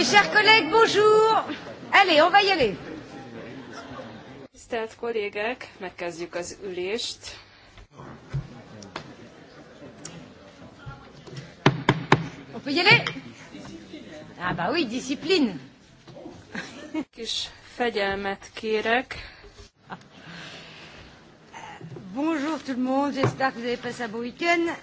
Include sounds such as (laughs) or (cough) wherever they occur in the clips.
Mes chers collègues, bonjour. Allez, on va y aller. Tisztelt kollégek, megkezdjük az ülést. On peut y aller Ah bah oui, discipline. Kis fegyelmet kérek. Bonjour tout le monde, j'espère que vous avez passé un bon week-end.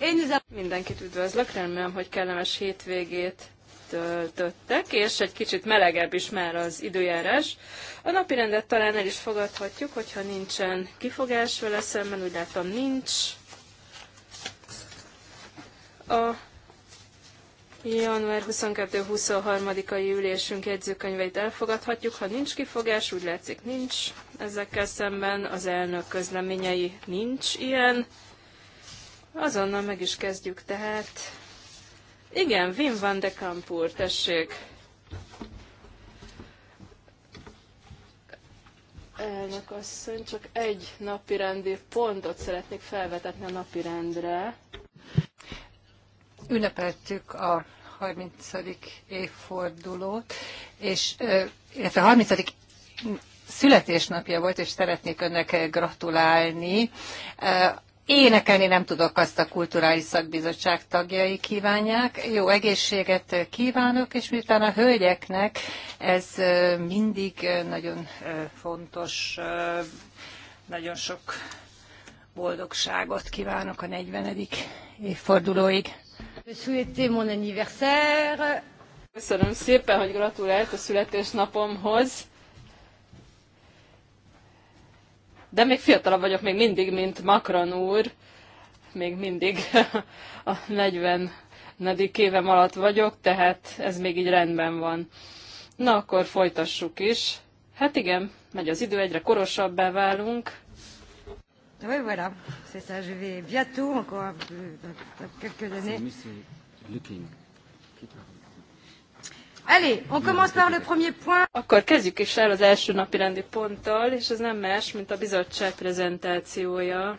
Et nous Mindenkit üdvözlök, remélem, hogy kellemes hétvégét töltöttek, és egy kicsit melegebb is már az időjárás. A napi rendet talán el is fogadhatjuk, hogyha nincsen kifogás vele szemben, úgy látom nincs. A január 22-23-ai ülésünk jegyzőkönyveit elfogadhatjuk, ha nincs kifogás, úgy látszik nincs. Ezekkel szemben az elnök közleményei nincs ilyen. Azonnal meg is kezdjük tehát igen, Wim van de Kamp úr, tessék. Elnök asszony, csak egy napirendi pontot szeretnék felvetetni a napirendre. Ünnepeltük a 30. évfordulót, és, illetve 30 születésnapja volt, és szeretnék önnek gratulálni énekelni nem tudok, azt a kulturális szakbizottság tagjai kívánják. Jó egészséget kívánok, és miután a hölgyeknek ez mindig nagyon fontos, nagyon sok boldogságot kívánok a 40. évfordulóig. Köszönöm szépen, hogy gratulált a születésnapomhoz. de még fiatalabb vagyok még mindig, mint Macron úr, még mindig (laughs) a 40 évem alatt vagyok, tehát ez még így rendben van. Na, akkor folytassuk is. Hát igen, megy az idő, egyre korosabbá válunk. Oui, voilà, c'est ça, je vais bientôt, encore euh, dans quelques années. Monsieur Looking. Allez, on commence par le premier point. Akkor kezdjük is el az első napi rendi ponttal, és ez nem más, mint a bizottság prezentációja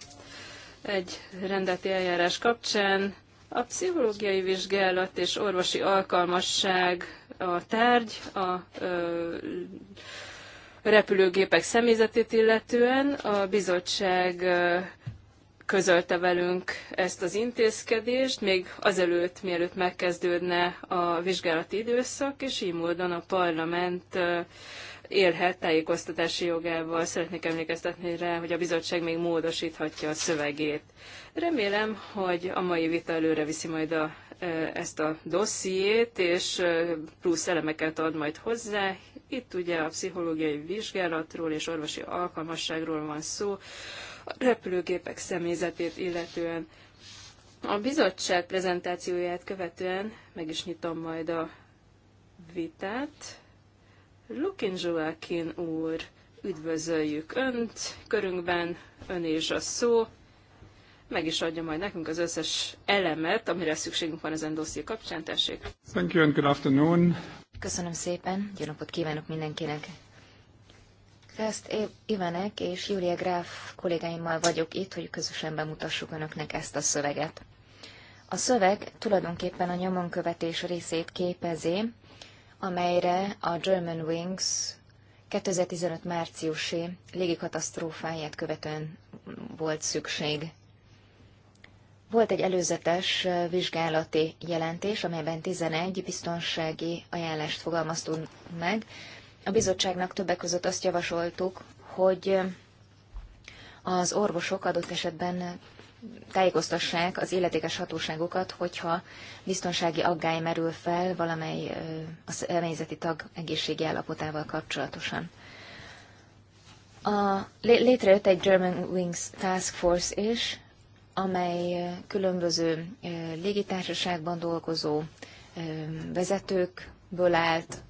egy rendeti eljárás kapcsán. A pszichológiai vizsgálat és orvosi alkalmasság a tárgy, a ö, repülőgépek személyzetét illetően a bizottság közölte velünk ezt az intézkedést, még azelőtt, mielőtt megkezdődne a vizsgálati időszak, és így módon a parlament élhet tájékoztatási jogával. Szeretnék emlékeztetni rá, hogy a bizottság még módosíthatja a szövegét. Remélem, hogy a mai vita előre viszi majd a, ezt a dossziét, és plusz elemeket ad majd hozzá. Itt ugye a pszichológiai vizsgálatról és orvosi alkalmasságról van szó a repülőgépek személyzetét illetően. A bizottság prezentációját követően meg is nyitom majd a vitát. Lukin Joaquin úr, üdvözöljük Önt körünkben, Ön és a szó. Meg is adja majd nekünk az összes elemet, amire szükségünk van ezen dosszié kapcsán. Tessék! Thank you and good afternoon. Köszönöm szépen, jó napot kívánok mindenkinek! Ezt Ivanek és Júlia Graf kollégáimmal vagyok itt, hogy közösen bemutassuk önöknek ezt a szöveget. A szöveg tulajdonképpen a nyomonkövetés részét képezi, amelyre a German Wings 2015 márciusi légikatasztrófáját követően volt szükség. Volt egy előzetes vizsgálati jelentés, amelyben 11 biztonsági ajánlást fogalmaztunk meg, a bizottságnak többek között azt javasoltuk, hogy az orvosok adott esetben tájékoztassák az illetékes hatóságokat, hogyha biztonsági aggály merül fel valamely a személyzeti tag egészségi állapotával kapcsolatosan. A, létrejött egy German Wings Task Force is, amely különböző légitársaságban dolgozó vezetőkből állt,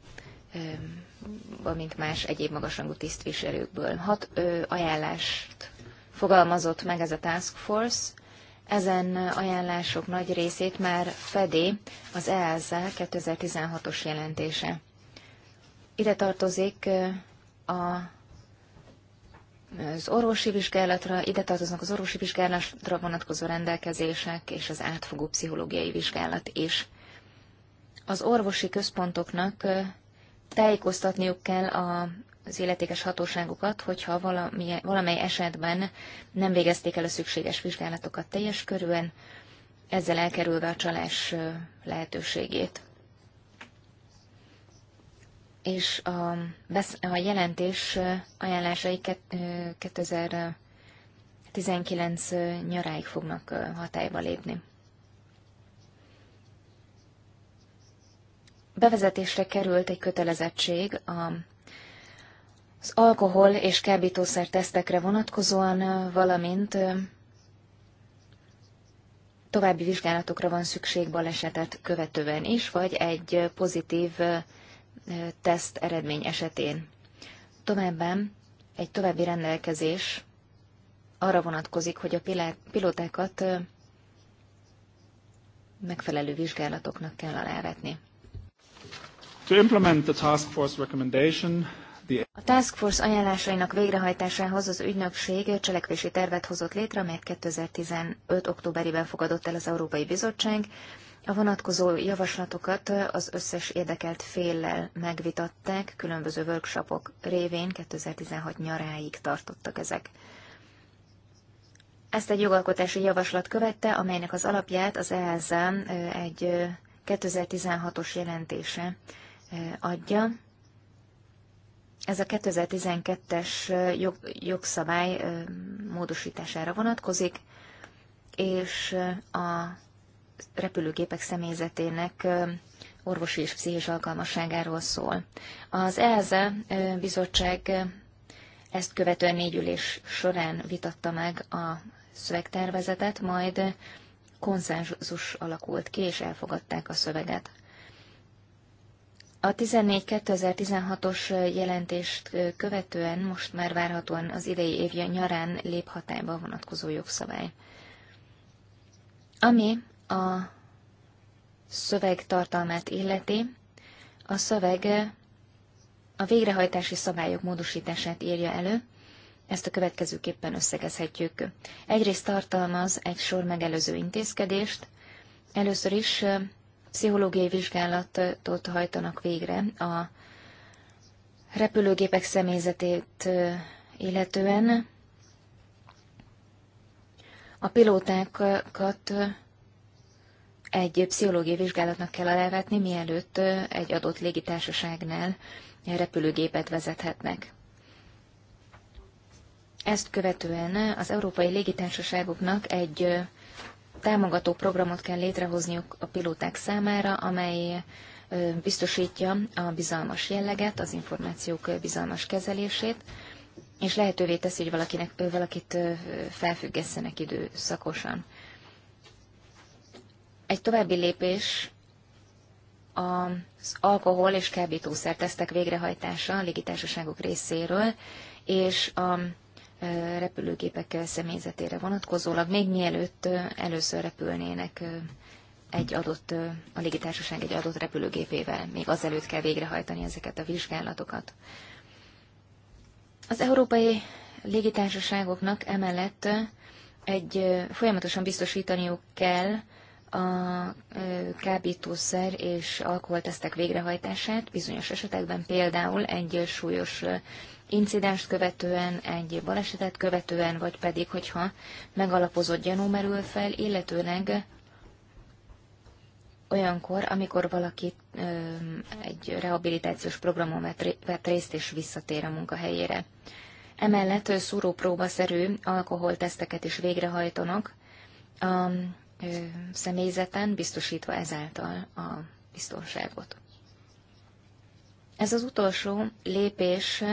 valamint más egyéb magasrangú tisztviselőkből. Hat ö, ajánlást fogalmazott meg ez a Task Force. Ezen ajánlások nagy részét már fedi az EASA 2016-os jelentése. Ide tartozik a az orvosi vizsgálatra, ide tartoznak az orvosi vizsgálatra vonatkozó rendelkezések és az átfogó pszichológiai vizsgálat is. Az orvosi központoknak tájékoztatniuk kell a, az illetékes hatóságokat, hogyha valami, valamely esetben nem végezték el a szükséges vizsgálatokat teljes körülön, ezzel elkerülve a csalás lehetőségét. És a, a jelentés ajánlásai 2019 nyaráig fognak hatályba lépni. bevezetésre került egy kötelezettség a az alkohol és kábítószer tesztekre vonatkozóan, valamint további vizsgálatokra van szükség balesetet követően is, vagy egy pozitív teszt eredmény esetén. Továbbá egy további rendelkezés arra vonatkozik, hogy a pilótákat megfelelő vizsgálatoknak kell alávetni. To implement the task force recommendation, a Task Force ajánlásainak végrehajtásához az ügynökség cselekvési tervet hozott létre, amelyet 2015. októberében fogadott el az Európai Bizottság. A vonatkozó javaslatokat az összes érdekelt féllel megvitatták, különböző workshopok révén 2016 nyaráig tartottak ezek. Ezt egy jogalkotási javaslat követte, amelynek az alapját az EASA egy 2016-os jelentése adja. Ez a 2012-es jog, jogszabály módosítására vonatkozik, és a repülőgépek személyzetének orvosi és pszichés alkalmasságáról szól. Az ELZE e, bizottság ezt követően négy ülés során vitatta meg a szövegtervezetet, majd konszenzus alakult ki, és elfogadták a szöveget. A 14-2016-os jelentést követően most már várhatóan az idei évje nyarán lép hatályba a vonatkozó jogszabály. Ami a szöveg tartalmát illeti, a szöveg a végrehajtási szabályok módosítását írja elő, ezt a következőképpen összegezhetjük. Egyrészt tartalmaz egy sor megelőző intézkedést, először is pszichológiai vizsgálatot hajtanak végre a repülőgépek személyzetét illetően. A pilótákat egy pszichológiai vizsgálatnak kell alávetni, mielőtt egy adott légitársaságnál repülőgépet vezethetnek. Ezt követően az európai légitársaságoknak egy támogató programot kell létrehozniuk a pilóták számára, amely biztosítja a bizalmas jelleget, az információk bizalmas kezelését, és lehetővé teszi, hogy valakinek, valakit felfüggesszenek időszakosan. Egy további lépés az alkohol és kábítószer tesztek végrehajtása a légitársaságok részéről, és a repülőgépek személyzetére vonatkozólag, még mielőtt először repülnének egy adott, a légitársaság egy adott repülőgépével, még azelőtt kell végrehajtani ezeket a vizsgálatokat. Az európai légitársaságoknak emellett egy folyamatosan biztosítaniuk kell a kábítószer és alkoholtesztek végrehajtását, bizonyos esetekben például egy súlyos incidens követően, egy balesetet követően, vagy pedig, hogyha megalapozott gyanú merül fel, illetőleg olyankor, amikor valaki ö, egy rehabilitációs programon vett részt és visszatér a munkahelyére. Emellett szúrópróbaszerű alkoholteszteket is végrehajtanak a ö, személyzeten, biztosítva ezáltal a biztonságot. Ez az utolsó lépés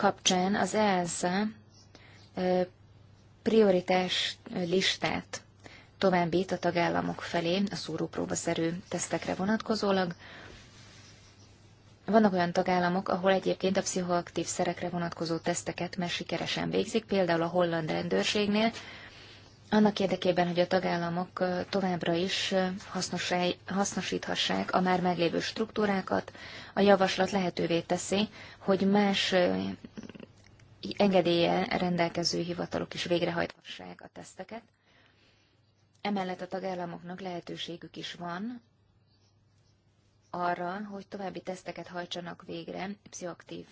kapcsán az ELSA prioritás listát továbbít a tagállamok felé a szúrópróbaszerű tesztekre vonatkozólag. Vannak olyan tagállamok, ahol egyébként a pszichoaktív szerekre vonatkozó teszteket már sikeresen végzik, például a holland rendőrségnél, annak érdekében, hogy a tagállamok továbbra is hasznosíthassák a már meglévő struktúrákat, a javaslat lehetővé teszi, hogy más engedélye rendelkező hivatalok is végrehajthassák a teszteket. Emellett a tagállamoknak lehetőségük is van arra, hogy további teszteket hajtsanak végre pszichoaktív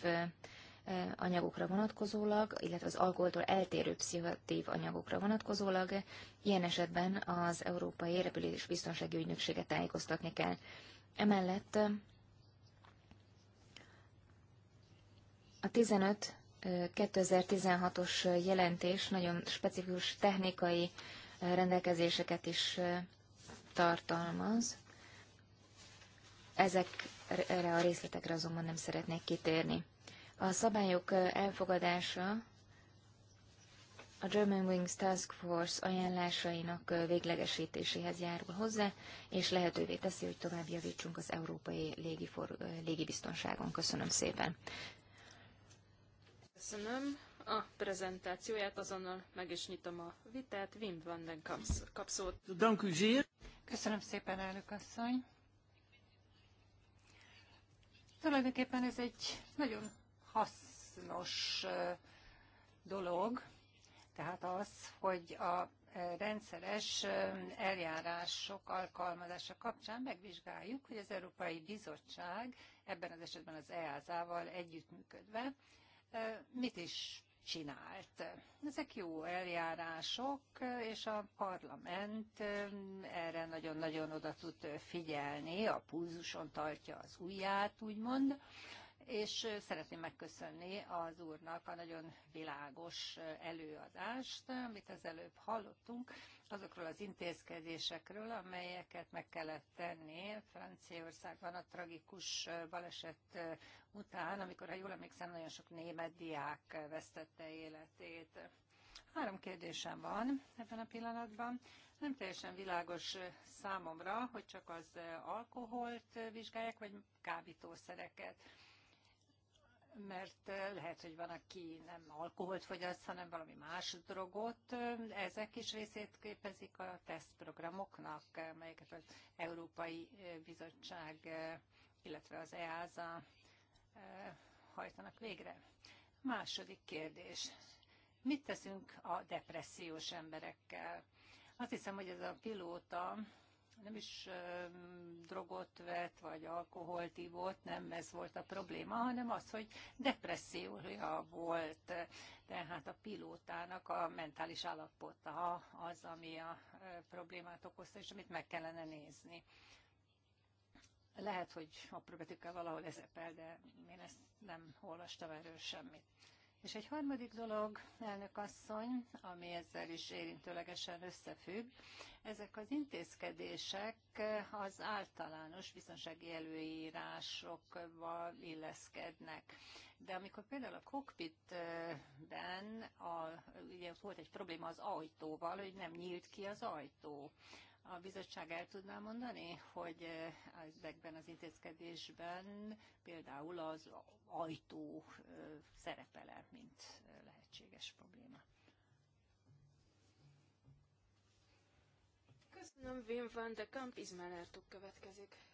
anyagokra vonatkozólag, illetve az alkoholtól eltérő pszichotív anyagokra vonatkozólag, ilyen esetben az Európai Repülés Biztonsági Ügynökséget tájékoztatni kell. Emellett a 15 2016-os jelentés nagyon specifikus technikai rendelkezéseket is tartalmaz. Ezekre a részletekre azonban nem szeretnék kitérni. A szabályok elfogadása a German Wings Task Force ajánlásainak véglegesítéséhez járul hozzá, és lehetővé teszi, hogy tovább javítsunk az európai légifor, légibiztonságon. Köszönöm szépen. Köszönöm a prezentációját, azonnal meg is nyitom a vitát. Wim van den kapszót. Köszönöm szépen, elnök asszony. Tulajdonképpen ez egy nagyon hasznos dolog, tehát az, hogy a rendszeres eljárások alkalmazása kapcsán megvizsgáljuk, hogy az Európai Bizottság ebben az esetben az EASA-val együttműködve mit is csinált. Ezek jó eljárások, és a parlament erre nagyon-nagyon oda tud figyelni, a pulzuson tartja az ujját, úgymond és szeretném megköszönni az úrnak a nagyon világos előadást, amit az előbb hallottunk, azokról az intézkedésekről, amelyeket meg kellett tenni Franciaországban a tragikus baleset után, amikor, ha jól emlékszem, nagyon sok német diák vesztette életét. Három kérdésem van ebben a pillanatban. Nem teljesen világos számomra, hogy csak az alkoholt vizsgálják, vagy kábítószereket mert lehet, hogy van, aki nem alkoholt fogyaszt, hanem valami más drogot. Ezek is részét képezik a tesztprogramoknak, melyeket az Európai Bizottság, illetve az EASA hajtanak végre. Második kérdés. Mit teszünk a depressziós emberekkel? Azt hiszem, hogy ez a pilóta nem is drogot vett, vagy alkoholt ivott, nem ez volt a probléma, hanem az, hogy depressziója volt. Tehát a pilótának a mentális állapota az, ami a problémát okozta, és amit meg kellene nézni. Lehet, hogy a problématikkel valahol ezepel, de én ezt nem olvastam erről semmit. És egy harmadik dolog, elnök asszony, ami ezzel is érintőlegesen összefügg, ezek az intézkedések az általános biztonsági előírásokba illeszkednek. De amikor például a kokpitben a, ugye volt egy probléma az ajtóval, hogy nem nyílt ki az ajtó. A bizottság el tudná mondani, hogy eh, ezekben az intézkedésben például az ajtó eh, szerepele, mint eh, lehetséges probléma. Köszönöm, Wim van de Kamp, Izmellertuk következik.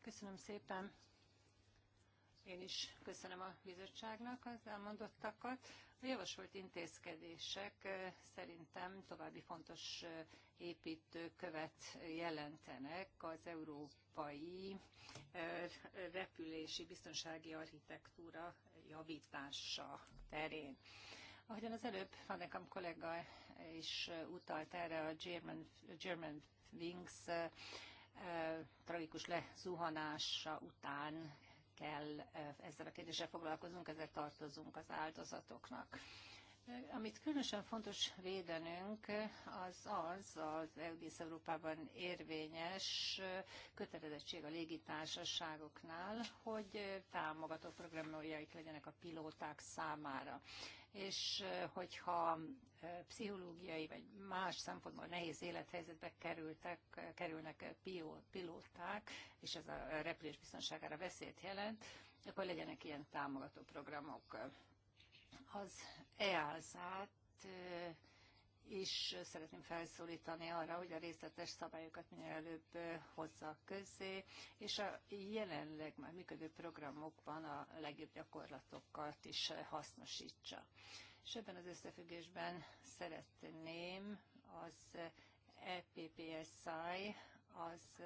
Köszönöm szépen. Én is köszönöm a bizottságnak az elmondottakat. A javasolt intézkedések szerintem további fontos építőkövet jelentenek az európai repülési biztonsági architektúra javítása terén. Ahogyan az előbb Fanekam kollega is utalt erre a German, German Wings tragikus lezuhanása után kell eh, ezzel a kérdéssel foglalkozunk, ezzel tartozunk az áldozatoknak. Amit különösen fontos védenünk, az az az egész Európában érvényes kötelezettség a légitársaságoknál, hogy támogató programjaik legyenek a pilóták számára és hogyha pszichológiai vagy más szempontból nehéz élethelyzetbe kerültek, kerülnek pilóták, és ez a repülés biztonságára veszélyt jelent, akkor legyenek ilyen támogató programok. Az EASA-t és szeretném felszólítani arra, hogy a részletes szabályokat minél előbb hozza közzé, és a jelenleg már működő programokban a legjobb gyakorlatokat is hasznosítsa. És ebben az összefüggésben szeretném az EPPSI, az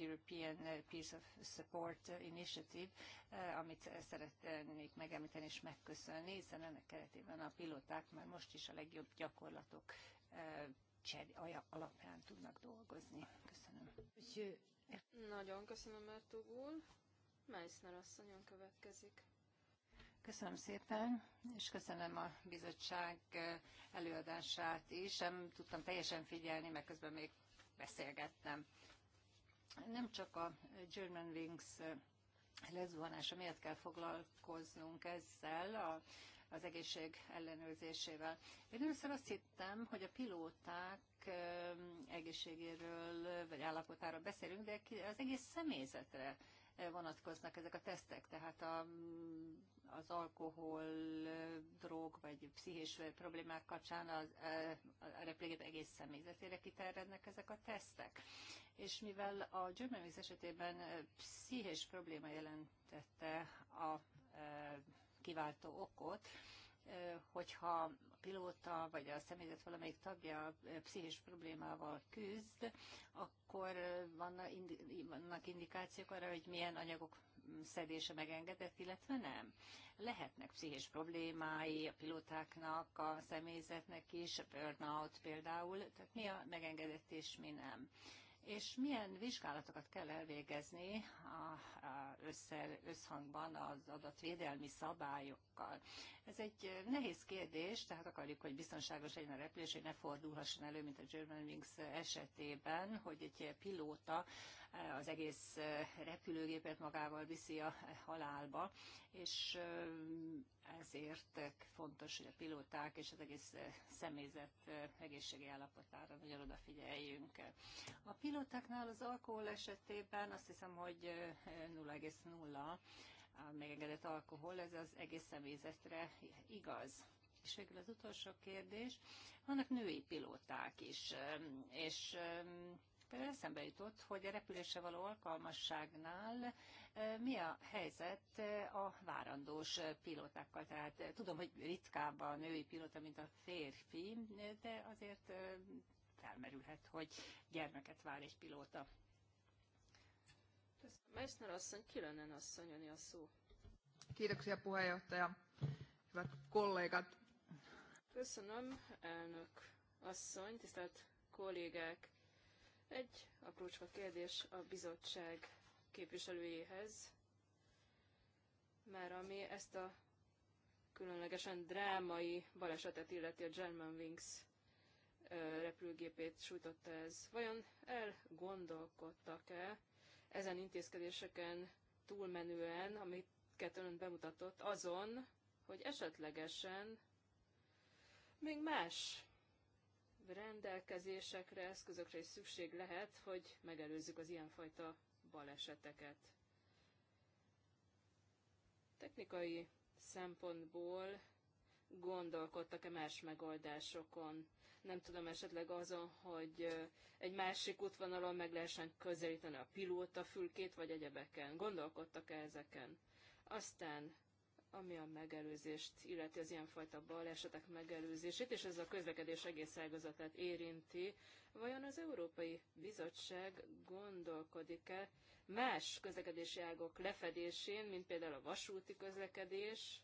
European Peace of Support Initiative, eh, amit szeretnék megemlíteni és megköszönni, hiszen ennek keretében a pilóták már most is a legjobb gyakorlatok eh, alapján tudnak dolgozni. Köszönöm. Nagyon köszönöm, Ertugul. Meissner asszonyon következik. Köszönöm szépen, és köszönöm a bizottság eh, előadását is. Nem tudtam teljesen figyelni, mert közben még beszélgettem nem csak a German Wings eh, lezuhanása miatt kell foglalkoznunk ezzel, a, az egészség ellenőrzésével. Én először azt hittem, hogy a pilóták eh, egészségéről vagy állapotára beszélünk, de az egész személyzetre eh, vonatkoznak ezek a tesztek, tehát a az alkohol, drog vagy pszichés problémák kapcsán az, eh, a repülőgép egész személyzetére kiterjednek ezek a tesztek. És mivel a Germanwings esetében eh, pszichés probléma jelentette a eh, kiváltó okot, hogyha a pilóta vagy a személyzet valamelyik tagja pszichés problémával küzd, akkor vannak indikációk arra, hogy milyen anyagok szedése megengedett, illetve nem. Lehetnek pszichés problémái a pilótáknak, a személyzetnek is, a burnout például, tehát mi a megengedett és mi nem és milyen vizsgálatokat kell elvégezni a, a össze, összhangban az adatvédelmi szabályokkal. Ez egy nehéz kérdés, tehát akarjuk, hogy biztonságos legyen a repülés, hogy ne fordulhasson elő, mint a Wings esetében, hogy egy pilóta az egész repülőgépet magával viszi a halálba, és ezért fontos, hogy a pilóták és az egész személyzet egészségi állapotára nagyon odafigyeljünk. A pilótáknál az alkohol esetében azt hiszem, hogy 0,0 a megengedett alkohol, ez az egész személyzetre igaz. És végül az utolsó kérdés, vannak női pilóták is, és Például eszembe jutott, hogy a repülésre való alkalmasságnál e, mi a helyzet a várandós pilótákkal. Tehát e, tudom, hogy ritkább a női pilóta, mint a férfi, de azért e, felmerülhet, hogy gyermeket vár egy pilóta. Meissner asszony, Kilönen asszony, jönni a szó. Kiitoksia puheenjohtaja. Hyvät kollégat. Köszönöm, elnök asszony, tisztelt kollégák. Egy aprócska kérdés a bizottság képviselőjéhez, már ami ezt a különlegesen drámai balesetet illeti a German Wings repülőgépét sújtotta ez. Vajon elgondolkodtak-e ezen intézkedéseken túlmenően, amiket ön bemutatott, azon, hogy esetlegesen még más rendelkezésekre, eszközökre is szükség lehet, hogy megelőzzük az ilyenfajta baleseteket. Technikai szempontból gondolkodtak-e más megoldásokon? Nem tudom esetleg azon, hogy egy másik útvonalon meg lehessen közelíteni a pilóta fülkét, vagy egyebeken. Gondolkodtak-e ezeken? Aztán ami a megelőzést illeti az ilyenfajta balesetek megelőzését, és ez a közlekedés egész ágazatát érinti. Vajon az Európai Bizottság gondolkodik-e más közlekedési ágok lefedésén, mint például a vasúti közlekedés,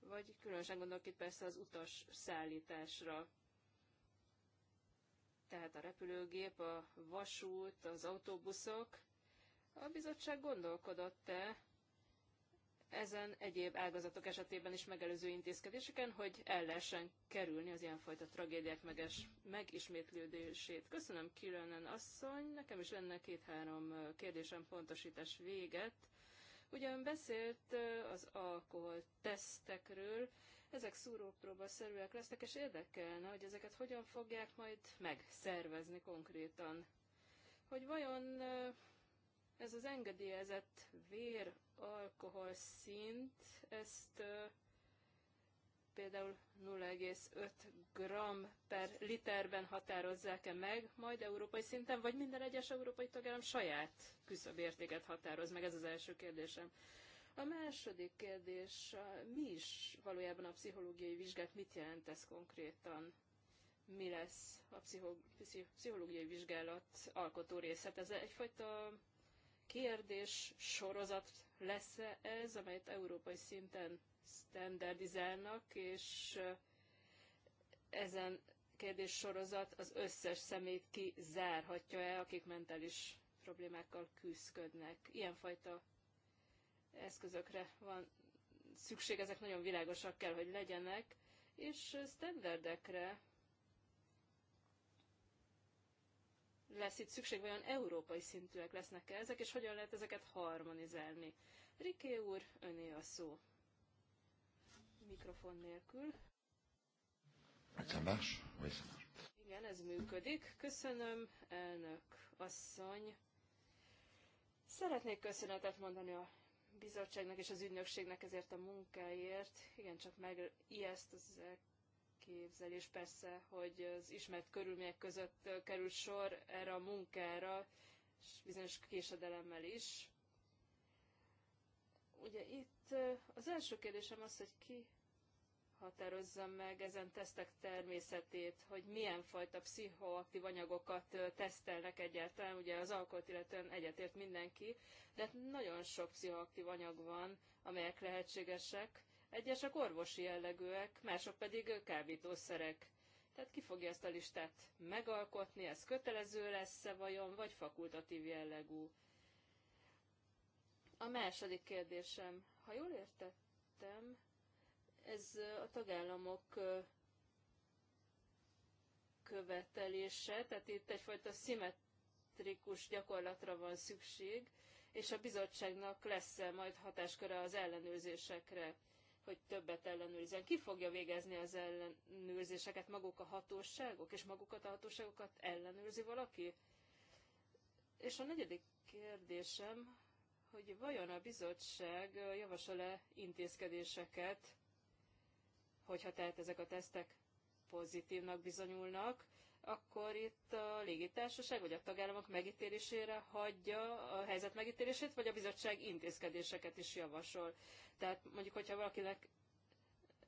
vagy különösen gondolok itt persze az utas szállításra. Tehát a repülőgép, a vasút, az autóbuszok, a bizottság gondolkodott-e ezen egyéb ágazatok esetében is megelőző intézkedéseken, hogy el lehessen kerülni az ilyenfajta tragédiák meges, megismétlődését. Köszönöm, Kirönen asszony. Nekem is lenne két-három kérdésem pontosítás véget. Ugyan beszélt az alkohol tesztekről, ezek szúrópróba szerűek lesznek, és érdekelne, hogy ezeket hogyan fogják majd megszervezni konkrétan. Hogy vajon ez az engedélyezett vér alkohol szint, ezt uh, például 0,5 g per literben határozzák-e meg, majd európai szinten, vagy minden egyes európai tagállam saját küszöbértéket határoz meg? Ez az első kérdésem. A második kérdés, mi is valójában a pszichológiai vizsgák mit jelent ez konkrétan? Mi lesz a pszichológiai vizsgálat alkotó része? Hát ez egyfajta kérdés sorozat lesz -e ez, amelyet európai szinten standardizálnak, és eh, ezen kérdés sorozat az összes szemét kizárhatja el, akik mentális problémákkal küzdködnek. Ilyenfajta eszközökre van szükség, ezek nagyon világosak kell, hogy legyenek, és standardekre, lesz itt szükség, vajon európai szintűek lesznek -e ezek, és hogyan lehet ezeket harmonizálni. Riké úr, öné a szó. Mikrofon nélkül. Ça marche? Oui, Igen, ez működik. Köszönöm, elnök asszony. Szeretnék köszönetet mondani a bizottságnak és az ügynökségnek ezért a munkáért. Igen, csak meg megijeszt ezek és persze, hogy az ismert körülmények között kerül sor erre a munkára, és bizonyos késedelemmel is. Ugye itt az első kérdésem az, hogy ki határozza meg ezen tesztek természetét, hogy milyen fajta pszichoaktív anyagokat tesztelnek egyáltalán. Ugye az alkoholt illetően egyetért mindenki, de hát nagyon sok pszichoaktív anyag van, amelyek lehetségesek egyesek orvosi jellegűek, mások pedig kábítószerek. Tehát ki fogja ezt a listát megalkotni, ez kötelező lesz-e vajon, vagy fakultatív jellegű? A második kérdésem, ha jól értettem, ez a tagállamok követelése, tehát itt egyfajta szimmetrikus gyakorlatra van szükség, és a bizottságnak lesz-e majd hatásköre az ellenőrzésekre hogy többet ellenőrizzen. Ki fogja végezni az ellenőrzéseket? Maguk a hatóságok? És magukat a hatóságokat ellenőrzi valaki? És a negyedik kérdésem, hogy vajon a bizottság javasol-e intézkedéseket, hogyha tehát ezek a tesztek pozitívnak bizonyulnak, akkor itt a légitársaság vagy a tagállamok megítélésére hagyja a helyzet megítélését, vagy a bizottság intézkedéseket is javasol. Tehát mondjuk, hogyha valakinek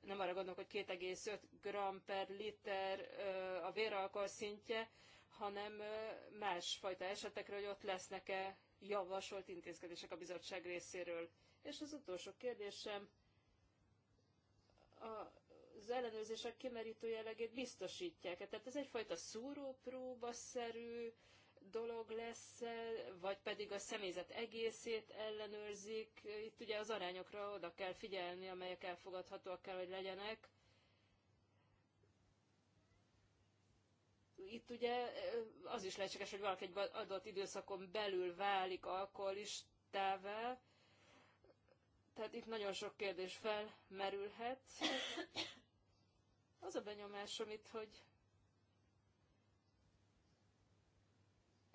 nem arra gondolok, hogy 2,5 g per liter a véralkohol szintje, hanem másfajta esetekre, hogy ott lesznek-e javasolt intézkedések a bizottság részéről. És az utolsó kérdésem, a az ellenőrzések kimerítő jellegét biztosítják. Tehát ez egyfajta szúrópróbaszerű dolog lesz, -e, vagy pedig a személyzet egészét ellenőrzik. Itt ugye az arányokra oda kell figyelni, amelyek elfogadhatóak kell, hogy legyenek. itt ugye eh, az is lehetséges, hogy valaki egy adott időszakon belül válik alkoholistává, tehát itt nagyon sok kérdés felmerülhet, az a benyomásom itt, hogy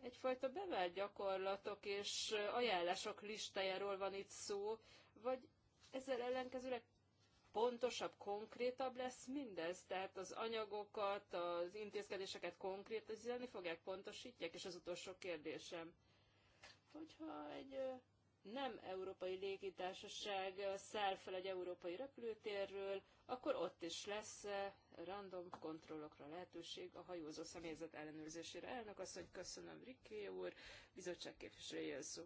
egyfajta bevált gyakorlatok és ajánlások listájáról van itt szó, vagy ezzel ellenkezőleg pontosabb, konkrétabb lesz mindez, tehát az anyagokat, az intézkedéseket konkrétizálni fogják, pontosítják, és az utolsó kérdésem. Hogyha egy nem európai légitársaság száll fel egy európai repülőtérről, akkor ott is lesz eh, random kontrollokra lehetőség a hajózó személyzet ellenőrzésére. Elnök asszony, köszönöm, Rikké úr, bizottság képviselője szó.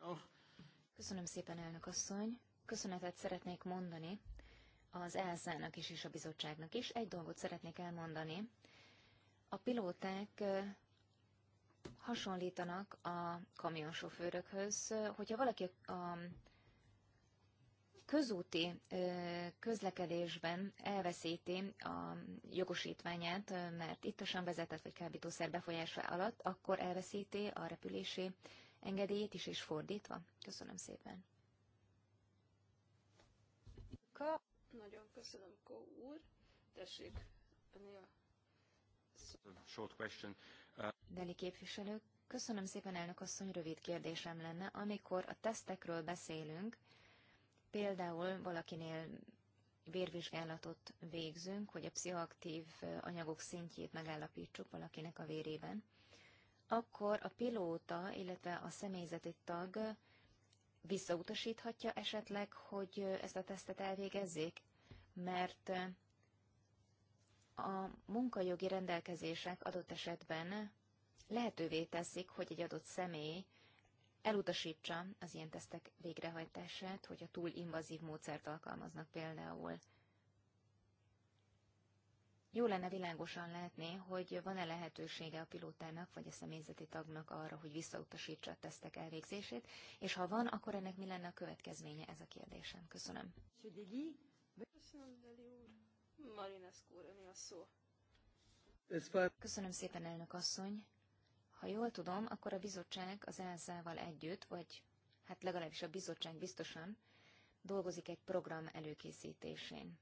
Oh. Köszönöm szépen, elnök asszony. Köszönetet szeretnék mondani az elszának is és a bizottságnak is. Egy dolgot szeretnék elmondani. A pilóták eh, hasonlítanak a kamionsofőrökhöz. Hogyha valaki a közúti közlekedésben elveszíti a jogosítványát, mert ittasan vezetett vagy kábítószer befolyása alatt, akkor elveszíti a repülési engedélyét is, és fordítva. Köszönöm szépen. Ka, nagyon köszönöm, Kó úr. Tessék, Short question. Deli képviselő, köszönöm szépen, elnök asszony, rövid kérdésem lenne. Amikor a tesztekről beszélünk, például valakinél vérvizsgálatot végzünk, hogy a pszichoaktív anyagok szintjét megállapítsuk valakinek a vérében, akkor a pilóta, illetve a személyzeti tag visszautasíthatja esetleg, hogy ezt a tesztet elvégezzék, mert a munkajogi rendelkezések adott esetben lehetővé teszik, hogy egy adott személy elutasítsa az ilyen tesztek végrehajtását, hogy a túl invazív módszert alkalmaznak például. Jó lenne világosan látni, hogy van-e lehetősége a pilótának vagy a személyzeti tagnak arra, hogy visszautasítsa a tesztek elvégzését, és ha van, akkor ennek mi lenne a következménye, ez a kérdésem. Köszönöm. Köszönöm, szépen, elnök asszony. Ha jól tudom, akkor a bizottság az ELSZ-val együtt, vagy hát legalábbis a bizottság biztosan, dolgozik egy program előkészítésén.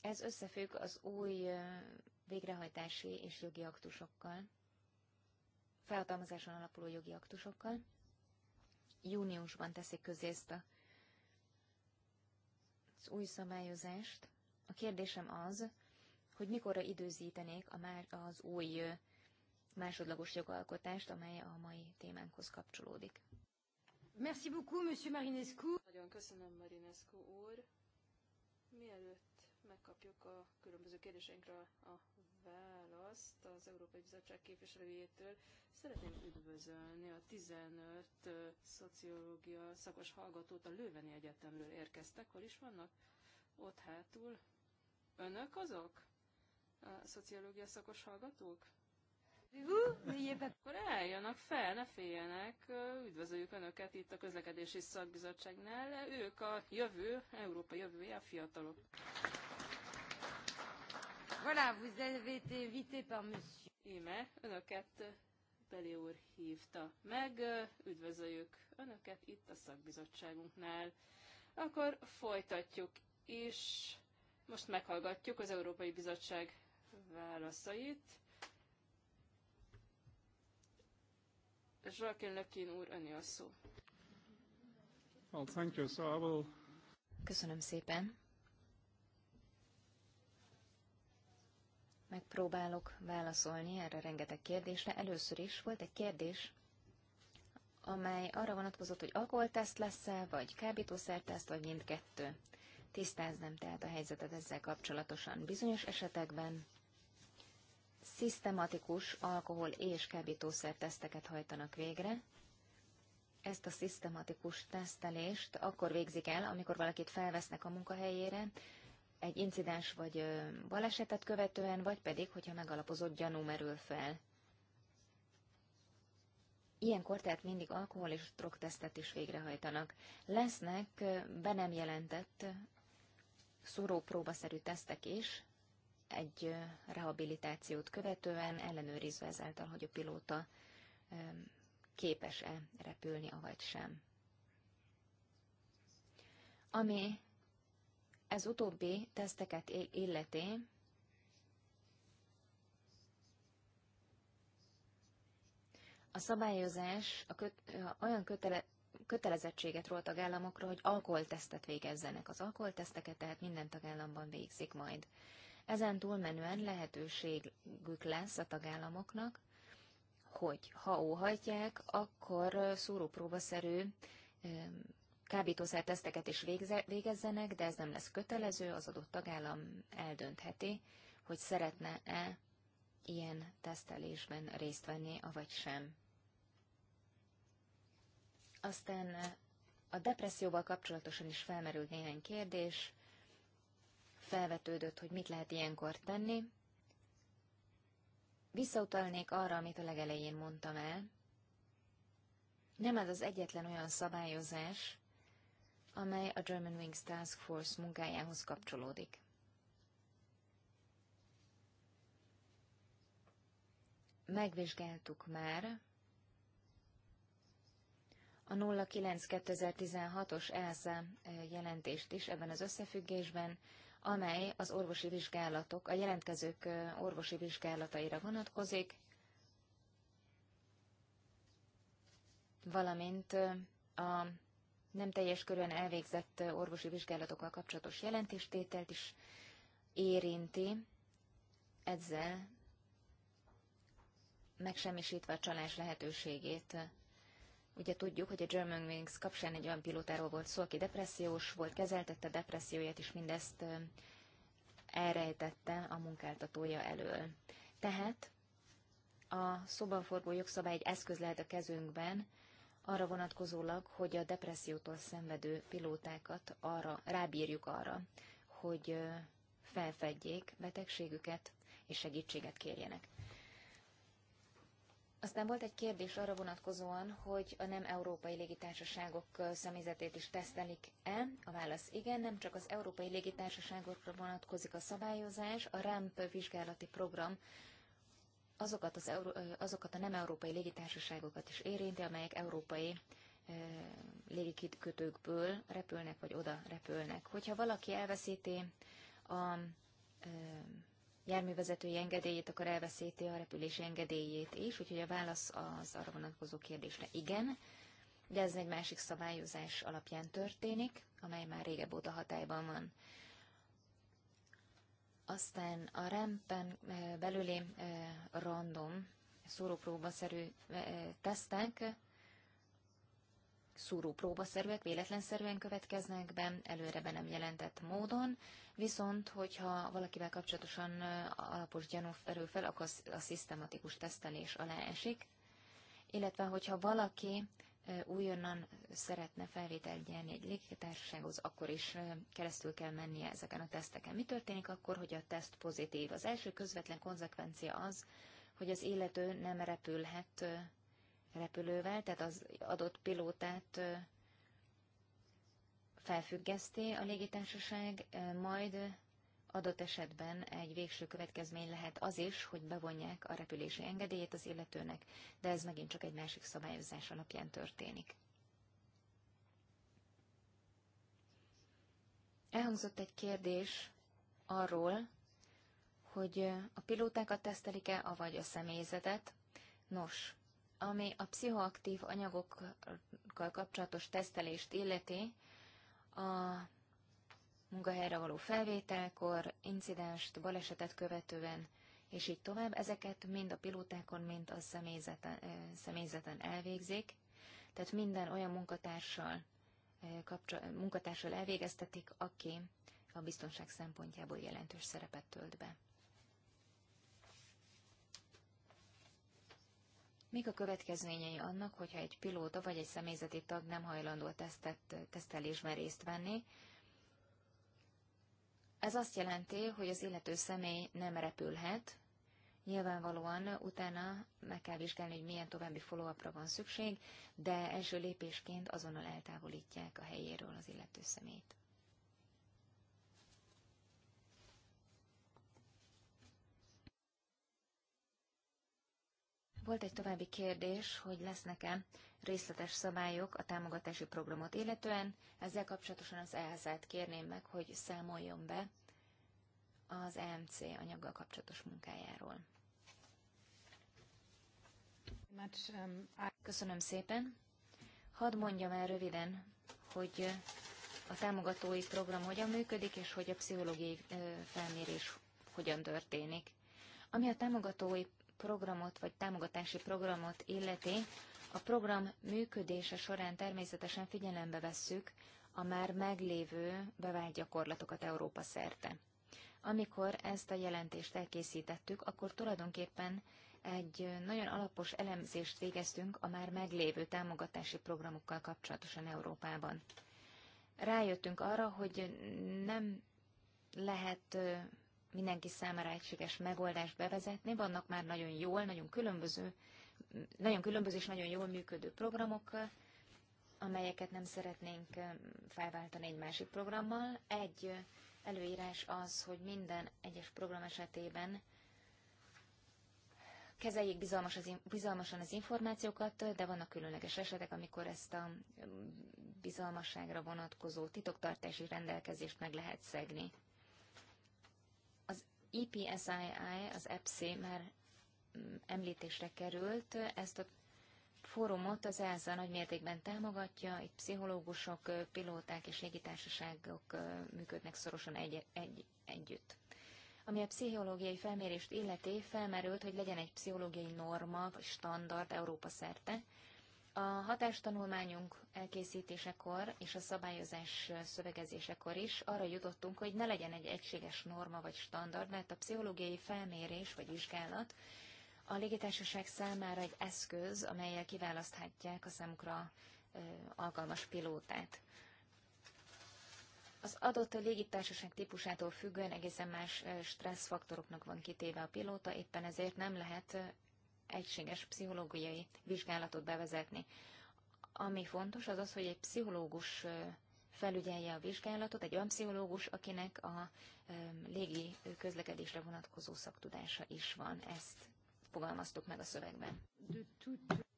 Ez összefügg az új végrehajtási és jogi aktusokkal, felhatalmazáson alapuló jogi aktusokkal. Júniusban teszik közé ezt a, az új szabályozást. A kérdésem az, hogy mikorra időzítenék a már az új másodlagos jogalkotást, amely a mai témánkhoz kapcsolódik. Merci beaucoup, Monsieur Marinescu. Nagyon köszönöm, Marinescu úr. Mielőtt megkapjuk a különböző kérdéseinkre a választ az Európai Bizottság képviselőjétől, szeretném üdvözölni a 15 szociológia szakos hallgatót a Lőveni Egyetemről érkeztek. Hol is vannak? Ott hátul. Önök azok? a szociológia szakos hallgatók? Akkor eljönnek fel, ne féljenek, üdvözöljük Önöket itt a közlekedési szakbizottságnál. Ők a jövő, Európa jövője, a fiatalok. Voilà, vous avez été par monsieur. Íme, Önöket Peli úr hívta meg, üdvözöljük Önöket itt a szakbizottságunknál. Akkor folytatjuk, és most meghallgatjuk az Európai Bizottság válaszait. Zsakin Lekin úr, öné a szó. Well, thank you, so I will... Köszönöm szépen. Megpróbálok válaszolni erre rengeteg kérdésre. Először is volt egy kérdés, amely arra vonatkozott, hogy alkoholteszt lesz-e, vagy kábítószerteszt, vagy mindkettő. Tisztáznám tehát a helyzetet ezzel kapcsolatosan. Bizonyos esetekben szisztematikus alkohol és kábítószer teszteket hajtanak végre. Ezt a szisztematikus tesztelést akkor végzik el, amikor valakit felvesznek a munkahelyére, egy incidens vagy balesetet követően, vagy pedig, hogyha megalapozott gyanú merül fel. Ilyenkor tehát mindig alkohol és drogtesztet is végrehajtanak. Lesznek be nem jelentett szúrópróbaszerű tesztek is, egy rehabilitációt követően, ellenőrizve ezáltal, hogy a pilóta képes-e repülni, avagy sem. Ami ez utóbbi teszteket illeti, a szabályozás a köt, olyan kötele, kötelezettséget rólt tagállamokra, hogy alkoholtesztet végezzenek. Az alkoholteszteket tehát minden tagállamban végzik majd. Ezen túlmenően lehetőségük lesz a tagállamoknak, hogy ha óhajtják, akkor szúrópróbaszerű kábítószerteszteket is végezzenek, de ez nem lesz kötelező, az adott tagállam eldöntheti, hogy szeretne-e ilyen tesztelésben részt venni, avagy sem. Aztán a depresszióval kapcsolatosan is felmerült néhány kérdés felvetődött, hogy mit lehet ilyenkor tenni. Visszautalnék arra, amit a legelején mondtam el. Nem ez az egyetlen olyan szabályozás, amely a German Wings Task Force munkájához kapcsolódik. Megvizsgáltuk már a 09-2016-os ELSA jelentést is ebben az összefüggésben, amely az orvosi vizsgálatok, a jelentkezők orvosi vizsgálataira vonatkozik, valamint a nem teljes körülön elvégzett orvosi vizsgálatokkal kapcsolatos jelentéstételt is érinti, ezzel megsemmisítve a csalás lehetőségét Ugye tudjuk, hogy a German Wings kapcsán egy olyan pilótáról volt szó, aki depressziós volt, kezeltette a depresszióját, és mindezt elrejtette a munkáltatója elől. Tehát a szobanforgó jogszabály egy eszköz lehet a kezünkben, arra vonatkozólag, hogy a depressziótól szenvedő pilótákat arra, rábírjuk arra, hogy felfedjék betegségüket és segítséget kérjenek. Aztán volt egy kérdés arra vonatkozóan, hogy a nem európai légitársaságok személyzetét is tesztelik-e? A válasz igen, nem csak az európai légitársaságokra vonatkozik a szabályozás, a RAMP e vizsgálati program azokat, az euró, azokat a nem európai légitársaságokat is érinti, amelyek európai légikötőkből repülnek, vagy oda repülnek. Hogyha valaki elveszíti a járművezetői engedélyét, akkor elveszíti a repülési engedélyét is, úgyhogy a válasz az arra vonatkozó kérdésre igen, de ez egy másik szabályozás alapján történik, amely már régebb óta hatályban van. Aztán a rempen eh, belüli eh, random szórópróbaszerű eh, tesztek szúró próbaszervek véletlenszerűen következnek be, előre be nem jelentett módon, viszont hogyha valakivel kapcsolatosan alapos gyanú felül fel, akkor a szisztematikus tesztelés alá esik, illetve hogyha valaki újonnan szeretne felvételt gyerni egy légitársasághoz, akkor is keresztül kell mennie ezeken a teszteken. Mi történik akkor, hogy a teszt pozitív? Az első közvetlen konzekvencia az, hogy az illető nem repülhet repülővel, tehát az adott pilótát felfüggeszti a légitársaság, majd adott esetben egy végső következmény lehet az is, hogy bevonják a repülési engedélyét az illetőnek, de ez megint csak egy másik szabályozás alapján történik. Elhangzott egy kérdés arról, hogy a pilótákat tesztelik-e, avagy a személyzetet. Nos, ami a pszichoaktív anyagokkal kapcsolatos tesztelést illeti, a munkahelyre való felvételkor, incidenst, balesetet követően, és így tovább, ezeket mind a pilótákon, mind a személyzeten, személyzeten elvégzik, tehát minden olyan munkatársal, kapcsol, munkatársal elvégeztetik, aki a biztonság szempontjából jelentős szerepet tölt be. Mik a következményei annak, hogyha egy pilóta vagy egy személyzeti tag nem hajlandó a tesztet, tesztelésben részt venni? Ez azt jelenti, hogy az illető személy nem repülhet, Nyilvánvalóan utána meg kell vizsgálni, hogy milyen további follow van szükség, de első lépésként azonnal eltávolítják a helyéről az illető szemét. Volt egy további kérdés, hogy lesznek-e részletes szabályok a támogatási programot illetően. Ezzel kapcsolatosan az EHZ-t kérném meg, hogy számoljon be az EMC anyaggal kapcsolatos munkájáról. Köszönöm szépen. Hadd mondjam el röviden, hogy a támogatói program hogyan működik, és hogy a pszichológiai felmérés hogyan történik. Ami a támogatói programot vagy támogatási programot illeti, a program működése során természetesen figyelembe vesszük a már meglévő bevált gyakorlatokat Európa szerte. Amikor ezt a jelentést elkészítettük, akkor tulajdonképpen egy nagyon alapos elemzést végeztünk a már meglévő támogatási programokkal kapcsolatosan Európában. Rájöttünk arra, hogy nem lehet mindenki számára egységes megoldást bevezetni. Vannak már nagyon jól, nagyon különböző, nagyon különböző és nagyon jól működő programok, amelyeket nem szeretnénk felváltani egy másik programmal. Egy előírás az, hogy minden egyes program esetében kezeljék bizalmas az, bizalmasan az információkat, de vannak különleges esetek, amikor ezt a bizalmasságra vonatkozó titoktartási rendelkezést meg lehet szegni. EPSII, az EPSI már mm, említésre került, ezt a fórumot az ELSA nagy mértékben támogatja, itt pszichológusok, pilóták és légitársaságok működnek szorosan egy, egy, együtt. Ami a pszichológiai felmérést illeti, felmerült, hogy legyen egy pszichológiai norma, vagy standard Európa szerte, a hatástanulmányunk elkészítésekor és a szabályozás szövegezésekor is arra jutottunk, hogy ne legyen egy egységes norma vagy standard, mert a pszichológiai felmérés vagy vizsgálat a légitársaság számára egy eszköz, amelyel kiválaszthatják a számukra alkalmas pilótát. Az adott légitársaság típusától függően egészen más stresszfaktoroknak van kitéve a pilóta, éppen ezért nem lehet egységes pszichológiai vizsgálatot bevezetni. Ami fontos, az az, hogy egy pszichológus felügyelje a vizsgálatot, egy olyan pszichológus, akinek a légi közlekedésre vonatkozó szaktudása is van. Ezt fogalmaztuk meg a szövegben.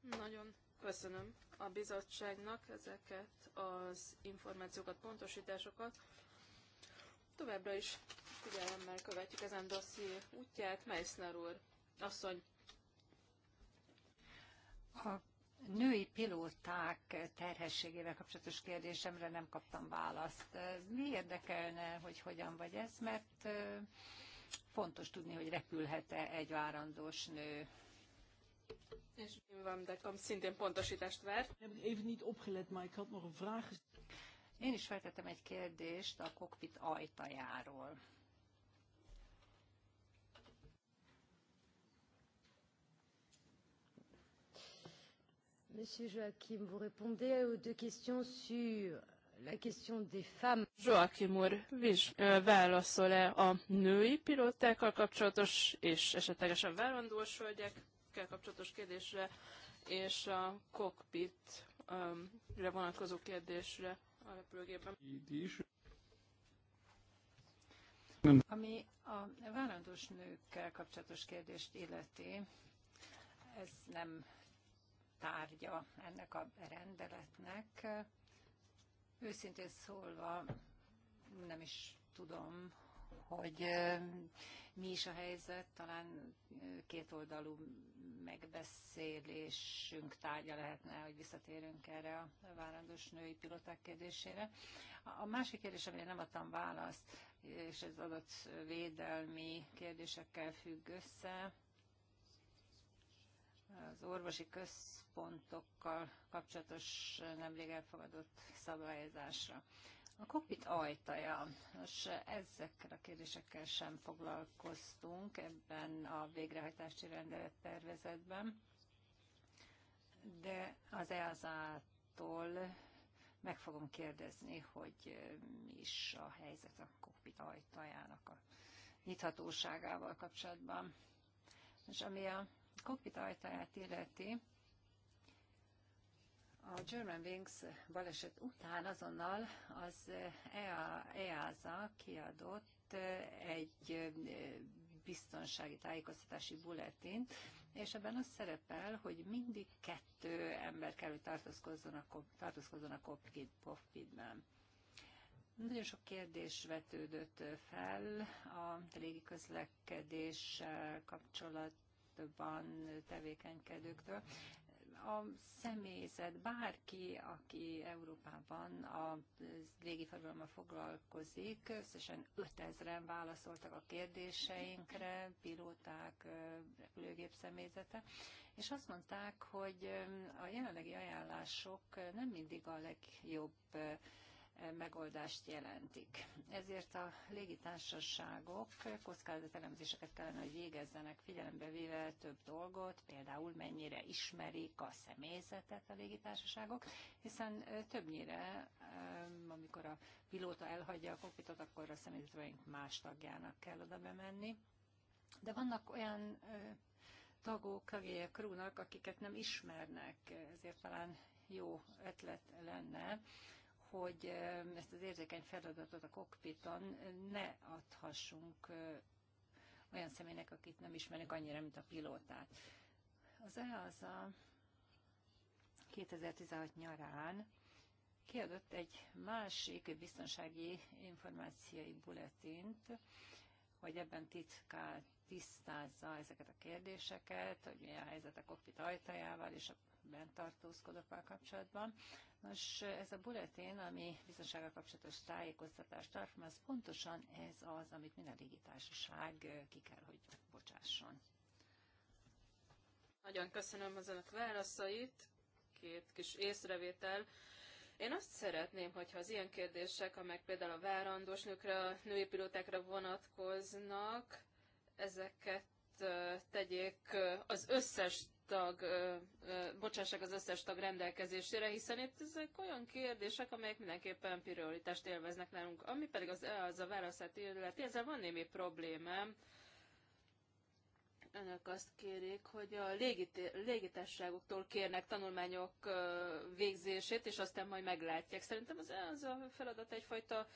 Nagyon köszönöm a bizottságnak ezeket az információkat, pontosításokat. Továbbra is figyelemmel követjük ezen dosszi útját. Meissner úr, asszony, a női pilóták terhességével kapcsolatos kérdésemre nem kaptam választ. Mi érdekelne, hogy hogyan vagy ez, mert fontos tudni, hogy repülhet-e egy várandós nő. És van, de kom szintén pontosítást vár. Even niet opgelet, maar ik had nog een vraag. Én is feltettem egy kérdést a kokpit ajtajáról. Monsieur Joachim, vous répondez aux deux questions sur la question des femmes. Joachim úr válaszol-e a női pilótákkal kapcsolatos és esetlegesen várandós hölgyekkel kapcsolatos kérdésre és a cockpitre vonatkozó kérdésre a repülőgépben? Ami a várandós nőkkel kapcsolatos kérdést illeti, ez nem tárgya ennek a rendeletnek. Őszintén szólva nem is tudom, hogy mi is a helyzet, talán kétoldalú megbeszélésünk tárgya lehetne, hogy visszatérünk erre a várandós női piloták kérdésére. A másik kérdés, amire nem adtam választ, és ez adatvédelmi kérdésekkel függ össze, az orvosi központokkal kapcsolatos nemrég elfogadott szabályozásra. A kokpit ajtaja. Most ezekkel a kérdésekkel sem foglalkoztunk ebben a végrehajtási rendelet tervezetben, de az EASA-tól meg fogom kérdezni, hogy mi is a helyzet a kokpit ajtajának a nyithatóságával kapcsolatban. És ami a kokpit ajtaját illeti, a Germanwings baleset után azonnal az EASA e kiadott eh, egy eh, biztonsági tájékoztatási bulletint, és ebben az szerepel, hogy mindig kettő ember kell, hogy tartózkozzon a, tartózkozzon a Nagyon sok kérdés vetődött fel a légiközlekedéssel kapcsolat ágazatban tevékenykedőktől. A személyzet, bárki, aki Európában a légiforgalommal foglalkozik, összesen 5000-en válaszoltak a kérdéseinkre, pilóták, repülőgép személyzete, és azt mondták, hogy a jelenlegi ajánlások nem mindig a legjobb megoldást jelentik. Ezért a légitársaságok kockázatelemzéseket kellene, hogy végezzenek figyelembe véve több dolgot, például mennyire ismerik a személyzetet a légitársaságok, hiszen többnyire, amikor a pilóta elhagyja a kokpitot, akkor a személyzetünk más tagjának kell oda bemenni. De vannak olyan tagok, tagjai krúnak, akiket nem ismernek, ezért talán jó ötlet lenne, hogy ezt az érzékeny feladatot a kokpiton ne adhassunk olyan személynek, akit nem ismerünk annyira, mint a pilótát. Az EASA 2016 nyarán kiadott egy másik biztonsági információi bulletint, hogy ebben titkát tisztázza ezeket a kérdéseket, hogy milyen helyzet a kokpit ajtajával és a ben tartózkodok már kapcsolatban. Nos, ez a bulletin, ami biztonsággal kapcsolatos tájékoztatást tartom, pontosan ez az, amit minden légitársaság ki kell, hogy bocsásson. Nagyon köszönöm az önök válaszait. Két kis észrevétel. Én azt szeretném, hogyha az ilyen kérdések, amelyek például a várandós nőkre, a női pilótákra vonatkoznak, ezeket tegyék az összes tag, bocsássák az összes tag rendelkezésére, hiszen itt ezek olyan kérdések, amelyek mindenképpen prioritást élveznek nálunk. Ami pedig az a válaszát illeti, ezzel van némi problémám, önök azt kérik, hogy a légitárságoktól kérnek tanulmányok végzését, és aztán majd meglátják. Szerintem az, az a feladat egyfajta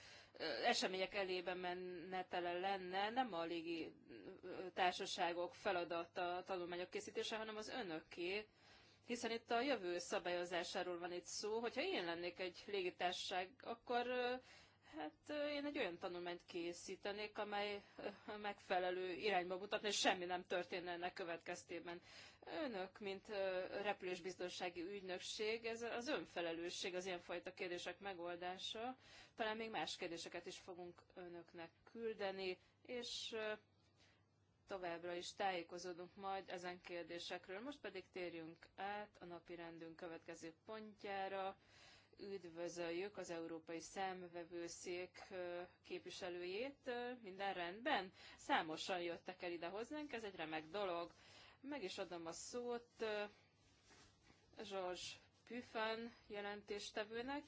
események elébe menetele lenne, nem a légitársaságok társaságok feladata a tanulmányok készítése, hanem az önöké, hiszen itt a jövő szabályozásáról van itt szó. Hogyha én lennék egy légitárság, akkor Hát én egy olyan tanulmányt készítenék, amely megfelelő irányba mutatna, és semmi nem történne ennek következtében. Önök, mint repülésbiztonsági ügynökség, ez az önfelelősség az ilyenfajta kérdések megoldása. Talán még más kérdéseket is fogunk önöknek küldeni, és továbbra is tájékozódunk majd ezen kérdésekről. Most pedig térjünk át a napi rendünk következő pontjára üdvözöljük az Európai Szemvevőszék képviselőjét, minden rendben. Számosan jöttek el ide hozzánk ez egy remek dolog. Meg is adom a szót Zsorzs Püfen jelentéstevőnek,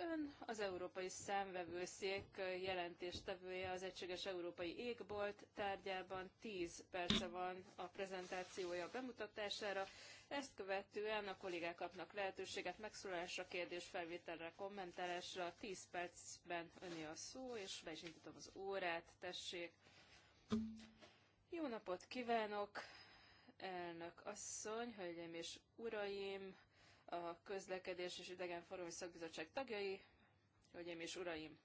Ön az Európai Szemvevőszék jelentéstevője az Egységes Európai Égbolt tárgyában tíz perce van a prezentációja bemutatására. Ezt követően a kollégák kapnak lehetőséget megszólalásra, kérdésfelvételre, kommentálásra. Tíz percben öné a szó, és be is indítom az órát, tessék. Jó napot kívánok, elnök asszony, hölgyeim és uraim! a közlekedés és idegenforgalmi szakbizottság tagjai, hölgyeim és uraim!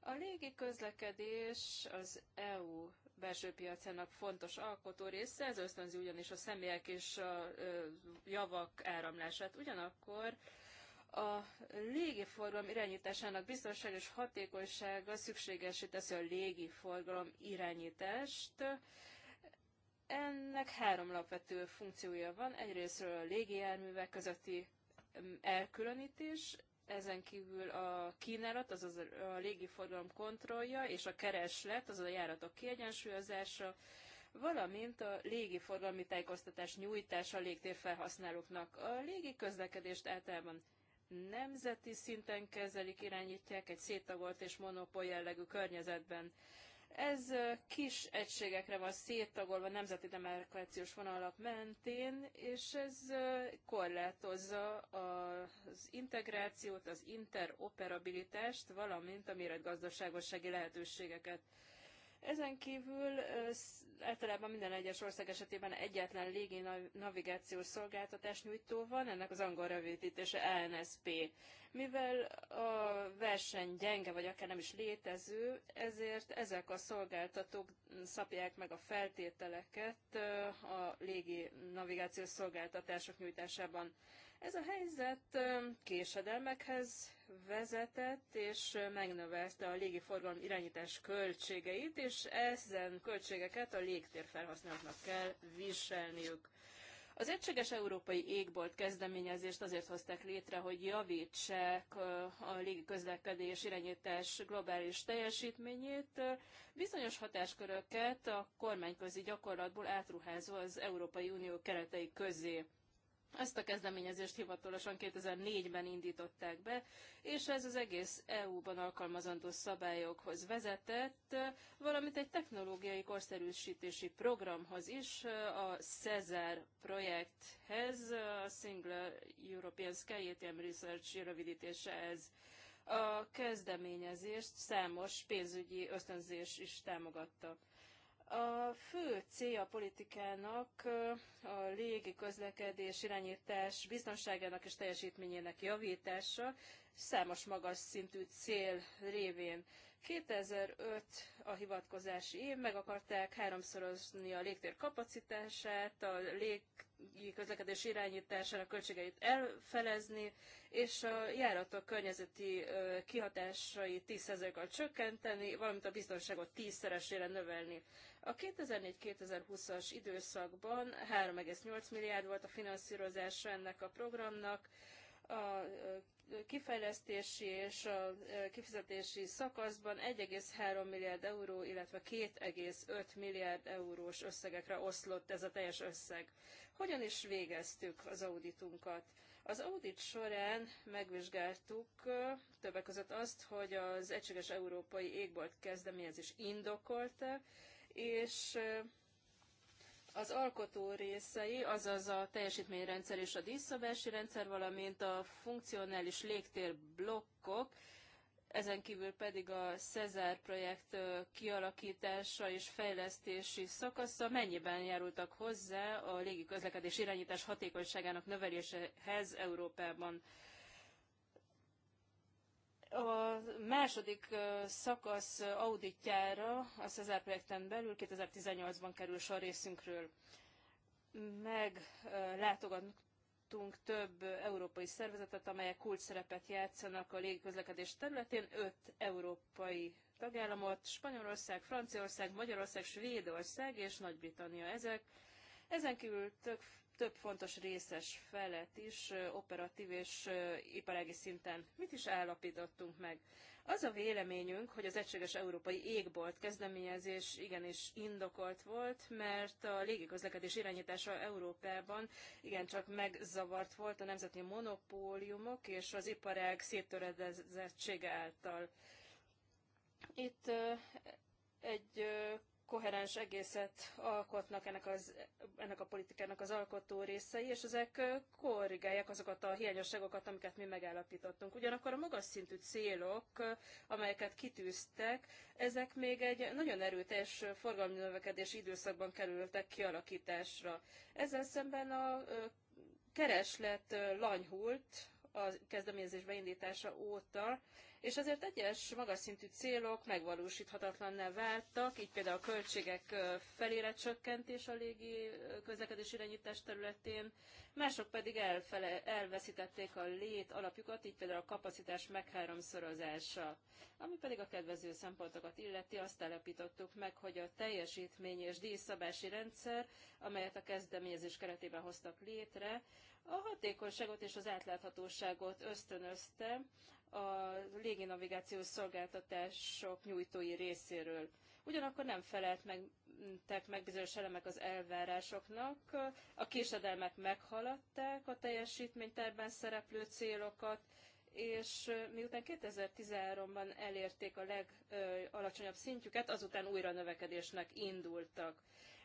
A légi közlekedés az EU belső piacának fontos alkotó része, ez ösztönzi ugyanis a személyek és a javak áramlását. Ugyanakkor a légiforgalom irányításának biztonság és hatékonysága szükségesé teszi a légiforgalom irányítást. Ennek három alapvető funkciója van. Egyrésztről a légijárművek közötti elkülönítés, ezen kívül a kínálat, azaz a légiforgalom kontrollja, és a kereslet, azaz a járatok kiegyensúlyozása, valamint a légiforgalmi tájékoztatás nyújtása a légtér felhasználóknak. A légi közlekedést általában nemzeti szinten kezelik, irányítják egy széttagolt és monopól jellegű környezetben. Ez kis egységekre van széttagolva nemzeti demarkációs vonalak mentén, és ez korlátozza az integrációt, az interoperabilitást, valamint a méretgazdaságossági lehetőségeket. Ezen kívül általában minden egyes ország esetében egyetlen légi navigációs szolgáltatás nyújtó van, ennek az angol rövidítése ANSP. Mivel a verseny gyenge, vagy akár nem is létező, ezért ezek a szolgáltatók szabják meg a feltételeket a légi navigációs szolgáltatások nyújtásában. Ez a helyzet késedelmekhez vezetett, és megnövelte a légiforgalom irányítás költségeit, és ezen költségeket a légtérfelhasználóknak kell viselniük. Az Egységes Európai Égbolt kezdeményezést azért hozták létre, hogy javítsák a légi közlekedés irányítás globális teljesítményét, bizonyos hatásköröket a kormányközi gyakorlatból átruházva az Európai Unió keretei közé. Ezt a kezdeményezést hivatalosan 2004-ben indították be, és ez az egész EU-ban alkalmazandó szabályokhoz vezetett, valamint egy technológiai korszerűsítési programhoz is, a CESAR projekthez, a Single European Sky ATM Research rövidítése ez. A kezdeményezést számos pénzügyi ösztönzés is támogatta. A fő célja a politikának a légi közlekedés irányítás biztonságának és teljesítményének javítása számos magas szintű cél révén. 2005 a hivatkozási év, meg akarták háromszorozni a légtér kapacitását, a légi légközlekedés irányításának költségeit elfelezni, és a járatok környezeti kihatásai 10%-kal csökkenteni, valamint a biztonságot 10-szeresére növelni. A 2004-2020-as időszakban 3,8 milliárd volt a finanszírozása ennek a programnak, a kifejlesztési és a kifizetési szakaszban 1,3 milliárd euró, illetve 2,5 milliárd eurós összegekre oszlott ez a teljes összeg. Hogyan is végeztük az auditunkat? Az audit során megvizsgáltuk többek között azt, hogy az Egységes Európai Égbolt kezdeményezés indokolta, és az alkotó részei, azaz a teljesítményrendszer és a díszszabási rendszer, valamint a funkcionális légtér blokkok, ezen kívül pedig a Cezár projekt kialakítása és fejlesztési szakasza mennyiben járultak hozzá a légi közlekedés irányítás hatékonyságának növeléséhez Európában. A második szakasz auditjára a Cezár projekten belül 2018-ban kerül sor részünkről. Meglátogattunk több európai szervezetet, amelyek kult szerepet játszanak a légiközlekedés területén, öt európai tagállamot, Spanyolország, Franciaország, Magyarország, Svédország és Nagy-Britannia ezek. Ezen kívül tök több fontos részes felet is operatív és iparági szinten. Mit is állapítottunk meg? Az a véleményünk, hogy az Egységes Európai Égbolt kezdeményezés igenis indokolt volt, mert a légiközlekedés irányítása Európában igencsak megzavart volt a nemzeti monopóliumok és az iparág széttöredezettsége által. Itt egy koherens egészet alkotnak ennek, az, ennek a politikának az alkotó részei, és ezek korrigálják azokat a hiányosságokat, amiket mi megállapítottunk. Ugyanakkor a magas szintű célok, amelyeket kitűztek, ezek még egy nagyon erőteljes forgalmi növekedés időszakban kerültek kialakításra. Ezzel szemben a kereslet lanyhult a kezdeményezés beindítása óta, és ezért egyes magas szintű célok megvalósíthatatlanná váltak, így például a költségek felére csökkentés a légi közlekedés irányítás területén, mások pedig elfele, elveszítették a lét alapjukat, így például a kapacitás megháromszorozása. Ami pedig a kedvező szempontokat illeti, azt állapítottuk meg, hogy a teljesítmény és díjszabási rendszer, amelyet a kezdeményezés keretében hoztak létre, a hatékonyságot és az átláthatóságot ösztönözte, a léginavigációs szolgáltatások nyújtói részéről. Ugyanakkor nem felelt meg, meg bizonyos elemek az elvárásoknak, a késedelmek meghaladták a teljesítményterben szereplő célokat, és miután 2013-ban elérték a legalacsonyabb szintjüket, azután újra növekedésnek indultak.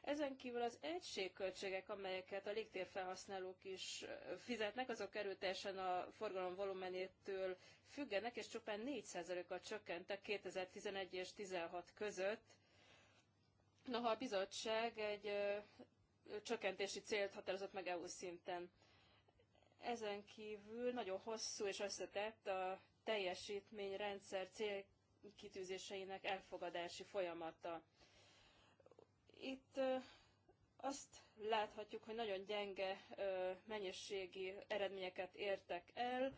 Ezen kívül az egységköltségek, amelyeket a légtérfelhasználók is fizetnek, azok erőteljesen a forgalom volumenétől függenek, és csupán 4 a csökkentek 2011 és 2016 között. Noha a bizottság egy csökkentési célt határozott meg EU szinten. Ezen kívül nagyon hosszú és összetett a teljesítményrendszer célkitűzéseinek elfogadási folyamata. Itt azt láthatjuk, hogy nagyon gyenge mennyiségi eredményeket értek el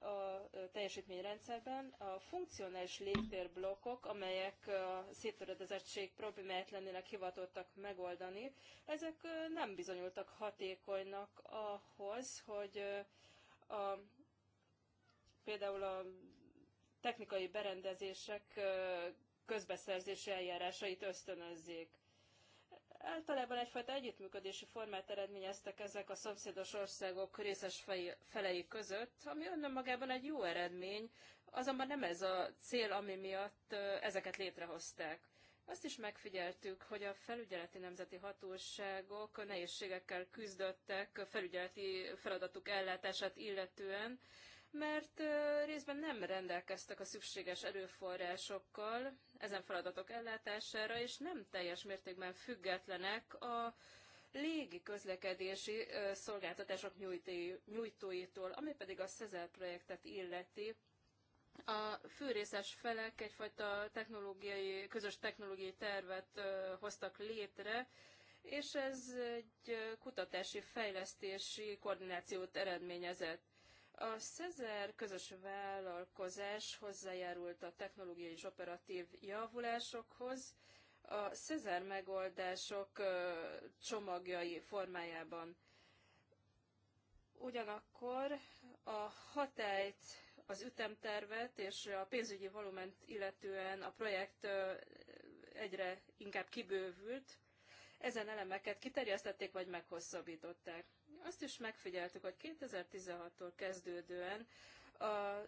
a teljesítményrendszerben. A funkcionális légtérblokkok, amelyek a széttöredezettség problémáját lennének hivatottak megoldani, ezek nem bizonyultak hatékonynak ahhoz, hogy a, például a technikai berendezések közbeszerzési eljárásait ösztönözzék. Általában egyfajta együttműködési formát eredményeztek ezek a szomszédos országok részes felei között, ami önmagában egy jó eredmény, azonban nem ez a cél, ami miatt ezeket létrehozták. Azt is megfigyeltük, hogy a felügyeleti nemzeti hatóságok nehézségekkel küzdöttek felügyeleti feladatuk ellátását illetően, mert részben nem rendelkeztek a szükséges erőforrásokkal ezen feladatok ellátására, és nem teljes mértékben függetlenek a légi közlekedési szolgáltatások nyújtóitól, ami pedig a Szezel projektet illeti. A főrészes felek egyfajta technológiai, közös technológiai tervet hoztak létre, és ez egy kutatási fejlesztési koordinációt eredményezett. A Cezer közös vállalkozás hozzájárult a technológiai és operatív javulásokhoz, a Cezer megoldások csomagjai formájában. Ugyanakkor a hatályt, az ütemtervet és a pénzügyi volument illetően a projekt egyre inkább kibővült, ezen elemeket kiterjesztették vagy meghosszabbították. Azt is megfigyeltük, hogy 2016-tól kezdődően a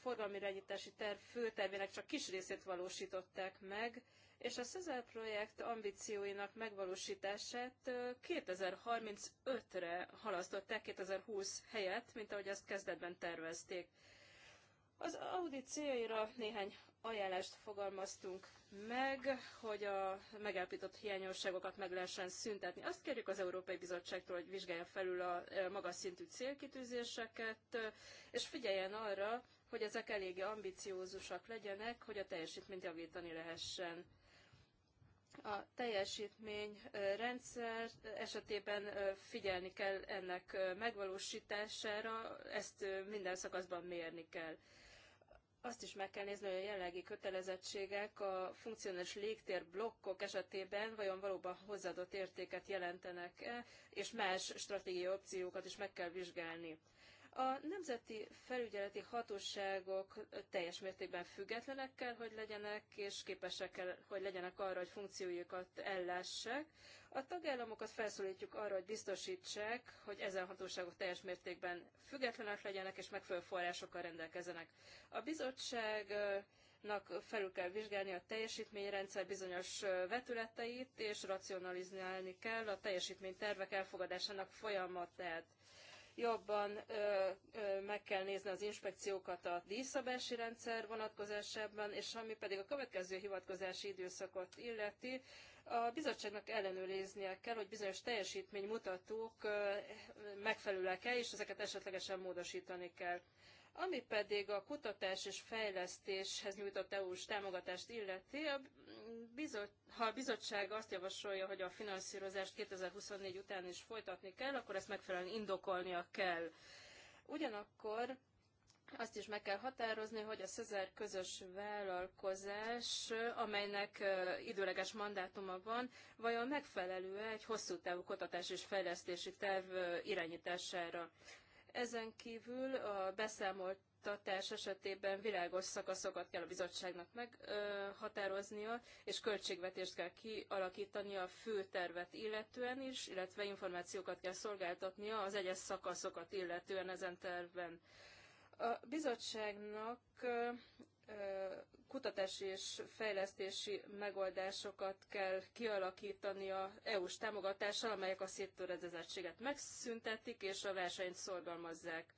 forgalmi irányítási terv főtervének csak kis részét valósították meg, és a Szezár projekt ambícióinak megvalósítását 2035-re halasztották 2020 helyett, mint ahogy ezt kezdetben tervezték. Az Audi céljaira néhány ajánlást fogalmaztunk meg, hogy a megállapított hiányosságokat meg lehessen szüntetni. Azt kérjük az Európai Bizottságtól, hogy vizsgálja felül a magas szintű célkitűzéseket, és figyeljen arra, hogy ezek eléggé ambiciózusak legyenek, hogy a teljesítményt javítani lehessen. A teljesítmény rendszer esetében figyelni kell ennek megvalósítására, ezt minden szakaszban mérni kell azt is meg kell nézni, hogy a jelenlegi kötelezettségek a funkcionális légtér blokkok esetében vajon valóban hozzáadott értéket jelentenek-e, és más stratégiai opciókat is meg kell vizsgálni. A nemzeti felügyeleti hatóságok teljes mértékben függetlenek kell, hogy legyenek, és képesek kell, hogy legyenek arra, hogy funkciójukat ellássák. A tagállamokat felszólítjuk arra, hogy biztosítsák, hogy ezen hatóságok teljes mértékben függetlenek legyenek, és megfelelő forrásokkal rendelkezenek. A bizottság felül kell vizsgálni a teljesítményrendszer bizonyos vetületeit, és racionalizálni kell a teljesítménytervek elfogadásának folyamatát jobban ö, ö, meg kell nézni az inspekciókat a díjszabási rendszer vonatkozásában, és ami pedig a következő hivatkozási időszakot illeti, a bizottságnak ellenőriznie kell, hogy bizonyos teljesítménymutatók ö, megfelelőek-e, és ezeket esetlegesen módosítani kell. Ami pedig a kutatás és fejlesztéshez nyújtott EU-s támogatást illeti, a ha a bizottság azt javasolja, hogy a finanszírozást 2024 után is folytatni kell, akkor ezt megfelelően indokolnia kell. Ugyanakkor azt is meg kell határozni, hogy a Szezer közös vállalkozás, amelynek időleges mandátuma van, vajon megfelelő -e egy hosszú távú kutatás és fejlesztési terv irányítására. Ezen kívül a beszámolt juttatás esetében világos szakaszokat kell a bizottságnak meghatároznia, és költségvetést kell kialakítania a fő tervet illetően is, illetve információkat kell szolgáltatnia az egyes szakaszokat illetően ezen terven. A bizottságnak kutatási és fejlesztési megoldásokat kell kialakítani a EU-s támogatással, amelyek a széttöredezettséget megszüntetik és a versenyt szorgalmazzák.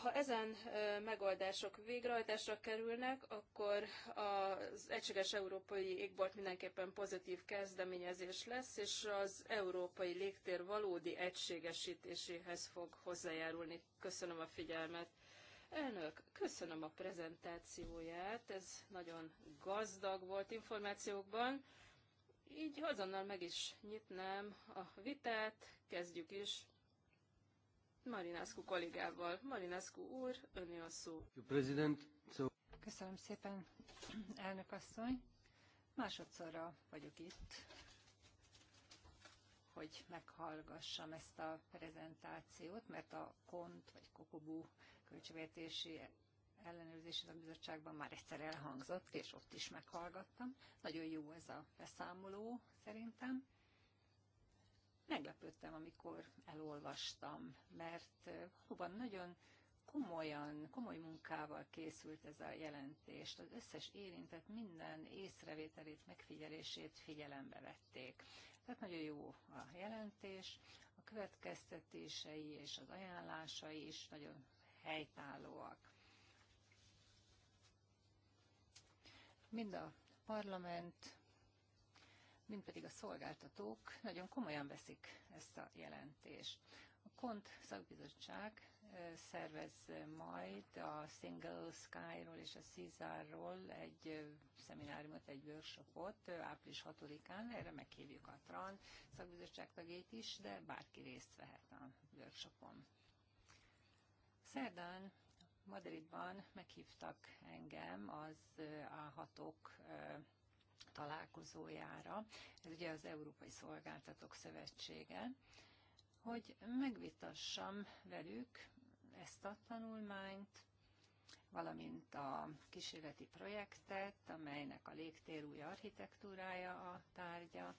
Ha ezen megoldások végrehajtásra kerülnek, akkor az egységes európai égbolt mindenképpen pozitív kezdeményezés lesz, és az európai légtér valódi egységesítéséhez fog hozzájárulni. Köszönöm a figyelmet. Elnök, köszönöm a prezentációját, ez nagyon gazdag volt információkban. Így azonnal meg is nyitnám a vitát, kezdjük is. Marinescu kollégával. Marinescu úr, öné a szó. Köszönöm szépen, elnök asszony. Másodszorra vagyok itt, hogy meghallgassam ezt a prezentációt, mert a KONT vagy kokobú költségvetési ellenőrzési bizottságban már egyszer elhangzott, és ott is meghallgattam. Nagyon jó ez a beszámoló szerintem meglepődtem, amikor elolvastam, mert eh, valóban nagyon komolyan, komoly munkával készült ez a jelentés. Az összes érintett minden észrevételét, megfigyelését figyelembe vették. Tehát nagyon jó a jelentés, a következtetései és az ajánlásai is nagyon helytállóak. Mind a parlament, mint pedig a szolgáltatók nagyon komolyan veszik ezt a jelentést. A KONT szakbizottság szervez majd a Single Sky-ról és a CISAR-ról egy szemináriumot, egy workshopot április 6-án, erre meghívjuk a TRAN szakbizottság tagjait is, de bárki részt vehet a workshopon. Szerdán Madridban meghívtak engem az A6-ok találkozójára, ez ugye az Európai Szolgáltatók Szövetsége, hogy megvitassam velük ezt a tanulmányt, valamint a kísérleti projektet, amelynek a légtér új architektúrája a tárgya,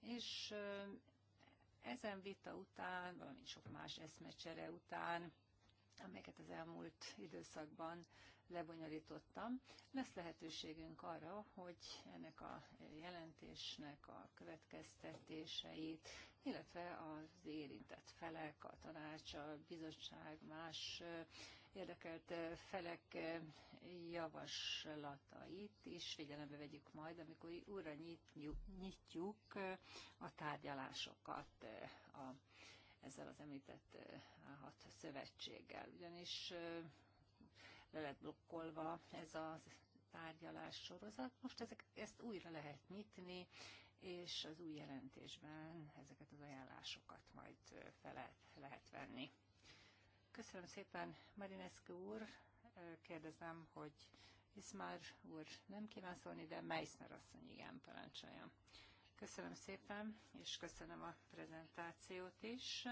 és ezen vita után, valamint sok más eszmecsere után, amelyeket az elmúlt időszakban lebonyolítottam. Lesz lehetőségünk arra, hogy ennek a jelentésnek a következtetéseit, illetve az érintett felek, a tanács, a bizottság, más érdekelt felek javaslatait is figyelembe vegyük majd, amikor újra nyitjuk, nyitjuk a tárgyalásokat a, ezzel az említett hat szövetséggel. Ugyanis le lett blokkolva ez a tárgyalás sorozat. Most ezek, ezt újra lehet nyitni, és az új jelentésben ezeket az ajánlásokat majd fel lehet, lehet venni. Köszönöm szépen, Marinescu úr. Kérdezem, hogy Iszmár úr nem kíván szólni, de Meissner asszony igen, parancsoljon. Köszönöm szépen, és köszönöm a prezentációt is.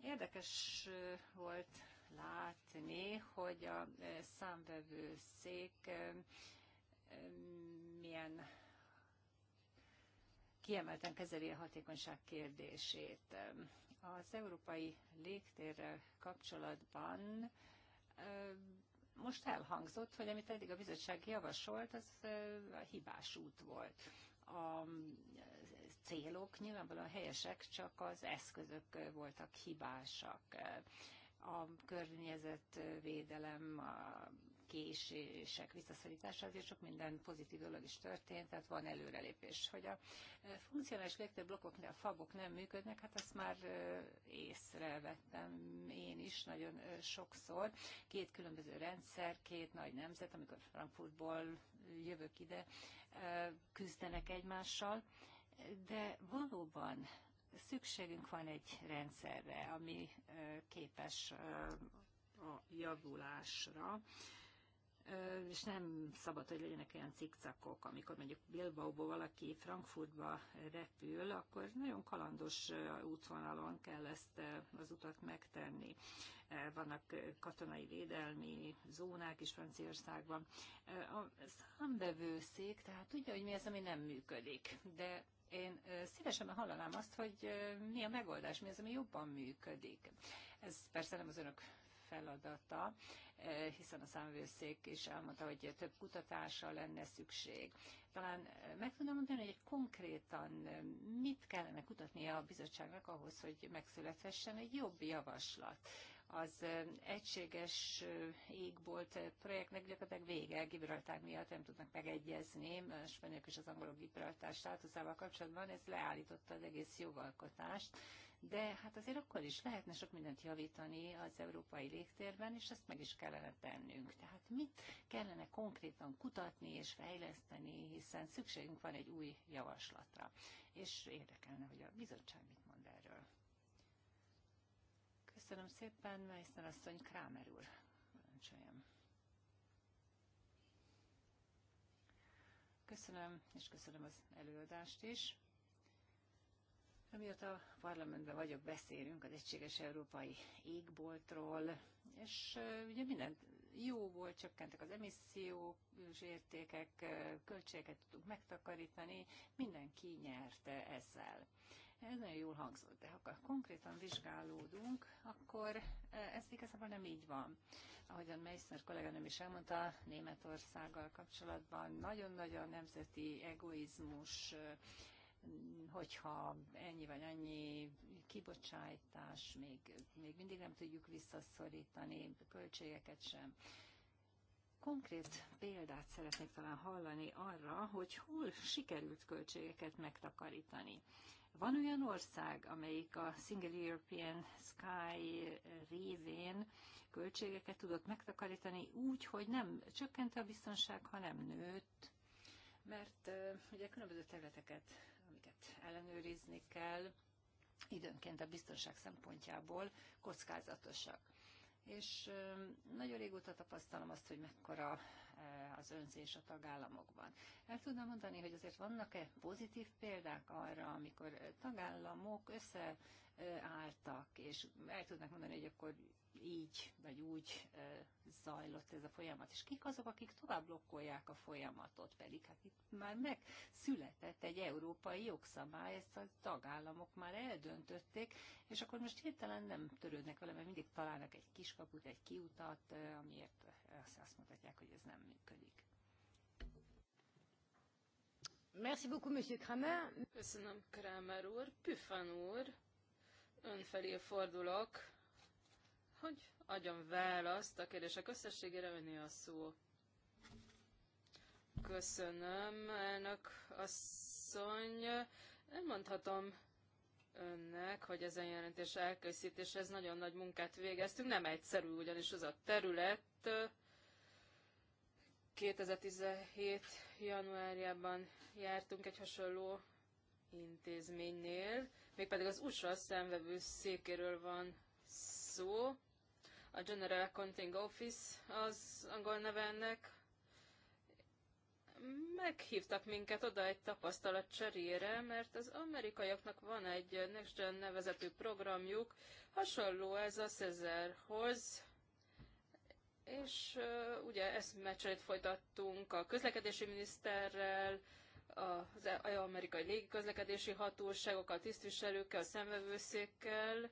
Érdekes volt látni, hogy a e, számvevőszék e, e, milyen kiemelten kezeli a hatékonyság kérdését. Az európai légtérrel kapcsolatban most elhangzott, hogy amit eddig a bizottság javasolt, az a hibás út volt. A célok nyilvánvalóan helyesek, csak az eszközök voltak hibásak a környezetvédelem, a késések visszaszorítása, azért sok minden pozitív dolog is történt, tehát van előrelépés. Hogy a funkcionális legtöbb blokkok, a fabok nem működnek, hát azt már észrevettem én is nagyon sokszor. Két különböző rendszer, két nagy nemzet, amikor Frankfurtból jövök ide, küzdenek egymással, de valóban szükségünk van egy rendszerre, ami képes a javulásra, és nem szabad, hogy legyenek olyan cikcakok, amikor mondjuk Bilbaóból valaki Frankfurtba repül, akkor nagyon kalandos útvonalon kell ezt az utat megtenni. Vannak katonai védelmi zónák is Franciaországban. A számbevőszék, tehát tudja, hogy mi az, ami nem működik, de én szívesen hallanám azt, hogy mi a megoldás, mi az, ami jobban működik. Ez persze nem az önök feladata, hiszen a számvőszék is elmondta, hogy több kutatásra lenne szükség. Talán meg tudnám mondani, hogy konkrétan mit kellene kutatnia a bizottságnak ahhoz, hogy megszülethessen egy jobb javaslat az egységes égbolt projektnek gyakorlatilag vége Gibraltár miatt nem tudnak megegyezni, a spanyolok és az angolok Gibraltár státuszával kapcsolatban, ez leállította az egész jogalkotást, de hát azért akkor is lehetne sok mindent javítani az európai légtérben, és ezt meg is kellene tennünk. Tehát mit kellene konkrétan kutatni és fejleszteni, hiszen szükségünk van egy új javaslatra. És érdekelne, hogy a bizottság mit Köszönöm szépen, Meissner asszony, Krámer úr. Köszönöm. Köszönöm, és köszönöm az előadást is. Amióta a parlamentben vagyok, beszélünk az Egységes Európai Égboltról, és ugye minden jó volt, csökkentek az emissziók, értékek, költségeket tudtuk megtakarítani, mindenki nyerte ezzel. Ez nagyon jól hangzott, de ha konkrétan vizsgálódunk, akkor e, ez igazából nem így van. Ahogyan Meissner kolléganőm is elmondta, Németországgal kapcsolatban nagyon-nagyon nemzeti egoizmus, e, hogyha ennyi vagy annyi kibocsátás, még, még mindig nem tudjuk visszaszorítani, költségeket sem konkrét példát szeretnék talán hallani arra, hogy hol sikerült költségeket megtakarítani. Van olyan ország, amelyik a Single European Sky révén költségeket tudott megtakarítani úgy, hogy nem csökkente a biztonság, hanem nőtt, mert ugye különböző területeket, amiket ellenőrizni kell, időnként a biztonság szempontjából kockázatosak. És nagyon régóta tapasztalom azt, hogy mekkora Eh, az önzés a tagállamokban. El tudna mondani, hogy azért vannak-e pozitív példák arra, amikor eh, tagállamok összeálltak, eh, és el tudnak mondani, hogy akkor így vagy úgy zajlott ez a folyamat, és kik azok, akik tovább blokkolják a folyamatot, pedig hát itt már megszületett egy európai jogszabály, ezt a tagállamok már eldöntötték, és akkor most hirtelen nem törődnek vele, mert mindig találnak egy kiskaput, egy kiutat, amiért azt, azt mutatják, hogy ez nem működik. Merci beaucoup, Monsieur Kramer. Köszönöm, Kramer úr. Püfan úr, ön felé fordulok, hogy adjon választ a kérdések összességére, öné a szó. Köszönöm, elnök asszony. Elmondhatom önnek, hogy ezen jelentés elkészítéshez nagyon nagy munkát végeztünk. Nem egyszerű ugyanis az a terület, 2017. januárjában jártunk egy hasonló intézménynél, mégpedig az USA szemvevő székéről van szó. A General Accounting Office az angol neve ennek. Meghívtak minket oda egy tapasztalat cserére, mert az amerikaiaknak van egy Gen nevezetű programjuk, hasonló ez a Cezerhoz, és ugye eszmecserét folytattunk a közlekedési miniszterrel, az e- amerikai légiközlekedési hatóságokkal, tisztviselőkkel, szemvevőszékkel,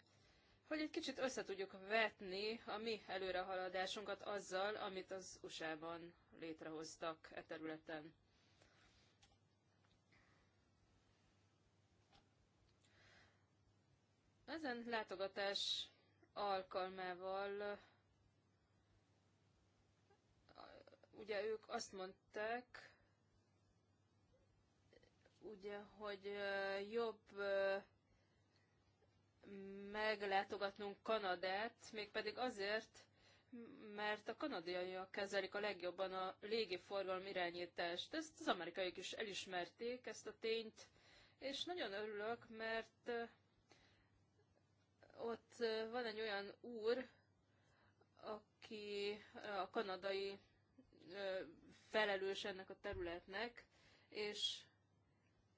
hogy egy kicsit össze tudjuk vetni a mi előrehaladásunkat azzal, amit az USA-ban létrehoztak e területen. Ezen látogatás alkalmával Ugye ők azt mondták, ugye, hogy jobb meglátogatnunk Kanadát, mégpedig azért, mert a kanadaiak kezelik a legjobban a légiforgalom irányítást. Ezt az amerikaiak is elismerték, ezt a tényt, és nagyon örülök, mert ott van egy olyan úr, aki a kanadai felelős ennek a területnek, és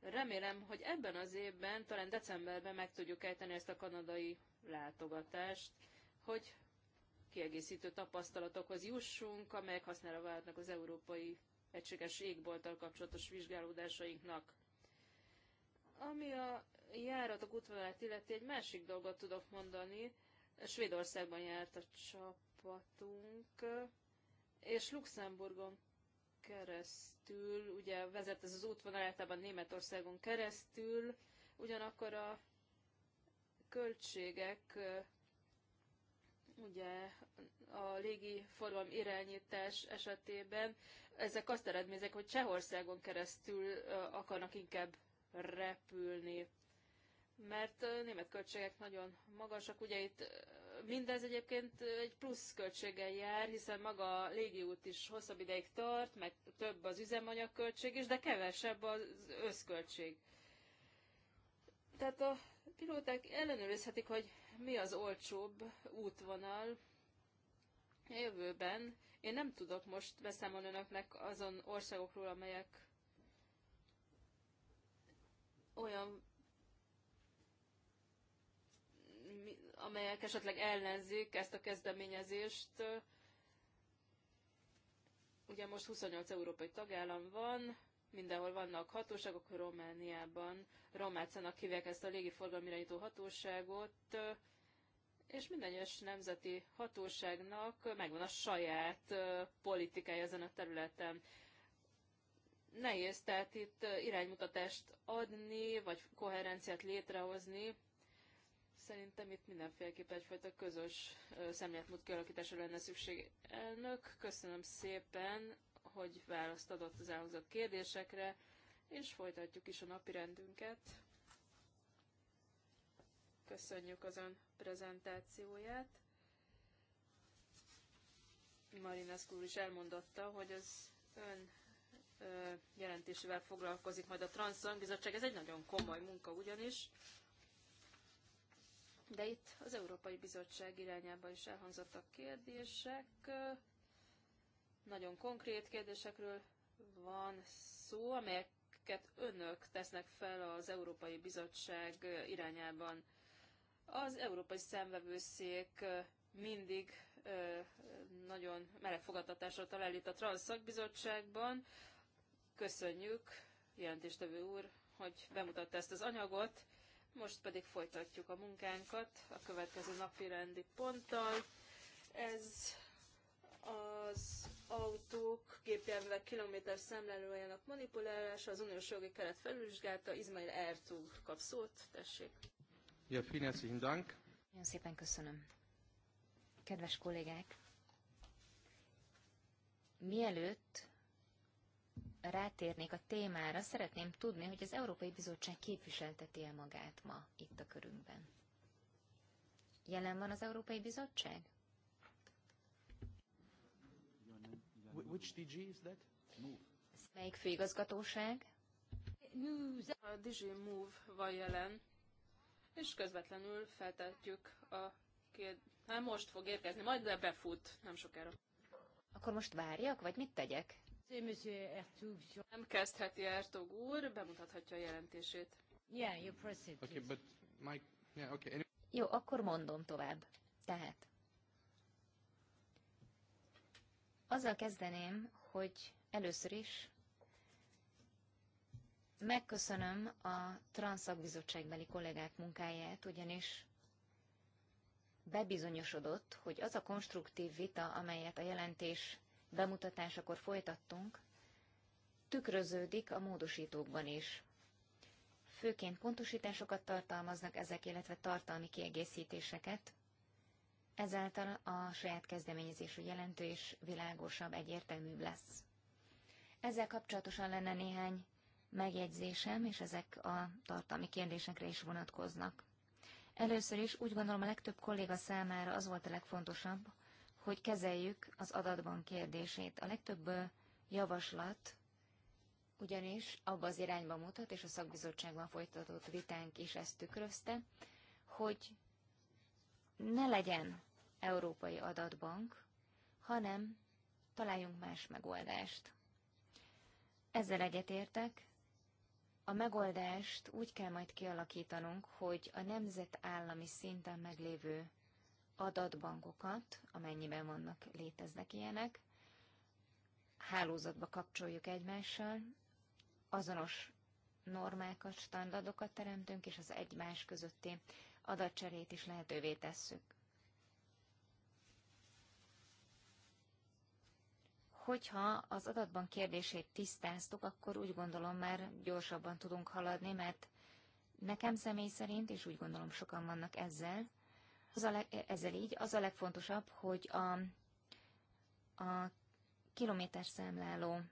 remélem, hogy ebben az évben, talán decemberben meg tudjuk ejteni ezt a kanadai látogatást, hogy kiegészítő tapasztalatokhoz jussunk, amelyek használva váltnak az európai egységes égbolttal kapcsolatos vizsgálódásainknak. Ami a járatok útvonalát illeti, egy másik dolgot tudok mondani. Svédországban járt a csapatunk, és Luxemburgon keresztül, ugye vezet ez az útvonal általában Németországon keresztül, ugyanakkor a költségek ugye a légi forgalom irányítás esetében ezek azt eredményezek, hogy Csehországon keresztül akarnak inkább repülni. Mert a német költségek nagyon magasak, ugye itt mindez egyébként egy plusz költséggel jár, hiszen maga a légiút is hosszabb ideig tart, meg több az üzemanyagköltség is, de kevesebb az összköltség. Tehát a pilóták ellenőrizhetik, hogy mi az olcsóbb útvonal a jövőben. Én nem tudok most beszámolni önöknek azon országokról, amelyek olyan amelyek esetleg ellenzik ezt a kezdeményezést. Ugye most 28 európai tagállam van, mindenhol vannak hatóságok, Romániában Romácának hívják ezt a légiforgalmi irányító hatóságot, és minden egyes nemzeti hatóságnak megvan a saját politikája ezen a területen. Nehéz tehát itt iránymutatást adni, vagy koherenciát létrehozni Szerintem itt mindenféleképpen egyfajta közös szemléletmód kialakítása lenne szükség. Elnök, köszönöm szépen, hogy választ adott az elhozott kérdésekre, és folytatjuk is a napi rendünket. Köszönjük az ön prezentációját. Marinescu úr is elmondotta, hogy az ön jelentésével foglalkozik majd a Transzon Bizottság. Ez egy nagyon komoly munka ugyanis de itt az Európai Bizottság irányába is elhangzottak kérdések. Nagyon konkrét kérdésekről van szó, amelyeket önök tesznek fel az Európai Bizottság irányában. Az Európai Szemvevőszék mindig nagyon meleg fogadtatásra talál itt a Transzakbizottságban. Köszönjük, jelentéstevő úr, hogy bemutatta ezt az anyagot most pedig folytatjuk a munkánkat a következő napi rendi ponttal. Ez az autók gépjárművek kilométer szemlelőjának manipulálása, az uniós jogi keret felvizsgálta, Izmail Ertú kap szót, tessék. Ja, vielen Dank. Nagyon szépen köszönöm. Kedves kollégák, mielőtt rátérnék a témára, szeretném tudni, hogy az Európai Bizottság képviselteti-e magát ma itt a körünkben. Jelen van az Európai Bizottság? Which DG is that? Move. Melyik főigazgatóság? A DG Move van jelen, és közvetlenül feltetjük a kérdést. Hát most fog érkezni, majd befut, nem sokára. Akkor most várjak, vagy mit tegyek? Nem kezdheti Ertug úr, bemutathatja a jelentését. Yeah, you Okay, but my... yeah, okay. Jó, akkor mondom tovább. Tehát. Azzal kezdeném, hogy először is megköszönöm a Transzakbizottságbeli kollégák munkáját, ugyanis bebizonyosodott, hogy az a konstruktív vita, amelyet a jelentés bemutatásakor folytattunk, tükröződik a módosítókban is. Főként pontosításokat tartalmaznak ezek, illetve tartalmi kiegészítéseket, ezáltal a saját kezdeményezésű jelentős világosabb, egyértelműbb lesz. Ezzel kapcsolatosan lenne néhány megjegyzésem, és ezek a tartalmi kérdésekre is vonatkoznak. Először is úgy gondolom a legtöbb kolléga számára az volt a legfontosabb, hogy kezeljük az adatban kérdését. A legtöbb javaslat ugyanis abba az irányba mutat, és a szakbizottságban folytatott vitánk is ezt tükrözte, hogy ne legyen európai adatbank, hanem találjunk más megoldást. Ezzel egyetértek, a megoldást úgy kell majd kialakítanunk, hogy a nemzetállami szinten meglévő adatbankokat, amennyiben vannak, léteznek ilyenek, hálózatba kapcsoljuk egymással, azonos normákat, standardokat teremtünk, és az egymás közötti adatcserét is lehetővé tesszük. Hogyha az adatban kérdését tisztáztuk, akkor úgy gondolom már gyorsabban tudunk haladni, mert nekem személy szerint, és úgy gondolom sokan vannak ezzel, az a leg, e- ezzel így az a legfontosabb, hogy a, a kilométerszámlálóval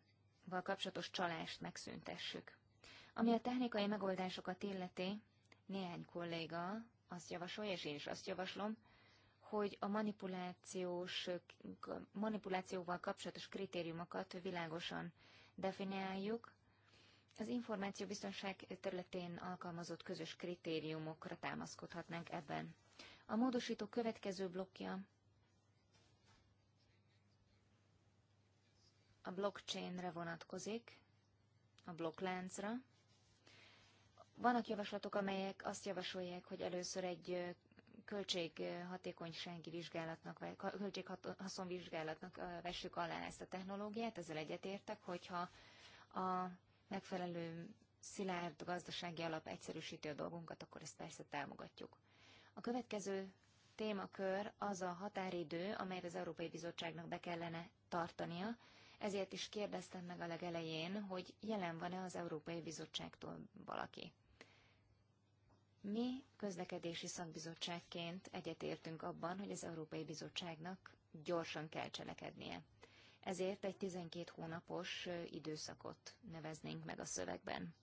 kapcsolatos csalást megszüntessük. Ami a technikai megoldásokat illeti, néhány kolléga azt javasolja, és én is azt javaslom, hogy a manipulációs, manipulációval kapcsolatos kritériumokat világosan definiáljuk, az információbiztonság területén alkalmazott közös kritériumokra támaszkodhatnánk ebben. A módosító következő blokja a blockchainre vonatkozik, a blokkláncra. Vannak javaslatok, amelyek azt javasolják, hogy először egy költséghatékonysági vizsgálatnak, vagy költséghaszonvizsgálatnak vessük alá ezt a technológiát, ezzel egyetértek, hogyha a megfelelő szilárd gazdasági alap egyszerűsíti a dolgunkat, akkor ezt persze támogatjuk. A következő témakör az a határidő, amelyet az Európai Bizottságnak be kellene tartania, ezért is kérdeztem meg a legelején, hogy jelen van-e az Európai Bizottságtól valaki. Mi közlekedési szakbizottságként egyetértünk abban, hogy az Európai Bizottságnak gyorsan kell cselekednie. Ezért egy 12 hónapos időszakot neveznénk meg a szövegben.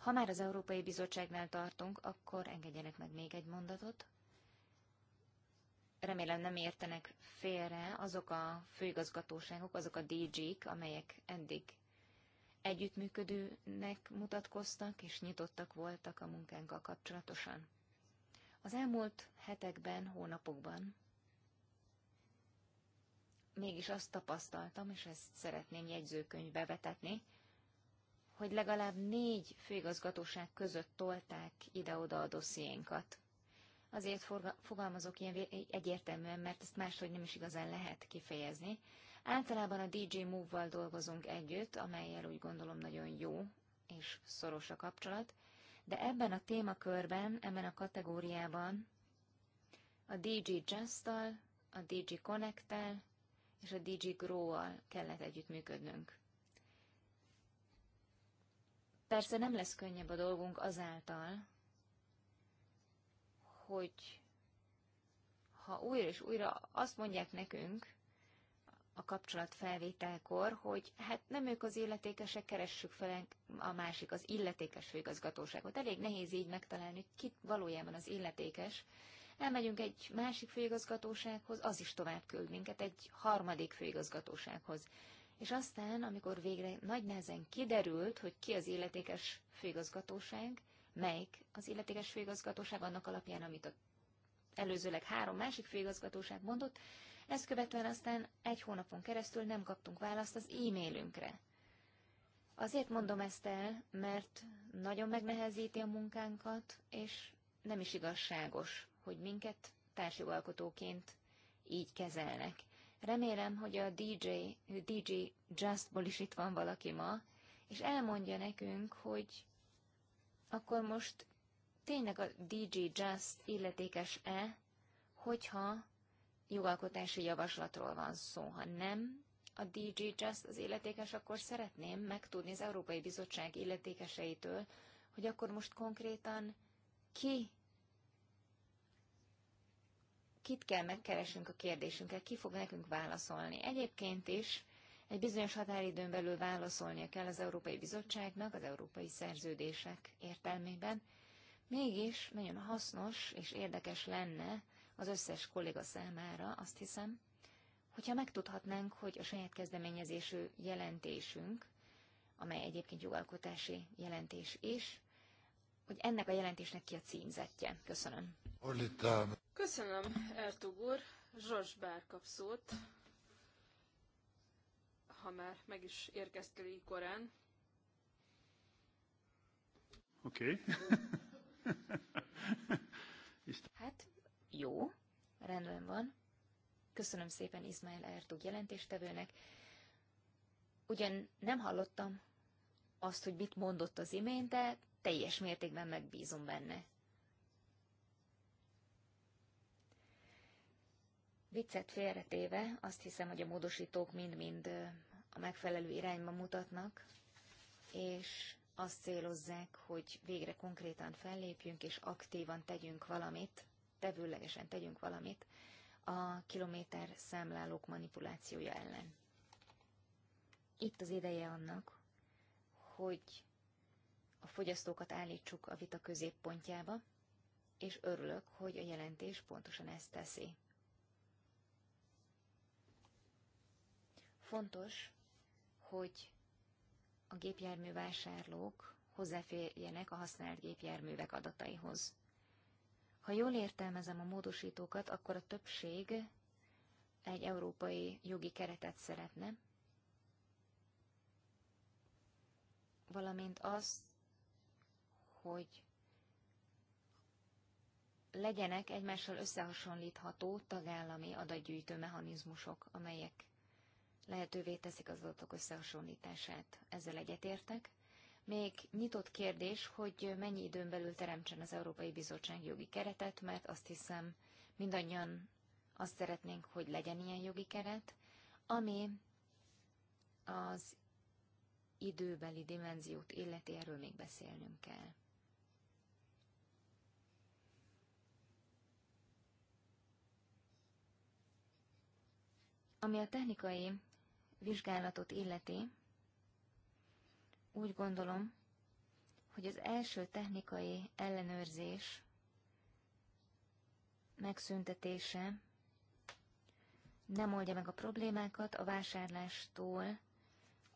Ha már az Európai Bizottságnál tartunk, akkor engedjenek meg még egy mondatot. Remélem nem értenek félre azok a főigazgatóságok, azok a DG-k, amelyek eddig együttműködőnek mutatkoztak és nyitottak voltak a munkánkkal kapcsolatosan. Az elmúlt hetekben, hónapokban mégis azt tapasztaltam, és ezt szeretném jegyzőkönyvbe vetetni, hogy legalább négy főigazgatóság között tolták ide-oda a dossziénkat. Azért fogalmazok ilyen egyértelműen, mert ezt máshogy nem is igazán lehet kifejezni. Általában a DJ Move-val dolgozunk együtt, amelyel úgy gondolom nagyon jó és szoros a kapcsolat, de ebben a témakörben, ebben a kategóriában a DJ just a DJ Connect-tel és a DJ Grow-al kellett együttműködnünk. Persze nem lesz könnyebb a dolgunk azáltal, hogy ha újra és újra azt mondják nekünk a kapcsolat felvételkor, hogy hát nem ők az illetékesek, keressük fel a másik, az illetékes főigazgatóságot. Elég nehéz így megtalálni, ki valójában az illetékes. Elmegyünk egy másik főigazgatósághoz, az is tovább küld minket egy harmadik főigazgatósághoz és aztán, amikor végre nagy nehezen kiderült, hogy ki az illetékes főigazgatóság, melyik az illetékes főigazgatóság annak alapján, amit a előzőleg három másik főigazgatóság mondott, ezt követően aztán egy hónapon keresztül nem kaptunk választ az e-mailünkre. Azért mondom ezt el, mert nagyon megnehezíti a munkánkat, és nem is igazságos, hogy minket társjogalkotóként így kezelnek. Remélem, hogy a DJ, DJ Justból is itt van valaki ma, és elmondja nekünk, hogy akkor most tényleg a DJ Just illetékes-e, hogyha jogalkotási javaslatról van szó, ha nem, a DJ Just az illetékes, akkor szeretném megtudni az Európai Bizottság illetékeseitől, hogy akkor most konkrétan ki kit kell megkeresünk a kérdésünket, ki fog nekünk válaszolni. Egyébként is egy bizonyos határidőn belül válaszolnia kell az Európai Bizottságnak az európai szerződések értelmében. Mégis nagyon hasznos és érdekes lenne az összes kolléga számára, azt hiszem, hogyha megtudhatnánk, hogy a saját kezdeményezésű jelentésünk, amely egyébként jogalkotási jelentés is, hogy ennek a jelentésnek ki a címzetje. Köszönöm. Orlita. Köszönöm, Ertug úr. Zsors Bár kap szót, ha már meg is érkeztél így korán. Oké. Okay. (laughs) hát, jó, rendben van. Köszönöm szépen Izmail Ertug jelentéstevőnek. Ugyan nem hallottam azt, hogy mit mondott az imént, de teljes mértékben megbízom benne. Viccet félretéve azt hiszem, hogy a módosítók mind-mind a megfelelő irányba mutatnak, és azt célozzák, hogy végre konkrétan fellépjünk és aktívan tegyünk valamit, tevőlegesen tegyünk valamit a kilométer számlálók manipulációja ellen. Itt az ideje annak, hogy a fogyasztókat állítsuk a vita középpontjába, és örülök, hogy a jelentés pontosan ezt teszi. Fontos, hogy a gépjárművásárlók hozzáférjenek a használt gépjárművek adataihoz. Ha jól értelmezem a módosítókat, akkor a többség egy európai jogi keretet szeretne, valamint az, hogy legyenek egymással összehasonlítható tagállami adatgyűjtő mechanizmusok, amelyek lehetővé teszik az adatok összehasonlítását. Ezzel egyetértek. Még nyitott kérdés, hogy mennyi időn belül teremtsen az Európai Bizottság jogi keretet, mert azt hiszem mindannyian azt szeretnénk, hogy legyen ilyen jogi keret, ami az időbeli dimenziót illeti, erről még beszélnünk kell. Ami a technikai vizsgálatot illeti, úgy gondolom, hogy az első technikai ellenőrzés megszüntetése nem oldja meg a problémákat, a vásárlástól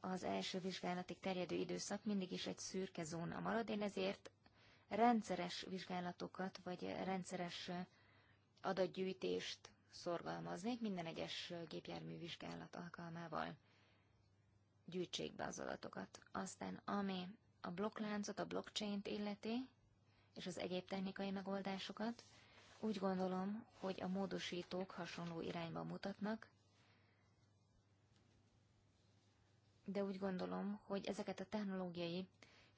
az első vizsgálatig terjedő időszak mindig is egy szürke zóna marad. Én ezért rendszeres vizsgálatokat, vagy rendszeres adatgyűjtést szorgalmaznék minden egyes gépjármű vizsgálat alkalmával. Gyűjtsék be az adatokat. Aztán ami a blokkláncot, a blockchain-t illeti, és az egyéb technikai megoldásokat, úgy gondolom, hogy a módosítók hasonló irányba mutatnak, de úgy gondolom, hogy ezeket a technológiai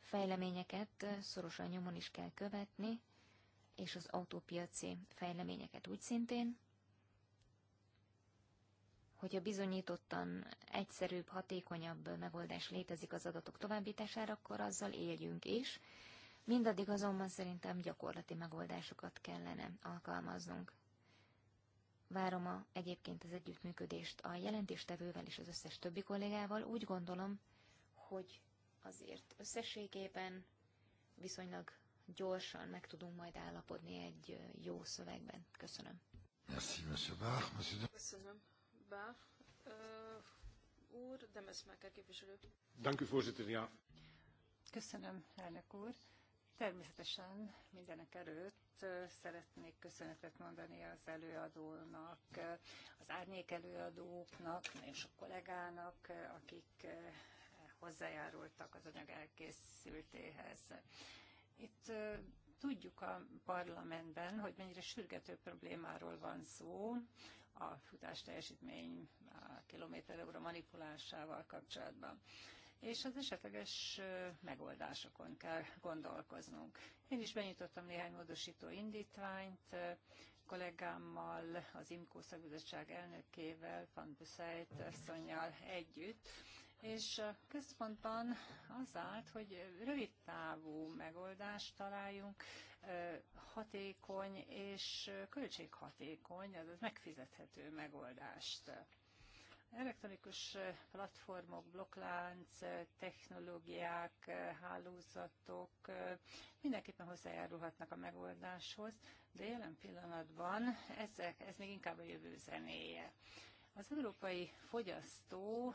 fejleményeket szorosan nyomon is kell követni, és az autópiaci fejleményeket úgy szintén hogyha bizonyítottan egyszerűbb, hatékonyabb megoldás létezik az adatok továbbítására, akkor azzal éljünk is. Mindaddig azonban szerintem gyakorlati megoldásokat kellene alkalmaznunk. Várom a, egyébként az együttműködést a jelentéstevővel és az összes többi kollégával. Úgy gondolom, hogy azért összességében viszonylag gyorsan meg tudunk majd állapodni egy jó szövegben. Köszönöm. Köszönöm. Bach úr, képviselő. Dank u, voorzitter, ja. Köszönöm, elnök úr. Természetesen mindenek előtt szeretnék köszönetet mondani az előadónak, az árnyék előadóknak, nagyon sok kollégának, akik hozzájárultak az anyag elkészültéhez. Itt tudjuk a parlamentben, hogy mennyire sürgető problémáról van szó, a futás teljesítmény a kilométer óra manipulásával kapcsolatban és az esetleges megoldásokon kell gondolkoznunk. Én is benyitottam néhány módosító indítványt, kollégámmal, az IMCO szakbizottság elnökével, Van Buszeit együtt, és a központban az állt, hogy rövid távú megoldást találjunk, hatékony és költséghatékony, azaz megfizethető megoldást. Elektronikus platformok, blokklánc, technológiák, hálózatok mindenképpen hozzájárulhatnak a megoldáshoz, de jelen pillanatban ezek, ez még inkább a jövő zenéje. Az európai fogyasztó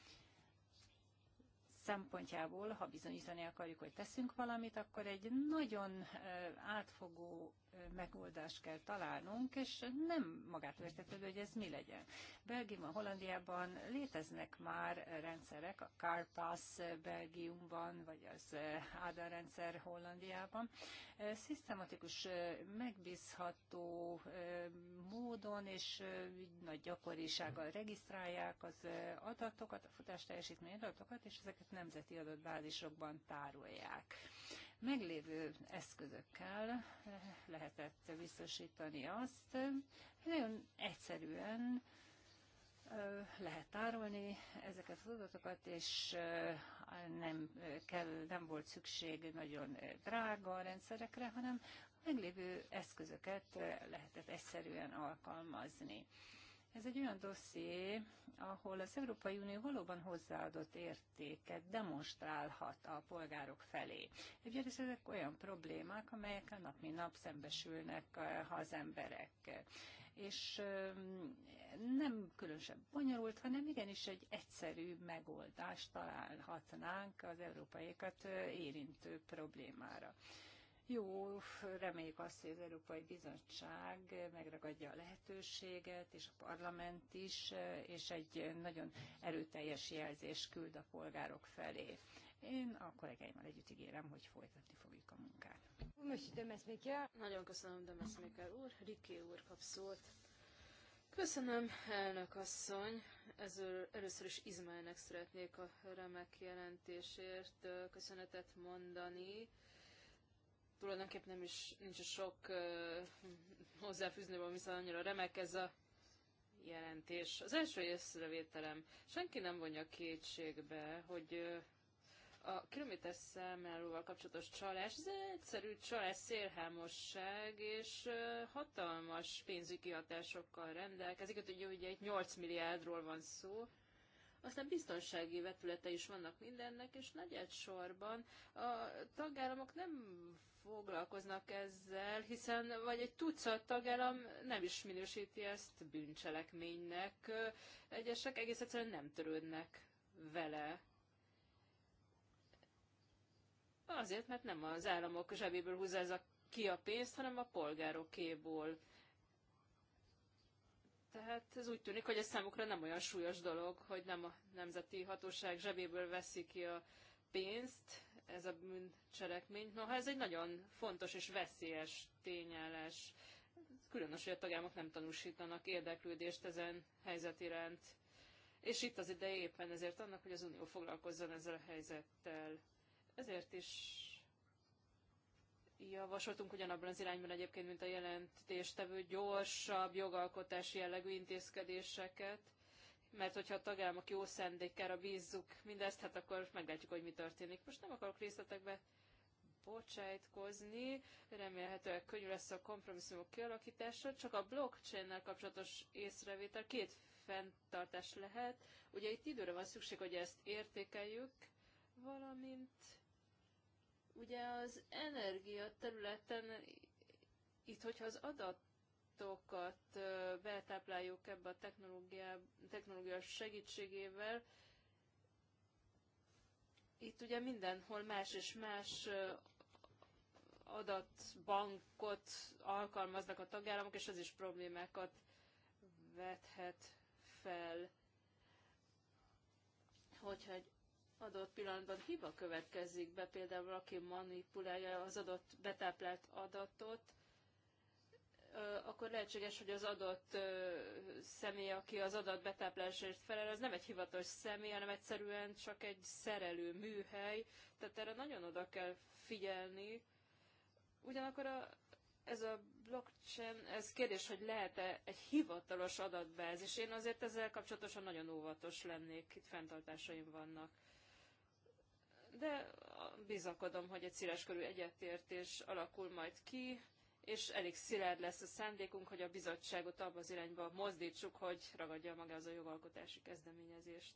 szempontjából, ha bizonyítani akarjuk, hogy teszünk valamit, akkor egy nagyon átfogó megoldást kell találnunk, és nem magát értetődő, hogy ez mi legyen. Belgiumban, Hollandiában léteznek már rendszerek, a CarPass Belgiumban, vagy az ADA rendszer Hollandiában. Szisztematikus, megbízható módon és nagy gyakorisággal regisztrálják az adatokat, a futás teljesítmény adatokat, és ezeket nemzeti adatbázisokban tárolják. Meglévő eszközökkel lehetett biztosítani azt, hogy nagyon egyszerűen lehet tárolni ezeket az adatokat, és nem, kell, nem volt szükség nagyon drága a rendszerekre, hanem meglévő eszközöket lehetett egyszerűen alkalmazni. Ez egy olyan dosszié, ahol az Európai Unió valóban hozzáadott értéket demonstrálhat a polgárok felé. Egyrészt ezek olyan problémák, amelyekkel nap mint nap szembesülnek eh, az emberek. És eh, nem különösebb bonyolult, hanem igenis egy egyszerű megoldást találhatnánk az európaiakat eh, érintő problémára. Jó, reméljük azt, hogy az Európai Bizottság megragadja a lehetőséget, és a parlament is, és egy nagyon erőteljes jelzés küld a polgárok felé. Én a kollégáimmal együtt ígérem, hogy folytatni fogjuk a munkát. Nagyon köszönöm, Demeszméker úr. Riké úr kap szót. Köszönöm, elnök asszony. Ezzel először is Izmaelnek szeretnék a remek jelentésért köszönetet mondani Tulajdonképpen nem is nincs sok (laughs) hozzáfűzni hozzáfűznőben, viszont szóval annyira remek ez a jelentés. Az első észrevételem, senki nem vonja kétségbe, hogy a kilométer számlálóval kapcsolatos csalás, ez egyszerű csalás, szélhámosság, és hatalmas pénzügyi hatásokkal rendelkezik, hát ugye, ugye egy 8 milliárdról van szó, aztán biztonsági vetülete is vannak mindennek, és nagy sorban a tagállamok nem foglalkoznak ezzel, hiszen vagy egy tucat tagállam nem is minősíti ezt bűncselekménynek, egyesek egész egyszerűen nem törődnek vele. Azért, mert nem az államok zsebéből húzzák ki a pénzt, hanem a polgárokéból. Tehát ez úgy tűnik, hogy ez számukra nem olyan súlyos dolog, hogy nem a nemzeti hatóság zsebéből veszi ki a pénzt, ez a bűncselekmény. Noha ez egy nagyon fontos és veszélyes tényállás. Különös, hogy a tagállamok nem tanúsítanak érdeklődést ezen helyzet iránt. És itt az ideje éppen ezért annak, hogy az Unió foglalkozzon ezzel a helyzettel. Ezért is javasoltunk ugyanabban az irányban egyébként, mint a jelentéstevő gyorsabb jogalkotási jellegű intézkedéseket, mert hogyha a tagállamok jó szendékára bízzuk mindezt, hát akkor meglátjuk, hogy mi történik. Most nem akarok részletekbe bocsájtkozni, remélhetőleg könnyű lesz a kompromisszumok kialakítása, csak a blockchain-nel kapcsolatos észrevétel két fenntartás lehet. Ugye itt időre van szükség, hogy ezt értékeljük, valamint ugye az energia területen itt, hogyha az adat adatokat betápláljuk ebbe a technológia, technológia segítségével. Itt ugye mindenhol más és más adatbankot alkalmaznak a tagállamok, és ez is problémákat vethet fel, hogyha egy adott pillanatban hiba következik be, például aki manipulálja az adott betáplált adatot, akkor lehetséges, hogy az adott személy, aki az adat betáplásért felel, az nem egy hivatalos személy, hanem egyszerűen csak egy szerelő műhely, tehát erre nagyon oda kell figyelni. Ugyanakkor a, ez a blockchain, ez kérdés, hogy lehet-e egy hivatalos adatbázis. Én azért ezzel kapcsolatosan nagyon óvatos lennék, itt fenntartásaim vannak de bizakodom, hogy egy körül egyetértés alakul majd ki, és elég szilárd lesz a szándékunk, hogy a bizottságot abba az irányba mozdítsuk, hogy ragadja az a jogalkotási kezdeményezést.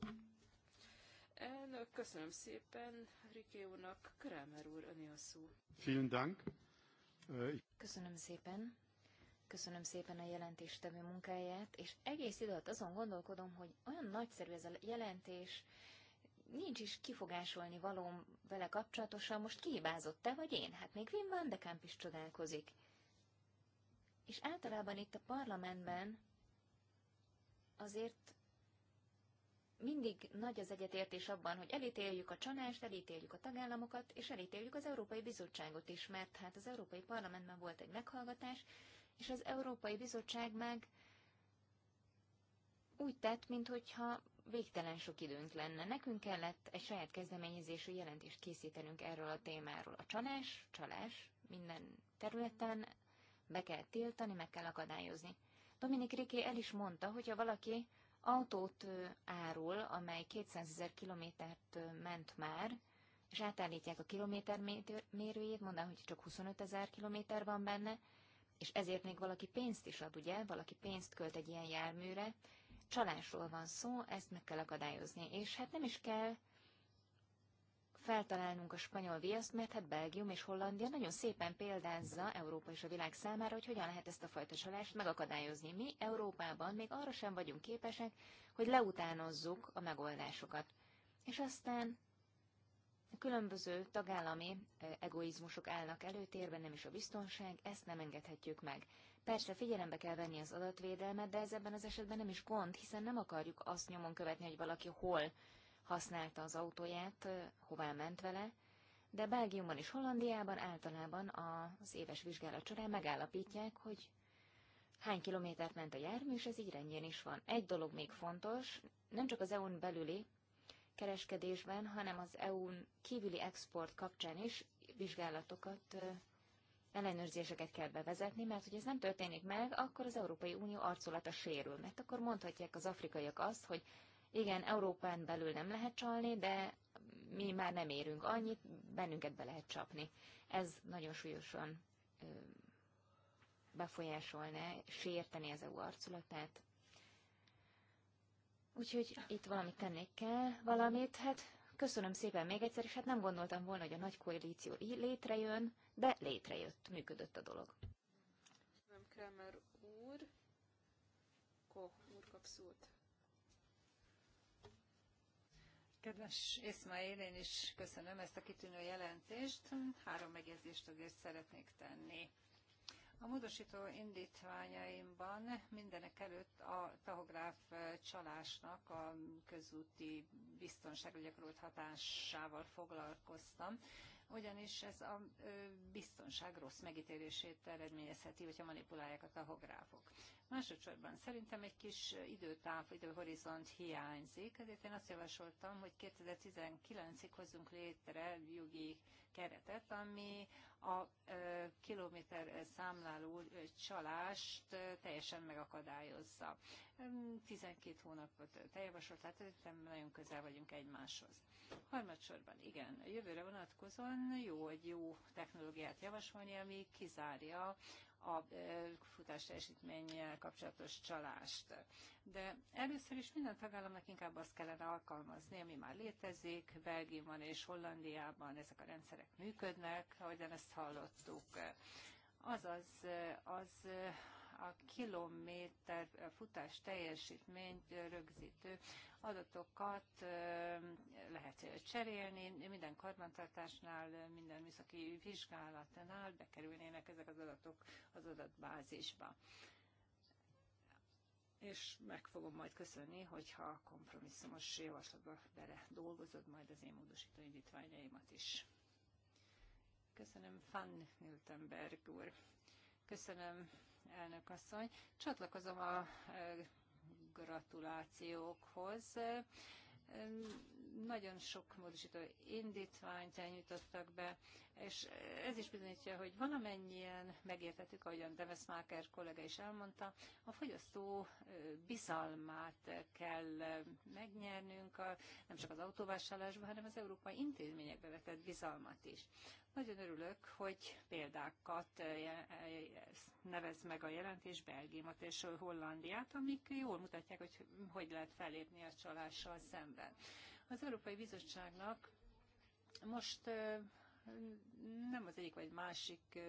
Elnök, köszönöm szépen Riké úrnak, Kramer úr, öné a szó. Vielen Dank. Köszönöm szépen. Köszönöm szépen a jelentéstevő munkáját, és egész idő alatt azon gondolkodom, hogy olyan nagyszerű ez a jelentés, nincs is kifogásolni valóm vele kapcsolatosan, most kihibázott te vagy én? Hát még Wim van de Kamp is csodálkozik. És általában itt a parlamentben azért mindig nagy az egyetértés abban, hogy elítéljük a csalást, elítéljük a tagállamokat, és elítéljük az Európai Bizottságot is, mert hát az Európai Parlamentben volt egy meghallgatás, és az Európai Bizottság meg úgy tett, mintha végtelen sok időnk lenne. Nekünk kellett egy saját kezdeményezésű jelentést készítenünk erről a témáról. A csalás, csalás minden területen, be kell tiltani, meg kell akadályozni. Dominik Riké el is mondta, hogyha valaki autót árul, amely 200 ezer kilométert ment már, és átállítják a kilométer mérőjét, mondanám, hogy csak 25 ezer kilométer van benne, és ezért még valaki pénzt is ad, ugye, valaki pénzt költ egy ilyen járműre, csalásról van szó, ezt meg kell akadályozni. És hát nem is kell feltalálnunk a spanyol viaszt, mert hát Belgium és Hollandia nagyon szépen példázza Európa és a világ számára, hogy hogyan lehet ezt a fajta csalást megakadályozni. Mi Európában még arra sem vagyunk képesek, hogy leutánozzuk a megoldásokat. És aztán a különböző tagállami eh, egoizmusok állnak előtérben, nem is a biztonság, ezt nem engedhetjük meg. Persze figyelembe kell venni az adatvédelmet, de ez ebben az esetben nem is gond, hiszen nem akarjuk azt nyomon követni, hogy valaki hol használta az autóját, hová ment vele, de Belgiumban és Hollandiában általában az éves vizsgálat során megállapítják, hogy hány kilométert ment a jármű, és ez így rendjén is van. Egy dolog még fontos, nem csak az EU-n belüli kereskedésben, hanem az EU-n kívüli export kapcsán is vizsgálatokat, ellenőrzéseket kell bevezetni, mert hogy ez nem történik meg, akkor az Európai Unió arculata sérül, mert akkor mondhatják az afrikaiak azt, hogy igen, Európán belül nem lehet csalni, de mi már nem érünk annyit, bennünket be lehet csapni. Ez nagyon súlyosan befolyásolná, sérteni az EU arculatát. Úgyhogy itt valamit tennék kell, valamit, hát köszönöm szépen még egyszer, és hát nem gondoltam volna, hogy a nagy koalíció létrejön, de létrejött, működött a dolog. Nem Kramer úr, Koch úr kap szót. Kedves Észmael, én is köszönöm ezt a kitűnő jelentést. Három megjegyzést azért szeretnék tenni. A módosító indítványaimban mindenek előtt a tahográf csalásnak a közúti biztonságra gyakorolt hatásával foglalkoztam, ugyanis ez a biztonság rossz megítélését eredményezheti, hogyha manipulálják a tahográfok. Másodszorban szerintem egy kis időtáv, időhorizont hiányzik, ezért én azt javasoltam, hogy 2019-ig hozzunk létre jogi keretet, ami a ö, kilométer számláló csalást teljesen megakadályozza. 12 hónapot te javasolt, tehát szerintem nagyon közel vagyunk egymáshoz. Harmadsorban, igen, a jövőre vonatkozóan jó, hogy jó technológiát javasolni, ami kizárja a e, futás teljesítménnyel kapcsolatos csalást. De először is minden tagállamnak inkább azt kellene alkalmazni, ami már létezik, Belgiumban és Hollandiában ezek a rendszerek működnek, ahogyan ezt hallottuk azaz e, az, a kilométer futás teljesítményt rögzítő adatokat lehet cserélni, minden karbantartásnál, minden műszaki vizsgálatnál bekerülnének ezek az adatok az adatbázisba. És meg fogom majd köszönni, hogyha a kompromisszumos javaslatba bele dolgozod majd az én módosító indítványaimat is. Köszönöm, Fan Miltenberg úr. Köszönöm, elnök asszony. Csatlakozom a e, gratulációkhoz nagyon sok módosító indítványt elnyújtottak be, és ez is bizonyítja, hogy valamennyien megértettük, ahogyan Demesmaker kollega is elmondta, a fogyasztó bizalmát kell megnyernünk, a, nem csak az autóvásárlásban, hanem az európai intézményekbe vetett bizalmat is. Nagyon örülök, hogy példákat nevez meg a jelentés Belgiumot és Hollandiát, amik jól mutatják, hogy hogy lehet felépni a csalással szemben. Az Európai Bizottságnak most nem az egyik vagy másik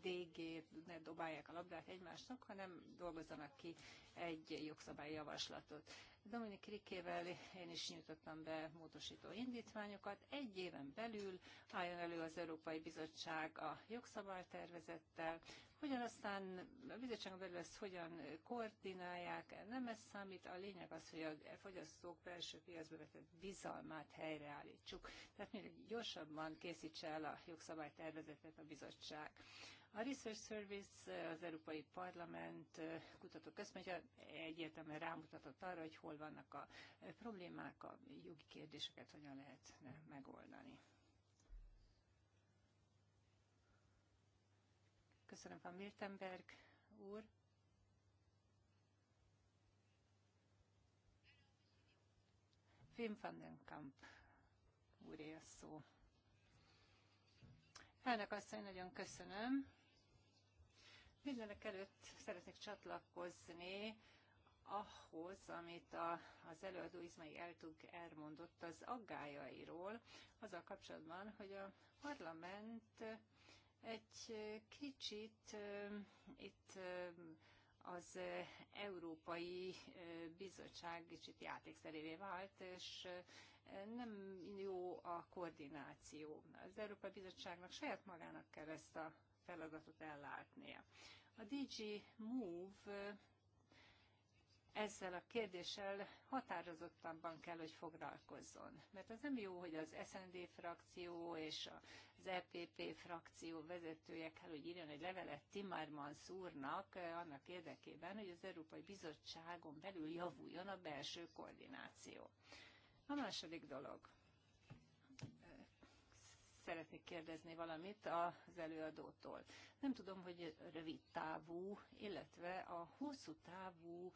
DG ne dobálják a labdát egymásnak, hanem dolgozzanak ki egy jogszabályjavaslatot. Dominik Rikével én is nyújtottam be módosító indítványokat. Egy éven belül álljon elő az Európai Bizottság a jogszabálytervezettel, Hogyan aztán a bizottság belül ezt hogyan koordinálják, nem ez számít. A lényeg az, hogy a fogyasztók belső piacba vetett bizalmát helyreállítsuk. Tehát minél gyorsabban készítse el a jogszabálytervezetet a bizottság. A Research Service, az Európai Parlament eh, kutatóközpontja egyértelműen rámutatott arra, hogy hol hol vannak a problémák, a jogi kérdéseket hogyan lehetne megoldani. Köszönöm, Van Miltenberg úr. Wim van den Kamp úré a szó. Elnök asszony, nagyon köszönöm. Mindenek előtt szeretnék csatlakozni ahhoz, amit a, az előadó Izmai Eltug elmondott az aggájairól, a kapcsolatban, hogy a parlament egy kicsit itt az Európai Bizottság kicsit játékszerévé vált, és nem jó a koordináció. Az Európai Bizottságnak saját magának kell ezt a feladatot ellátnia. A DG Move ezzel a kérdéssel határozottabban kell, hogy foglalkozzon. Mert az nem jó, hogy az SND frakció és az EPP frakció vezetője kell, hogy írjon egy levelet Timmermans úrnak eh, annak érdekében, hogy az Európai Bizottságon belül javuljon a belső koordináció. A második dolog. Eh, szeretnék kérdezni valamit az előadótól. Nem tudom, hogy rövid távú, illetve a hosszú távú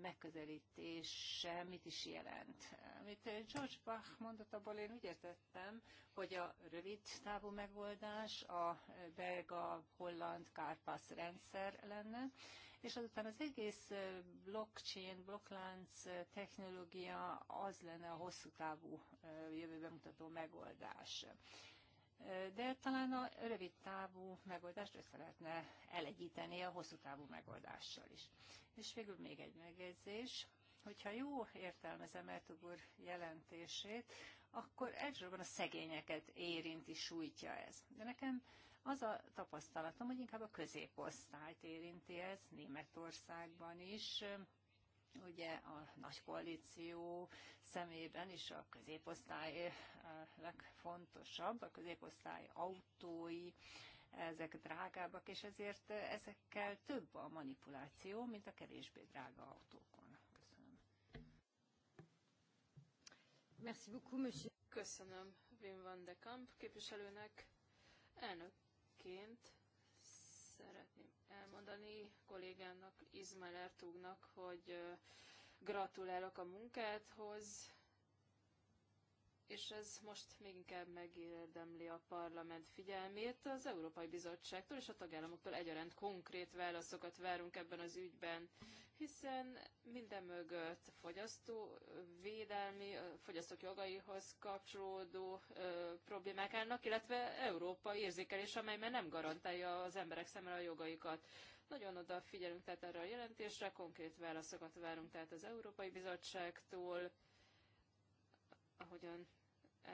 megközelítése mit is jelent. Amit eh, George Bach mondott, abból én úgy értettem, hogy a rövid távú megoldás a eh, belga-holland kárpász rendszer lenne, és azután az egész eh, blockchain, blokklánc technológia az lenne a hosszú távú jövőbe mutató megoldás de talán a rövid távú megoldást össze lehetne elegyíteni a hosszú távú megoldással is. És végül még egy megjegyzés, hogyha jó értelmezem Ertug jelentését, akkor elsősorban a szegényeket érinti, sújtja ez. De nekem az a tapasztalatom, hogy inkább a középosztályt érinti ez Németországban is, ugye a nagy koalíció szemében is a középosztály eh, legfontosabb, a középosztály autói, ezek drágábbak, és ezért eh, ezekkel több a manipuláció, mint a kevésbé drága autókon. Köszönöm. Merci beaucoup, monsieur. Köszönöm Wim van de Kamp képviselőnek. Elnökként szeretném elmondani kollégának, Izmael Ertugnak, hogy gratulálok a munkádhoz, és ez most még inkább megérdemli a parlament figyelmét, az Európai Bizottságtól és a tagállamoktól egyaránt konkrét válaszokat várunk ebben az ügyben, hiszen minden mögött fogyasztó védelmi, fogyasztók jogaihoz kapcsolódó ö, problémák állnak, illetve Európa érzékelés, amely már nem garantálja az emberek szemre a jogaikat. Nagyon odafigyelünk tehát erre a jelentésre, konkrét válaszokat várunk tehát az Európai Bizottságtól, ahogyan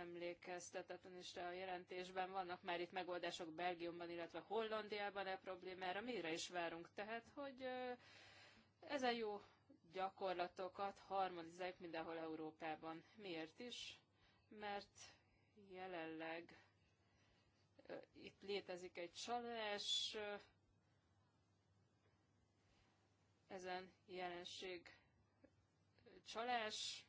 emlékeztetetlen is a jelentésben. Vannak már itt megoldások Belgiumban, illetve Hollandiában e problémára. Mire is várunk? Tehát, hogy ezen jó gyakorlatokat harmonizáljuk mindenhol Európában. Miért is? Mert jelenleg itt létezik egy csalás, ezen jelenség csalás,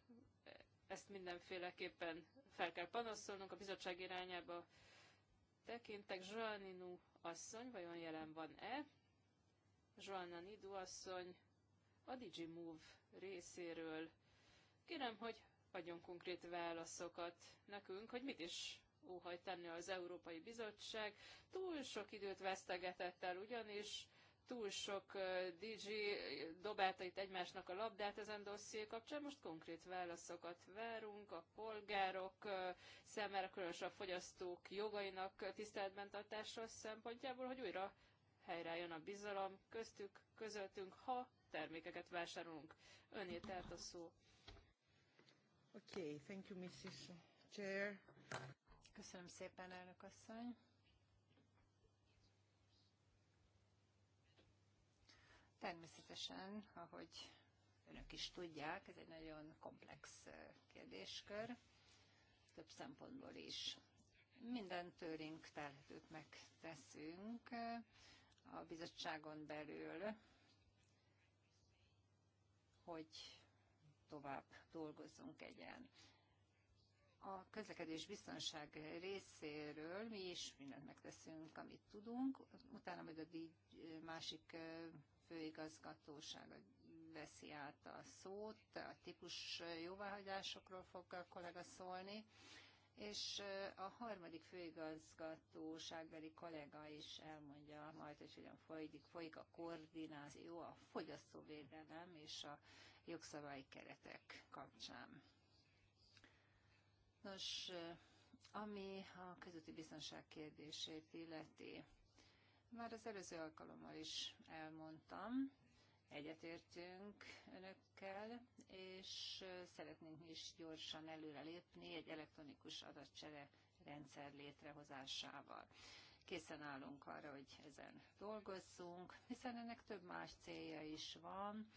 ezt mindenféleképpen fel kell panaszolnunk a bizottság irányába. Tekintek Zsolninu asszony, vajon jelen van-e? Zsolna Nidu asszony a Digimove részéről. Kérem, hogy adjon konkrét válaszokat nekünk, hogy mit is óhajt tenni az Európai Bizottság. Túl sok időt vesztegetett el ugyanis, túl sok DJ dobálta itt egymásnak a labdát ezen dosszié kapcsán. Most konkrét válaszokat várunk a polgárok számára, különösen a fogyasztók jogainak tiszteletben tartása szempontjából, hogy újra helyreálljon a bizalom köztük, közöttünk, ha termékeket vásárolunk. Öné tehát a szó. Okay, thank you, Mrs. Chair. Köszönöm szépen, elnök asszony. Természetesen, ahogy önök is tudják, ez egy nagyon komplex kérdéskör, több szempontból is. Minden tőlünk telhetőt megteszünk a bizottságon belül, hogy tovább dolgozzunk egyen. A közlekedés biztonság részéről mi is mindent megteszünk, amit tudunk, utána majd a másik főigazgatóság veszi át a szót, a típus jóváhagyásokról fog a kollega szólni, és a harmadik főigazgatóságbeli kollega is elmondja majd, hogy hogyan folyik, folyik a koordináció, a fogyasztóvédelem és a jogszabályi keretek kapcsán. Nos, ami a közötti biztonság kérdését illeti, már az előző alkalommal is elmondtam, egyetértünk önökkel, és szeretnénk mi is gyorsan előrelépni egy elektronikus adatcsere rendszer létrehozásával. Készen állunk arra, hogy ezen dolgozzunk, hiszen ennek több más célja is van.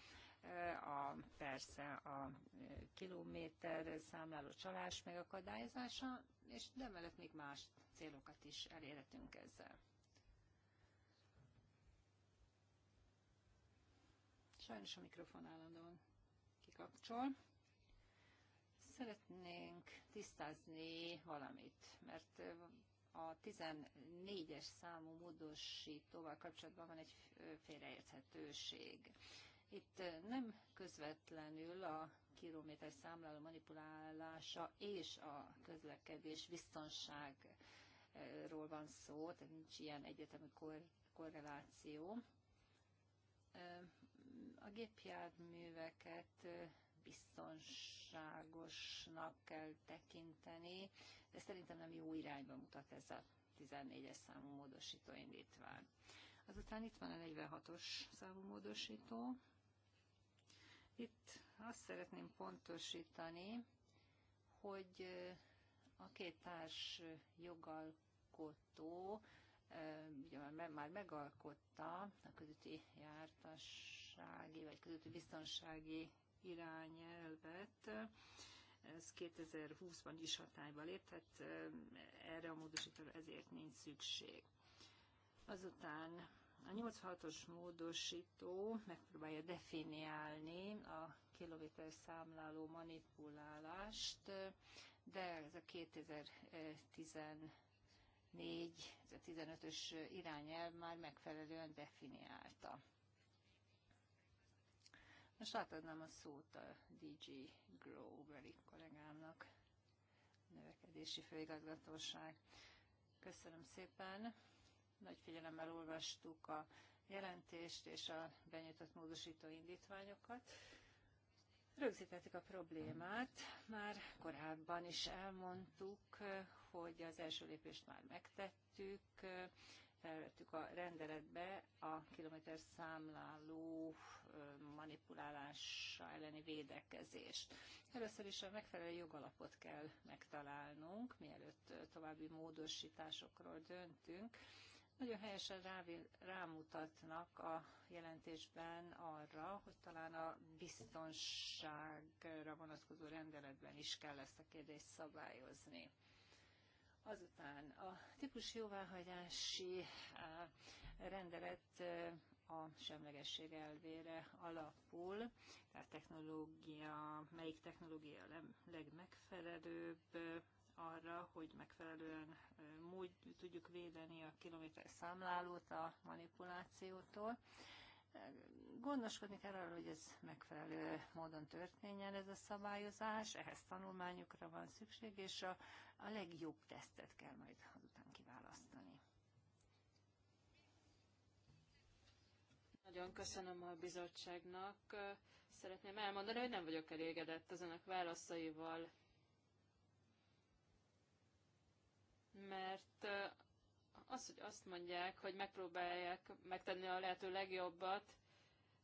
A, persze a kilométer számláló csalás megakadályozása, és de mellett még más célokat is elérhetünk ezzel. Sajnos a mikrofon állandóan kikapcsol. Szeretnénk tisztázni valamit, mert a 14-es számú módosítóval kapcsolatban van egy félreérthetőség. Itt nem közvetlenül a kilométer számláló manipulálása és a közlekedés biztonságról van szó, tehát nincs ilyen egyetemi korreláció. A gépjárműveket biztonságosnak kell tekinteni, de szerintem nem jó irányba mutat ez a 14-es számú módosító indítvány. Azután itt van a 46-os számú módosító. Itt azt szeretném pontosítani, hogy a két társ jogalkotó ugye már megalkotta a közötti jártas biztonsági vagy közötti biztonsági irányelvet. Ez 2020-ban is hatályba lépett, erre a módosítóra ezért nincs szükség. Azután a 86-os módosító megpróbálja definiálni a kilométer számláló manipulálást, de ez a 2014-15-ös irányelv már megfelelően definiálta. Most átadnám a szót a DG Groveri kollégámnak, a növekedési főigazgatóság. Köszönöm szépen. Nagy figyelemmel olvastuk a jelentést és a benyújtott módosító indítványokat. Rögzítettük a problémát, már korábban is elmondtuk, hogy az első lépést már megtettük, felvettük a rendeletbe a kilométer számláló manipulálása elleni védekezést. Először is a megfelelő jogalapot kell megtalálnunk, mielőtt további módosításokról döntünk. Nagyon helyesen rámutatnak a jelentésben arra, hogy talán a biztonságra vonatkozó rendeletben is kell ezt a kérdést szabályozni. Azután a típus jóváhagyási rendelet a semlegesség elvére alapul, tehát technológia, melyik technológia a legmegfelelőbb arra, hogy megfelelően úgy tudjuk védeni a kilométer számlálót a manipulációtól. Gondoskodni kell arról, hogy ez megfelelő módon történjen ez a szabályozás, ehhez tanulmányokra van szükség, és a, a legjobb tesztet kell majd azután kiválasztani. Nagyon köszönöm a bizottságnak. Szeretném elmondani, hogy nem vagyok elégedett az önök válaszaival, mert az, hogy azt mondják, hogy megpróbálják megtenni a lehető legjobbat,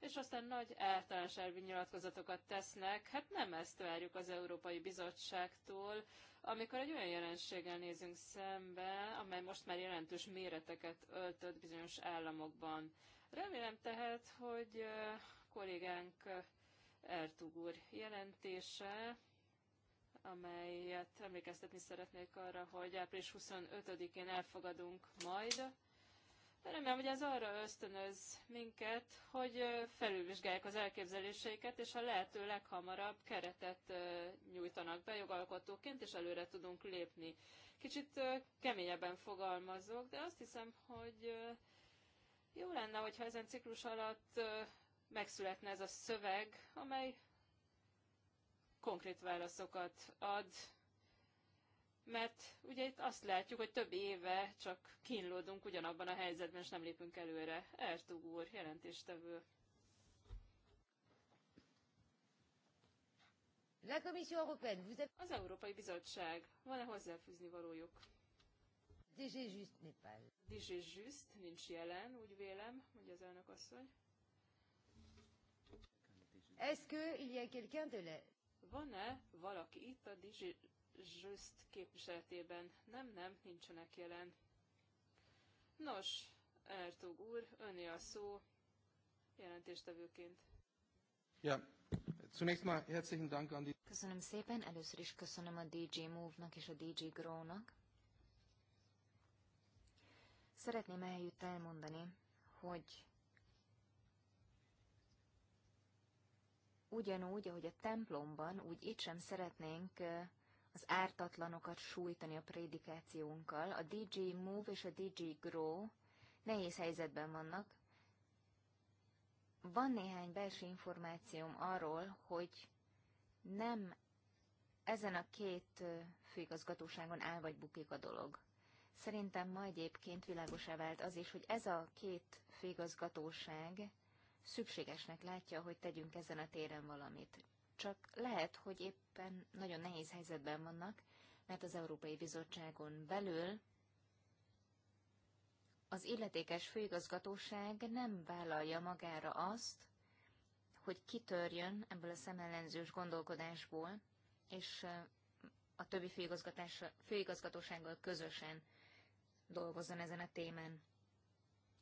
és aztán nagy általános nyilatkozatokat tesznek. Hát nem ezt várjuk az Európai Bizottságtól, amikor egy olyan jelenséggel nézünk szembe, amely most már jelentős méreteket öltött bizonyos államokban. Remélem tehát, hogy kollégánk Ertugur jelentése amelyet emlékeztetni szeretnék arra, hogy április 25-én elfogadunk majd. Remélem, hogy ez arra ösztönöz minket, hogy felülvizsgálják az elképzeléseiket, és a lehető leghamarabb keretet nyújtanak be jogalkotóként, és előre tudunk lépni. Kicsit keményebben fogalmazok, de azt hiszem, hogy jó lenne, hogyha ezen ciklus alatt megszületne ez a szöveg, amely konkrét válaszokat ad, mert ugye itt azt látjuk, hogy több éve csak kínlódunk ugyanabban a helyzetben, és nem lépünk előre. Ertug úr, jelentéstevő. La Commission européenne, vous avez... Az Európai Bizottság, van-e hozzáfűzni valójuk? DG Just n'est pas là. DG Just nincs jelen, úgy vélem, mondja az elnök asszony. Est-ce qu'il y a quelqu'un de la van-e valaki itt a Digi Just képviseletében? Nem, nem, nincsenek jelen. Nos, Ertug úr, öné a szó jelentéstevőként. Ja, zunächst mal herzlichen Dank an die... Köszönöm szépen, először is köszönöm a DJ Move-nak és a DJ Grow-nak. Szeretném eljött elmondani, hogy ugyanúgy, ahogy a templomban, úgy itt sem szeretnénk az ártatlanokat sújtani a prédikációnkkal. A DG Move és a DG Grow nehéz helyzetben vannak. Van néhány belső információm arról, hogy nem ezen a két főigazgatóságon áll vagy bukik a dolog. Szerintem ma egyébként világosá vált az is, hogy ez a két főigazgatóság szükségesnek látja, hogy tegyünk ezen a téren valamit. Csak lehet, hogy éppen nagyon nehéz helyzetben vannak, mert az Európai Bizottságon belül az illetékes főigazgatóság nem vállalja magára azt, hogy kitörjön ebből a szemellenzős gondolkodásból, és a többi főigazgatósággal közösen dolgozzon ezen a témán.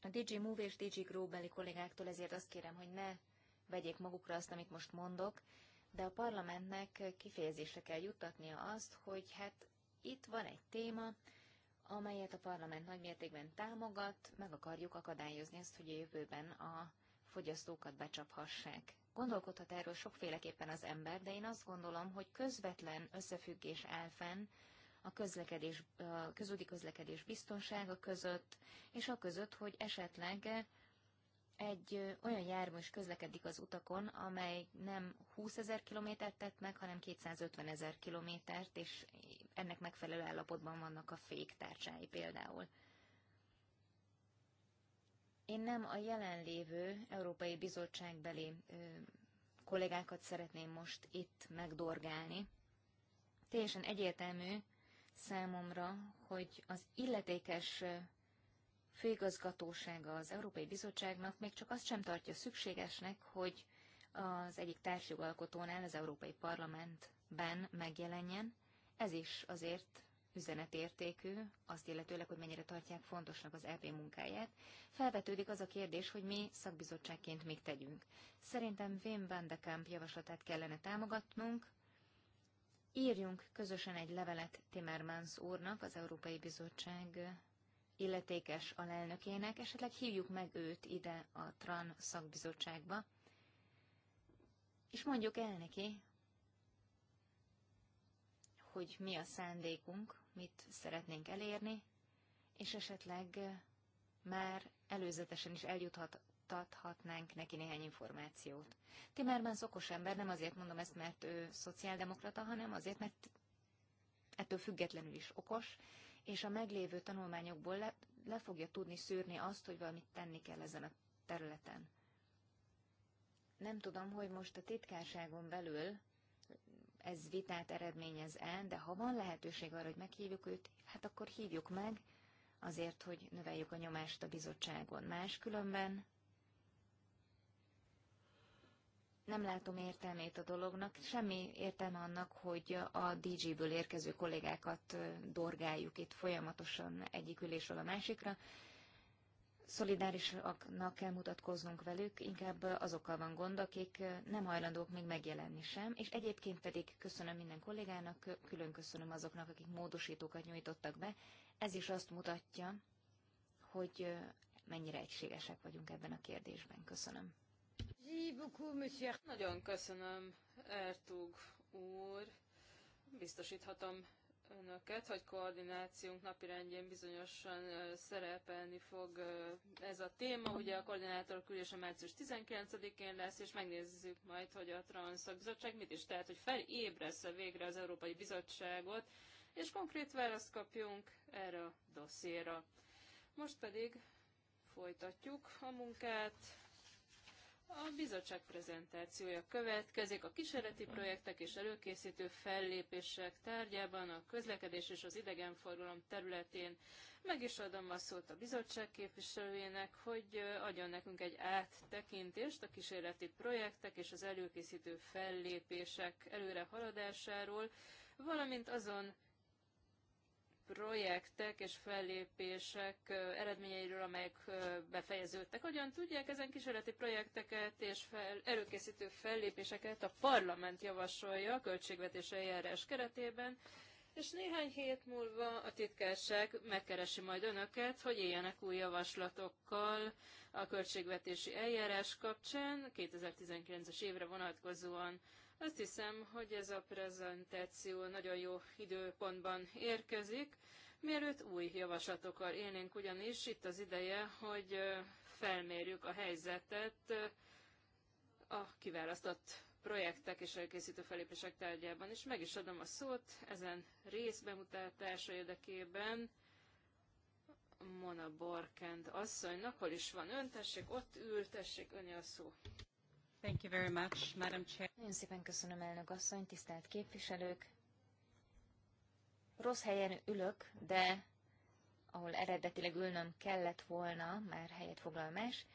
A DJ Move és Grow beli kollégáktól ezért azt kérem, hogy ne vegyék magukra azt, amit most mondok, de a parlamentnek kifejezésre kell juttatnia azt, hogy hát itt van egy téma, amelyet a parlament nagymértékben támogat, meg akarjuk akadályozni azt, hogy a jövőben a fogyasztókat becsaphassák. Gondolkodhat erről sokféleképpen az ember, de én azt gondolom, hogy közvetlen összefüggés áll fenn a, közlekedés, a közúti közlekedés biztonsága között, és a között, hogy esetleg egy olyan jármű is közlekedik az utakon, amely nem 20 ezer kilométert tett meg, hanem 250 ezer kilométert, és ennek megfelelő állapotban vannak a féktárcsái például. Én nem a jelenlévő Európai Bizottságbeli ö, kollégákat szeretném most itt megdorgálni. Teljesen egyértelmű, számomra, hogy az illetékes főigazgatósága az Európai Bizottságnak még csak azt sem tartja szükségesnek, hogy az egyik társjogalkotónál az Európai Parlamentben megjelenjen. Ez is azért üzenetértékű, azt illetőleg, hogy mennyire tartják fontosnak az EP munkáját, felvetődik az a kérdés, hogy mi szakbizottságként mit tegyünk. Szerintem Wim van de Kamp javaslatát kellene támogatnunk, írjunk közösen egy levelet Timmermans úrnak, az Európai Bizottság illetékes alelnökének, esetleg hívjuk meg őt ide a TRAN szakbizottságba, és mondjuk el neki, hogy mi a szándékunk, mit szeretnénk elérni, és esetleg eh, már előzetesen is eljuthat juttathatnánk neki néhány információt. Timmermans okos ember, nem azért mondom ezt, mert ő szociáldemokrata, hanem azért, mert ettől függetlenül is okos, és a meglévő tanulmányokból le, le fogja tudni szűrni azt, hogy valamit tenni kell ezen a területen. Nem tudom, hogy most a titkárságon belül ez vitát eredményez el, de ha van lehetőség arra, hogy meghívjuk őt, hát akkor hívjuk meg, azért, hogy növeljük a nyomást a bizottságon. Máskülönben nem látom értelmét a dolognak, semmi értelme annak, hogy a dj ből érkező kollégákat dorgáljuk itt folyamatosan egyik ülésről a másikra. Szolidárisaknak kell mutatkoznunk velük, inkább azokkal van gond, akik nem hajlandók még megjelenni sem, és egyébként pedig köszönöm minden kollégának, külön köszönöm azoknak, akik módosítókat nyújtottak be. Ez is azt mutatja, hogy mennyire egységesek vagyunk ebben a kérdésben. Köszönöm. Nagyon köszönöm, Ertug úr. Biztosíthatom önöket, hogy koordinációnk napirendjén bizonyosan szerepelni fog ez a téma. Ugye a koordinátor küldése március 19-én lesz, és megnézzük majd, hogy a Transzak Bizottság mit is tehet, hogy felébresze végre az Európai Bizottságot, és konkrét választ kapjunk erre a dosszéra. Most pedig folytatjuk a munkát. A bizottság prezentációja következik a kísérleti projektek és előkészítő fellépések tárgyában a közlekedés és az idegenforgalom területén. Meg is adom a szót a bizottság képviselőjének, hogy adjon nekünk egy áttekintést a kísérleti projektek és az előkészítő fellépések előrehaladásáról, valamint azon projektek és fellépések eredményeiről, amelyek befejeződtek. Hogyan tudják, ezen kísérleti projekteket és fel, előkészítő fellépéseket a parlament javasolja a költségvetés eljárás keretében, és néhány hét múlva a titkárság megkeresi majd önöket, hogy éljenek új javaslatokkal a költségvetési eljárás kapcsán 2019-es évre vonatkozóan. Azt hiszem, hogy ez a prezentáció nagyon jó időpontban érkezik. Mielőtt új javaslatokkal élnénk, ugyanis itt az ideje, hogy felmérjük a helyzetet a kiválasztott projektek és elkészítő felépések tárgyában, és meg is adom a szót ezen részbemutatása érdekében Mona Borkent asszonynak. Hol is van ön? Tessék, ott ül, tessék, öné a szó. Thank you very much, Madam Chair. Nagyon szépen köszönöm, elnök asszony, tisztelt képviselők. Rossz helyen ülök, de ahol eredetileg ülnöm kellett volna, már helyet foglal más.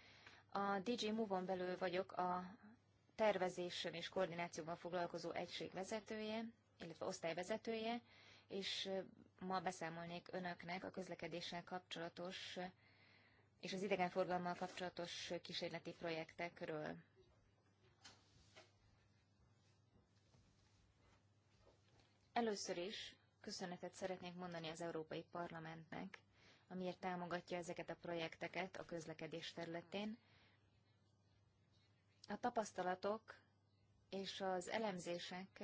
A DJ Move-on belül vagyok a tervezéssel és koordinációval foglalkozó egység vezetője, illetve osztályvezetője, és ma beszámolnék önöknek a közlekedéssel kapcsolatos és az idegenforgalommal kapcsolatos kísérleti projektekről. Először is köszönetet szeretnék mondani az Európai Parlamentnek, amiért támogatja ezeket a projekteket a közlekedés területén. A tapasztalatok és az elemzések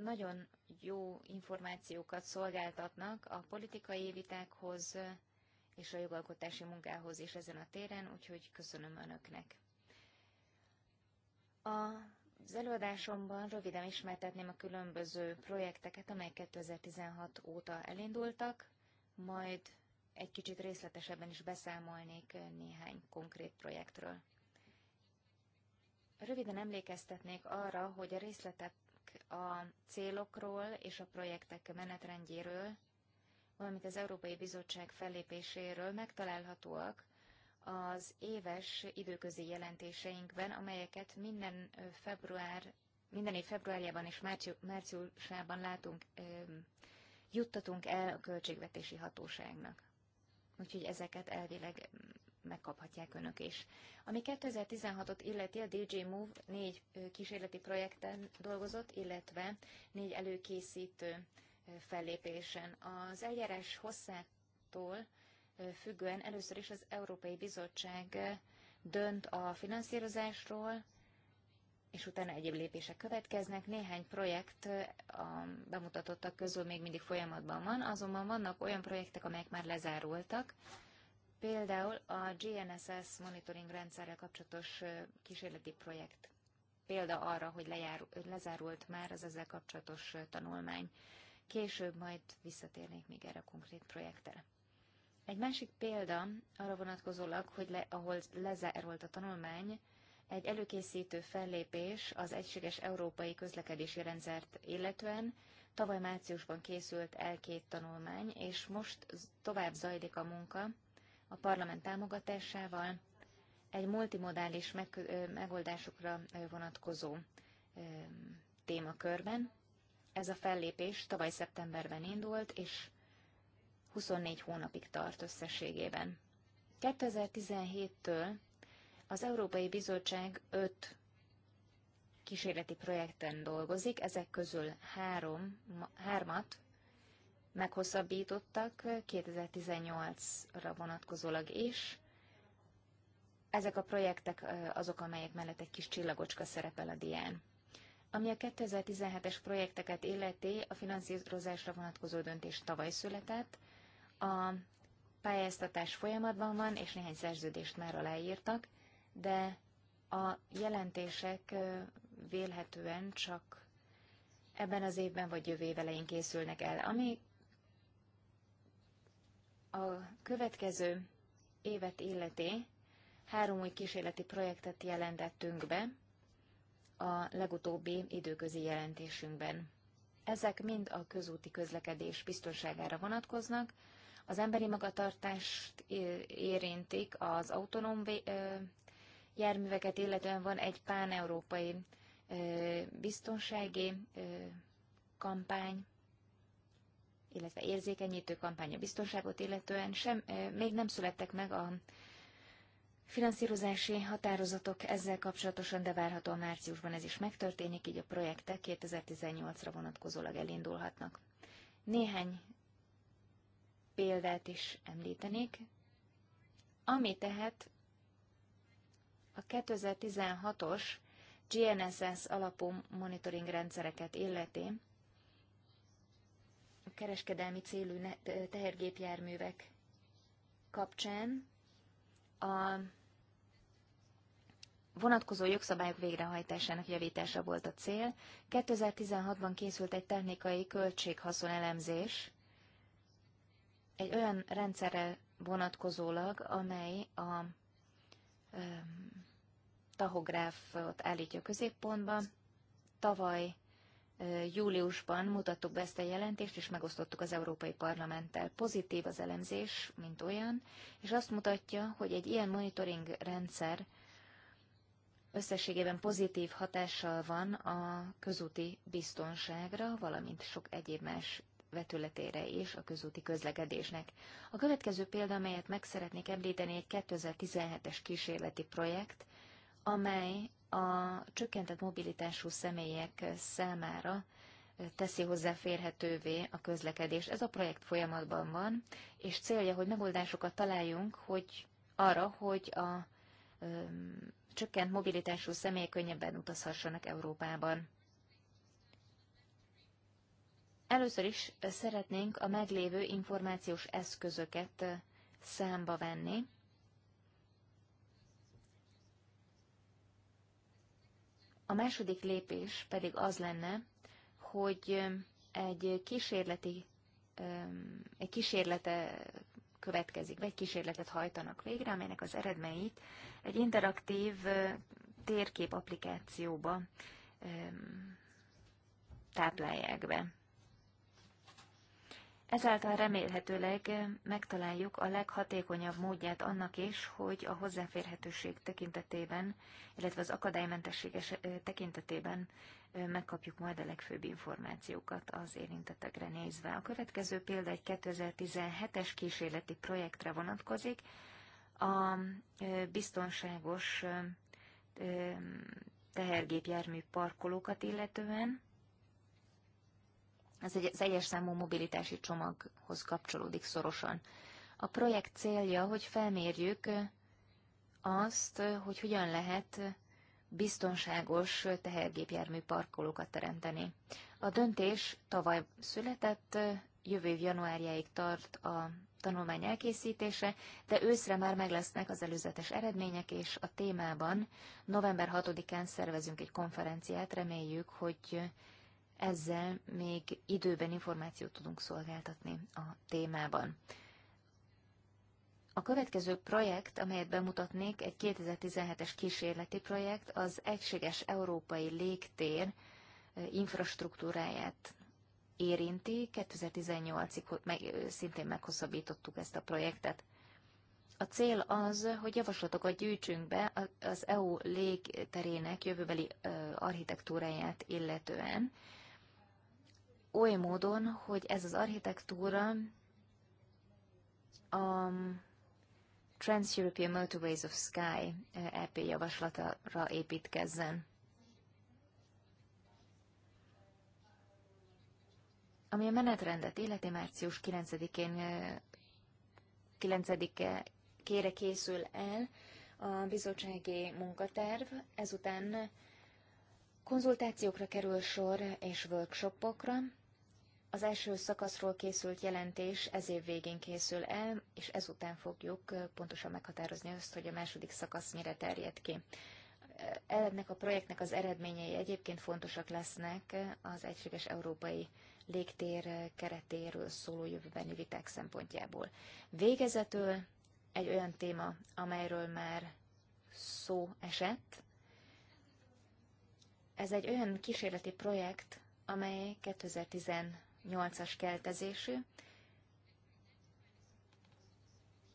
nagyon jó információkat szolgáltatnak a politikai vitákhoz és a jogalkotási munkához is ezen a téren, úgyhogy köszönöm Önöknek. Az előadásomban röviden ismertetném a különböző projekteket, amelyek 2016 óta elindultak, majd egy kicsit részletesebben is beszámolnék néhány konkrét projektről. Röviden emlékeztetnék arra, hogy a részletek a célokról és a projektek menetrendjéről, valamint az Európai Bizottság fellépéséről megtalálhatóak az éves időközi jelentéseinkben, amelyeket minden február, minden év februárjában és márciusában látunk, juttatunk el a költségvetési hatóságnak. Úgyhogy ezeket elvileg megkaphatják önök is. Ami 2016-ot illeti, a DJ Move négy kísérleti projekten dolgozott, illetve négy előkészítő fellépésen. Az eljárás hosszától függően először is az Európai Bizottság dönt a finanszírozásról, és utána egyéb lépések következnek. Néhány projekt a bemutatottak közül még mindig folyamatban van, azonban vannak olyan projektek, amelyek már lezárultak, Például a GNSS monitoring rendszerrel kapcsolatos kísérleti projekt példa arra, hogy lejár, lezárult már az ezzel kapcsolatos tanulmány. Később majd visszatérnék még erre a konkrét projektre. Egy másik példa arra vonatkozólag, hogy le, ahol lezárult a tanulmány, egy előkészítő fellépés az egységes európai közlekedési rendszert illetően tavaly márciusban készült el két tanulmány, és most tovább zajlik a munka a parlament támogatásával egy multimodális megoldásokra vonatkozó témakörben. Ez a fellépés tavaly szeptemberben indult, és 24 hónapig tart összességében. 2017-től az Európai Bizottság 5 kísérleti projekten dolgozik, ezek közül három, hármat meghosszabbítottak 2018-ra vonatkozólag is. Ezek a projektek azok, amelyek mellett egy kis csillagocska szerepel a dián. Ami a 2017-es projekteket illeti, a finanszírozásra vonatkozó döntés tavaly született, a pályáztatás folyamatban van, és néhány szerződést már aláírtak, de a jelentések vélhetően csak ebben az évben vagy jövő elején készülnek el. Ami a következő évet illeti három új kísérleti projektet jelentettünk be a legutóbbi időközi jelentésünkben. Ezek mind a közúti közlekedés biztonságára vonatkoznak, az emberi magatartást érintik, az autonóm járműveket, illetően van egy európai biztonsági kampány, illetve érzékenyítő kampánya biztonságot illetően sem, még nem születtek meg a finanszírozási határozatok ezzel kapcsolatosan, de várható a márciusban ez is megtörténik, így a projektek 2018-ra vonatkozólag elindulhatnak. Néhány példát is említenék, ami tehát a 2016-os GNSS alapú monitoring rendszereket illeti, kereskedelmi célú tehergépjárművek kapcsán a vonatkozó jogszabályok végrehajtásának javítása volt a cél. 2016-ban készült egy technikai költséghaszon elemzés, egy olyan rendszerre vonatkozólag, amely a ö, tahográfot állítja a középpontba. Tavaly júliusban mutattuk be ezt a jelentést, és megosztottuk az Európai Parlamenttel. Pozitív az elemzés, mint olyan, és azt mutatja, hogy egy ilyen monitoring rendszer összességében pozitív hatással van a közúti biztonságra, valamint sok egyéb más vetületére és a közúti közlekedésnek. A következő példa, amelyet meg szeretnék említeni, egy 2017-es kísérleti projekt, amely a csökkentett mobilitású személyek számára teszi hozzáférhetővé a közlekedés. Ez a projekt folyamatban van, és célja, hogy megoldásokat találjunk hogy arra, hogy a ö, csökkent mobilitású személyek könnyebben utazhassanak Európában. Először is szeretnénk a meglévő információs eszközöket számba venni, A második lépés pedig az lenne, hogy um, egy kísérleti, um, egy kísérlete következik, vagy kísérletet hajtanak végre, amelynek az eredményeit egy interaktív uh, térkép applikációba um, táplálják be. Ezáltal remélhetőleg eh, megtaláljuk a leghatékonyabb módját annak is, hogy a hozzáférhetőség tekintetében, illetve az akadálymentesség eh, tekintetében eh, megkapjuk majd a legfőbb információkat az érintettekre nézve. A következő példa egy 2017-es kísérleti projektre vonatkozik, a biztonságos tehergépjármű parkolókat illetően, ez egy, az egyes számú mobilitási csomaghoz kapcsolódik szorosan. A projekt célja, hogy felmérjük azt, hogy hogyan lehet biztonságos tehergépjármű parkolókat teremteni. A döntés tavaly született, jövő év januárjáig tart a tanulmány elkészítése, de őszre már meg lesznek az előzetes eredmények, és a témában november 6-án szervezünk egy konferenciát, reméljük, hogy ezzel még időben információt tudunk szolgáltatni a témában. A következő projekt, amelyet bemutatnék, egy 2017-es kísérleti projekt, az Egységes Európai Légtér eh, infrastruktúráját érinti. 2018-ig meg, eh, szintén meghosszabbítottuk ezt a projektet. A cél az, hogy javaslatokat gyűjtsünk be az EU légterének jövőbeli eh, architektúráját illetően, oly módon, hogy ez az architektúra a Trans-European Motorways of Sky EP eh, e javaslatára építkezzen. Ami a menetrendet illeti március 9-én 9 eh, kére készül el a bizottsági munkaterv, ezután konzultációkra kerül sor és workshopokra, az első szakaszról készült jelentés ez év végén készül el, és ezután fogjuk pontosan meghatározni azt, hogy a második szakasz mire terjed ki. Ennek a projektnek az eredményei egyébként fontosak lesznek az egységes európai légtér keretéről szóló jövőbeni viták szempontjából. Végezetül egy olyan téma, amelyről már szó esett. Ez egy olyan kísérleti projekt, amely 2010 8-as keltezésű,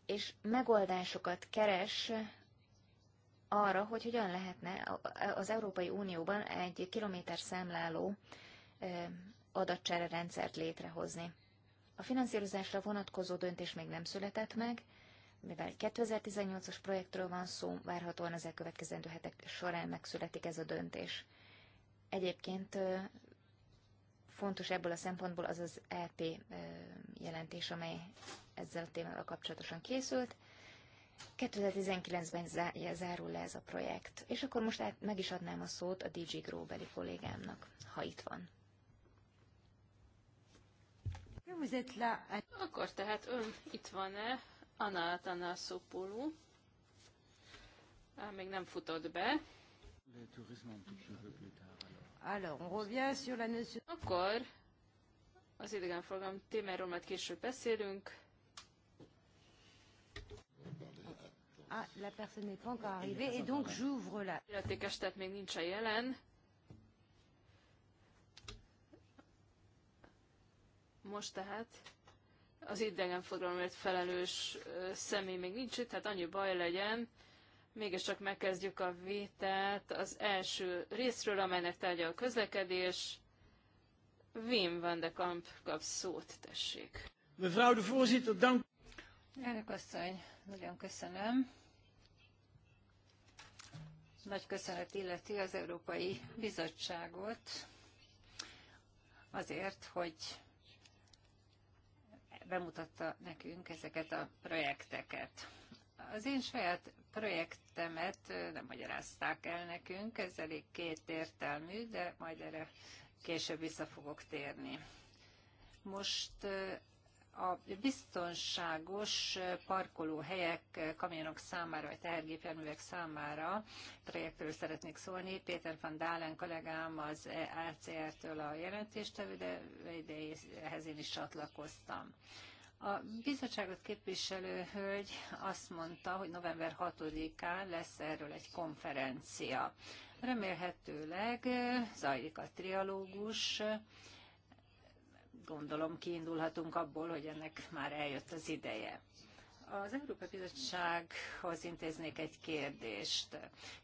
és megoldásokat keres arra, hogy hogyan lehetne az Európai Unióban egy kilométer számláló adatcsere rendszert létrehozni. A finanszírozásra vonatkozó döntés még nem született meg, mivel 2018-as projektről van szó, várhatóan az elkövetkezendő hetek során megszületik ez a döntés. Egyébként fontos ebből a szempontból az az EP jelentés, amely ezzel a témával kapcsolatosan készült. 2019-ben zárul le ez a projekt, és akkor most át meg is adnám a szót a DJ Gróbeli kollégámnak, ha itt van. Akkor tehát ön itt van-e, Anna Atana Szopolú, még nem futott be. Le Alors, on revient sur la notion... Akkor az idegenforgalom témáról majd később beszélünk. Ah, la personne n'est pas encore arrivée, et donc j'ouvre la... Illetékes, tehát még nincs a jelen. Most tehát az idegenforgalomért felelős személy még nincs itt, tehát annyi baj legyen, mégiscsak megkezdjük a vételt. az első részről, amelynek tárgya a közlekedés. Wim van de Kamp kap szót, tessék. Mevrouw de voorzitter, dank. Elnök asszony, nagyon köszönöm. Nagy köszönet illeti az Európai Bizottságot azért, hogy bemutatta nekünk ezeket a projekteket. Az én saját projektemet nem magyarázták el nekünk, ez elég kétértelmű, de majd erre később vissza fogok térni. Most a biztonságos parkolóhelyek kamionok számára, vagy tehergépjárművek számára projektről szeretnék szólni. Péter van Dálen kollégám az e ACR-től a jelentéstevő, de ehhez én is csatlakoztam. A bizottságot képviselő hölgy azt mondta, hogy november 6-án lesz erről egy konferencia. Remélhetőleg zajlik a trialógus, gondolom kiindulhatunk abból, hogy ennek már eljött az ideje. Az Európai Bizottsághoz intéznék egy kérdést.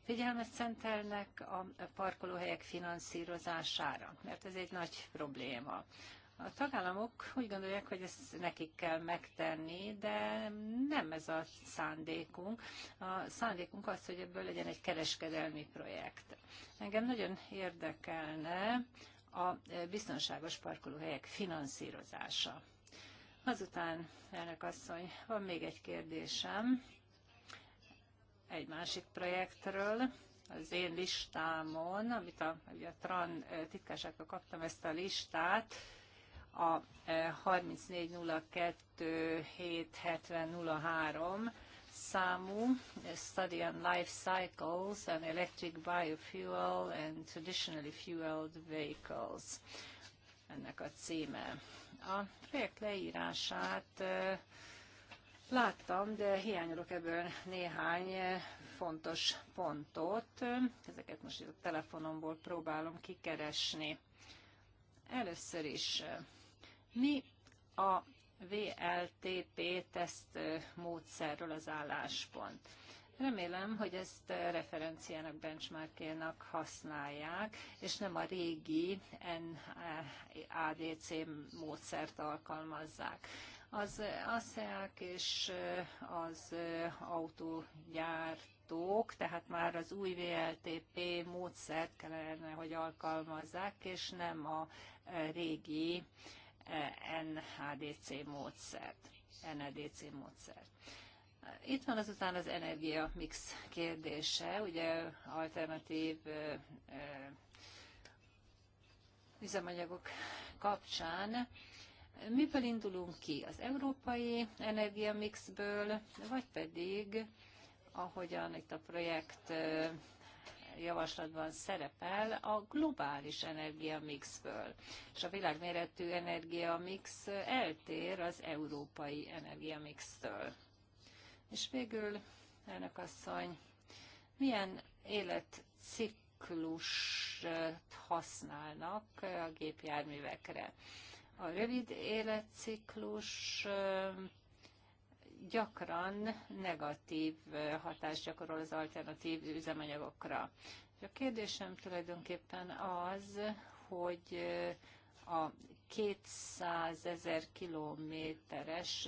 Figyelmet szentelnek a parkolóhelyek finanszírozására, mert ez egy nagy probléma. A tagállamok úgy gondolják, hogy ezt nekik kell megtenni, de nem ez a szándékunk. A szándékunk az, hogy ebből legyen egy kereskedelmi projekt. Engem nagyon érdekelne a biztonságos parkolóhelyek finanszírozása. Azután, elnök asszony, van még egy kérdésem egy másik projektről, az én listámon, amit a, ugye a TRAN titkárságtól kaptam ezt a listát, a 3402 e, számú Study on Life Cycles and Electric Biofuel and Traditionally Fueled Vehicles. Ennek a címe. A projekt leírását e, láttam, de hiányolok ebből néhány e, fontos pontot. Ezeket most itt a telefonomból próbálom kikeresni. Először is mi a VLTP teszt módszerről az álláspont. Remélem, hogy ezt referenciának, benchmarkjának használják, és nem a régi NADC módszert alkalmazzák. Az ASEAK és az autógyártók, tehát már az új VLTP módszert kellene, hogy alkalmazzák, és nem a régi NHDC módszert. NLDC módszert. Itt van azután az energia mix kérdése, ugye alternatív üzemanyagok kapcsán. Miből indulunk ki? Az európai energiamixből, vagy pedig, ahogyan itt a projekt javaslatban szerepel a globális energiamixből. És a világméretű energiamix eltér az európai energiamixtől. És végül, elnök asszony, milyen életciklust használnak a gépjárművekre? A rövid életciklus gyakran negatív hatást gyakorol az alternatív üzemanyagokra. A kérdésem tulajdonképpen az, hogy a 200 ezer kilométeres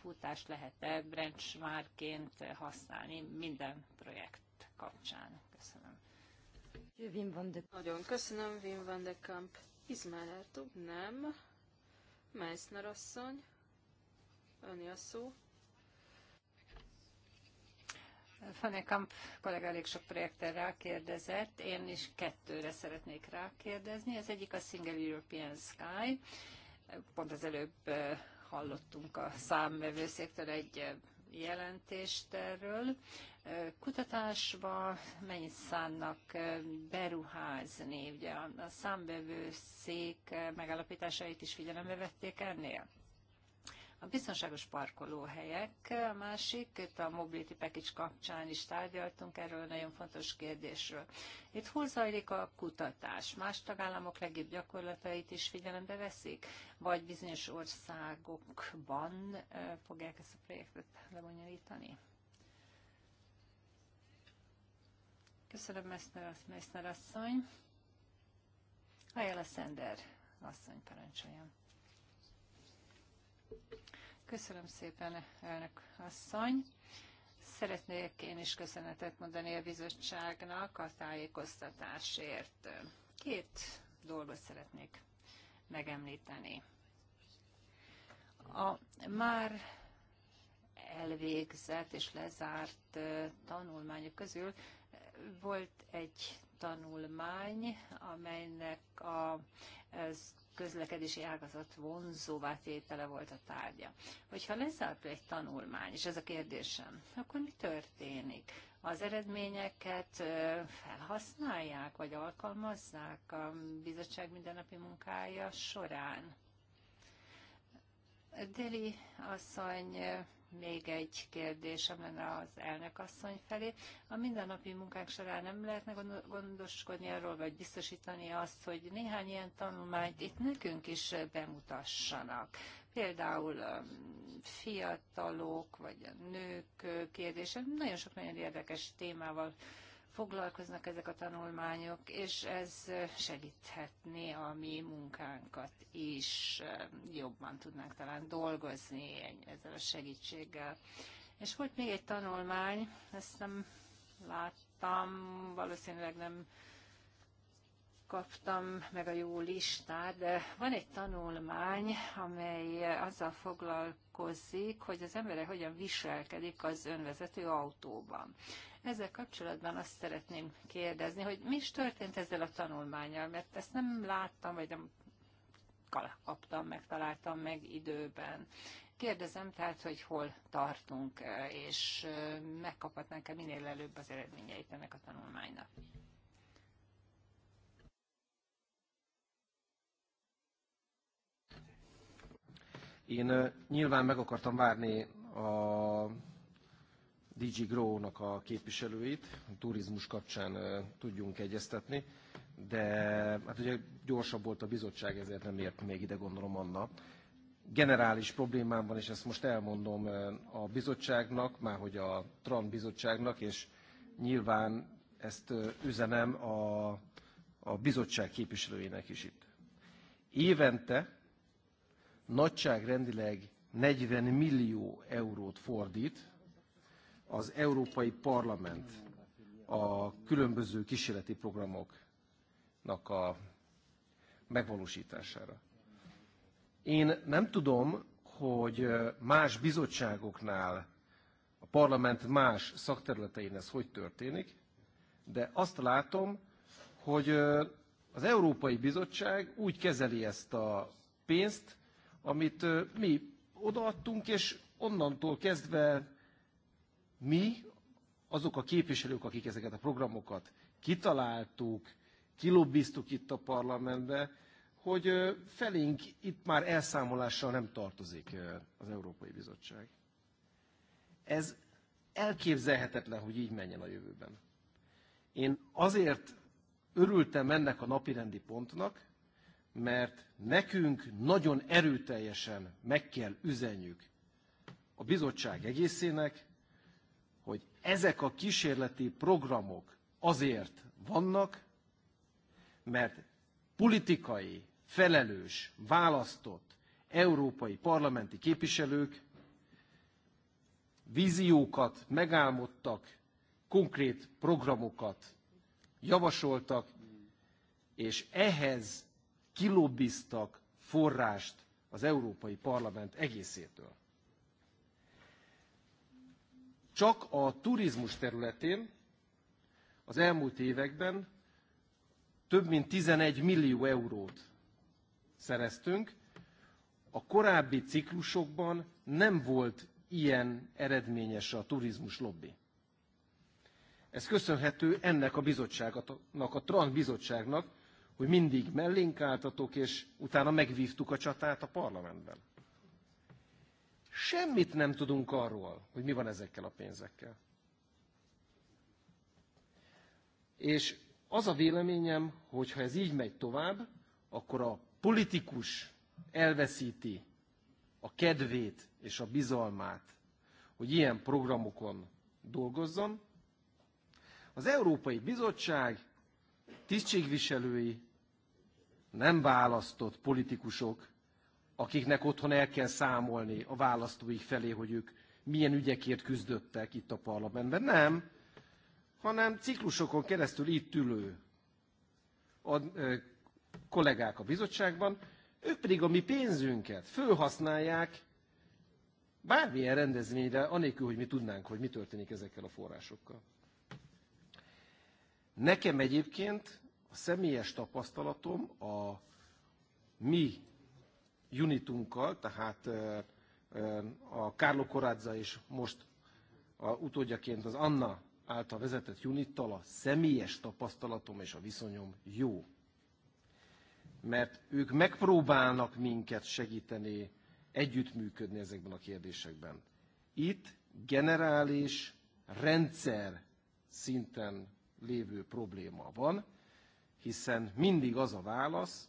futást lehet-e benchmarkként használni minden projekt kapcsán. Köszönöm. Nagyon köszönöm, Wim van de Kamp. Izmael nem. Meissner asszony. Önni a szó. kollega elég sok projekten rákérdezett, én is kettőre szeretnék rákérdezni. Az egyik a Single European Sky. Pont az előbb hallottunk a számvevőszéktől egy jelentést erről. Kutatásba mennyit szánnak beruházni? Ugye a számvevőszék megállapításait is figyelembe vették ennél? A biztonságos parkolóhelyek, a másik, itt a Mobility Package kapcsán is tárgyaltunk erről nagyon fontos kérdésről. Itt hol zajlik a kutatás? Más tagállamok legjobb gyakorlatait is figyelembe veszik? Vagy bizonyos országokban fogják ezt a projektet lebonyolítani? Köszönöm, Messner, Messner asszony. Ajala Szender asszony parancsoljon. Köszönöm szépen, elnök asszony. Szeretnék én is köszönetet mondani a bizottságnak a tájékoztatásért. Két dolgot szeretnék megemlíteni. A már elvégzett és lezárt tanulmányok közül volt egy tanulmány, amelynek a, az közlekedési ágazat vonzóvá tétele volt a tárgya. Hogyha lezárul egy tanulmány, és ez a kérdésem, akkor mi történik? Az eredményeket felhasználják, vagy alkalmazzák a bizottság mindennapi munkája során? Deli asszony még egy kérdésem lenne az elnök asszony felé. A mindennapi munkák során nem lehetne gondoskodni arról, vagy biztosítani azt, hogy néhány ilyen tanulmányt itt nekünk is bemutassanak. Például um, fiatalok, vagy a nők kérdése, nagyon sok nagyon érdekes témával foglalkoznak ezek a tanulmányok, és ez segíthetné a mi munkánkat is, jobban tudnánk talán dolgozni ezzel a segítséggel. És volt még egy tanulmány, ezt nem láttam, valószínűleg nem kaptam meg a jó listát, de van egy tanulmány, amely azzal foglalkozik, hogy az emberek hogyan viselkedik az önvezető autóban. Ezzel kapcsolatban azt szeretném kérdezni, hogy mi is történt ezzel a tanulmányal, mert ezt nem láttam, vagy nem kaptam megtaláltam meg időben. Kérdezem tehát, hogy hol tartunk, és megkaphatnánk-e minél előbb az eredményeit ennek a tanulmánynak. Én nyilván meg akartam várni a DG Grow-nak a képviselőit, a turizmus kapcsán tudjunk egyeztetni, de hát ugye gyorsabb volt a bizottság, ezért nem ért még ide gondolom Anna. Generális problémám van, és ezt most elmondom a bizottságnak, már hogy a TRAN bizottságnak, és nyilván ezt üzenem a, a bizottság képviselőinek is itt. Évente nagyságrendileg 40 millió eurót fordít az Európai Parlament a különböző kísérleti programoknak a megvalósítására. Én nem tudom, hogy más bizottságoknál, a parlament más szakterületein ez hogy történik, de azt látom, hogy az Európai Bizottság úgy kezeli ezt a pénzt, amit mi odaadtunk, és onnantól kezdve mi, azok a képviselők, akik ezeket a programokat kitaláltuk, kilobbiztuk itt a parlamentbe, hogy felénk itt már elszámolással nem tartozik az Európai Bizottság. Ez elképzelhetetlen, hogy így menjen a jövőben. Én azért örültem ennek a napirendi pontnak, mert nekünk nagyon erőteljesen meg kell üzenjük a bizottság egészének, hogy ezek a kísérleti programok azért vannak, mert politikai, felelős, választott európai parlamenti képviselők víziókat megálmodtak, konkrét programokat javasoltak, és ehhez kilobbiztak forrást az Európai Parlament egészétől. Csak a turizmus területén az elmúlt években több mint 11 millió eurót szereztünk. A korábbi ciklusokban nem volt ilyen eredményes a turizmus lobby. Ez köszönhető ennek a bizottságnak, a Trump bizottságnak, hogy mindig mellénk álltatok, és utána megvívtuk a csatát a parlamentben. Semmit nem tudunk arról, hogy mi van ezekkel a pénzekkel. És az a véleményem, hogy ha ez így megy tovább, akkor a politikus elveszíti a kedvét és a bizalmát, hogy ilyen programokon dolgozzon. Az Európai Bizottság tisztségviselői nem választott politikusok akiknek otthon el kell számolni a választóik felé, hogy ők milyen ügyekért küzdöttek itt a parlamentben. Nem, hanem ciklusokon keresztül itt ülő a, kollégák a bizottságban, ők pedig a mi pénzünket fölhasználják bármilyen rendezvényre, anélkül, hogy mi tudnánk, hogy mi történik ezekkel a forrásokkal. Nekem egyébként a személyes tapasztalatom a mi unitunkkal, tehát a Carlo Corazza és most a utódjaként az Anna által vezetett unittal a személyes tapasztalatom és a viszonyom jó. Mert ők megpróbálnak minket segíteni, együttműködni ezekben a kérdésekben. Itt generális rendszer szinten lévő probléma van, hiszen mindig az a válasz,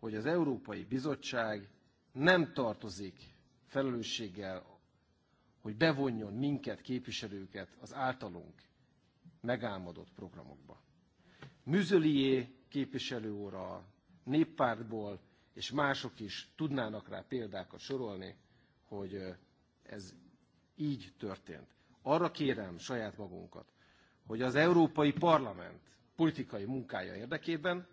hogy az Európai Bizottság nem tartozik felelősséggel, hogy bevonjon minket, képviselőket az általunk megálmodott programokba. Műzölié képviselő óra, néppártból és mások is tudnának rá példákat sorolni, hogy ez így történt. Arra kérem saját magunkat, hogy az Európai Parlament politikai munkája érdekében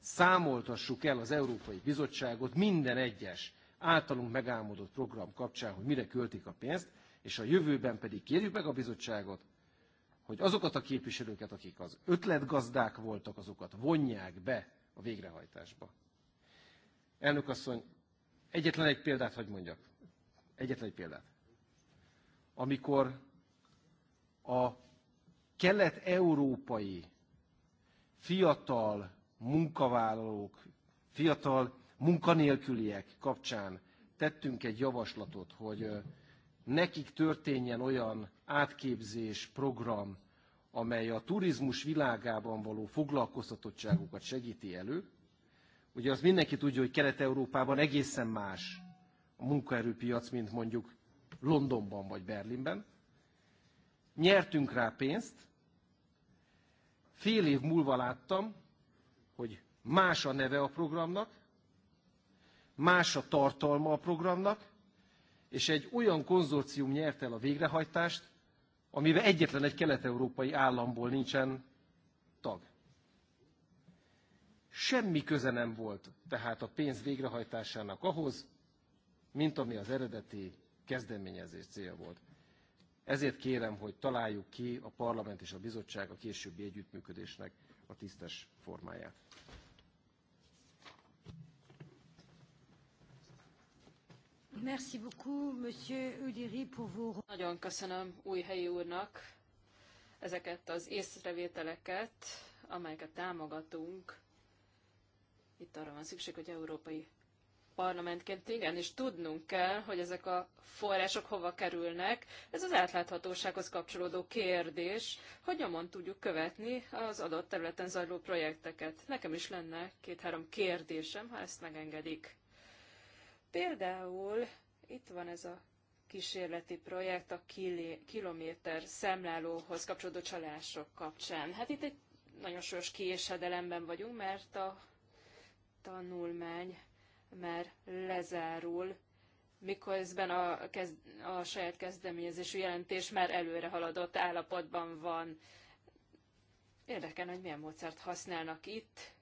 számoltassuk el az Európai Bizottságot minden egyes általunk megálmodott program kapcsán, hogy mire költik a pénzt, és a jövőben pedig kérjük meg a bizottságot, hogy azokat a képviselőket, akik az ötletgazdák voltak, azokat vonják be a végrehajtásba. Elnök asszony, egyetlen egy példát hagy mondjak. Egyetlen egy példát. Amikor a kelet-európai fiatal munkavállalók, fiatal munkanélküliek kapcsán tettünk egy javaslatot, hogy nekik történjen olyan átképzés, program, amely a turizmus világában való foglalkoztatottságukat segíti elő. Ugye az mindenki tudja, hogy Kelet-Európában egészen más a munkaerőpiac, mint mondjuk Londonban vagy Berlinben. Nyertünk rá pénzt, fél év múlva láttam, hogy más a neve a programnak, más a tartalma a programnak, és egy olyan konzorcium nyert el a végrehajtást, amiben egyetlen egy kelet-európai államból nincsen tag. Semmi köze nem volt tehát a pénz végrehajtásának ahhoz, mint ami az eredeti kezdeményezés célja volt. Ezért kérem, hogy találjuk ki a parlament és a bizottság a későbbi együttműködésnek a tisztes formáját. Nagyon köszönöm új helyi úrnak ezeket az észrevételeket, amelyeket támogatunk. Itt arra van szükség, hogy európai parlamentként igen, és tudnunk kell, hogy ezek a források hova kerülnek. Ez az átláthatósághoz kapcsolódó kérdés, hogy nyomon tudjuk követni az adott területen zajló projekteket. Nekem is lenne két-három kérdésem, ha ezt megengedik. Például itt van ez a kísérleti projekt a kilométer szemlálóhoz kapcsolódó csalások kapcsán. Hát itt egy nagyon sors késedelemben vagyunk, mert a tanulmány már lezárul, miközben a, kez, a saját kezdeményezésű jelentés már előre haladott állapotban van. Érdekel, hogy milyen módszert használnak itt,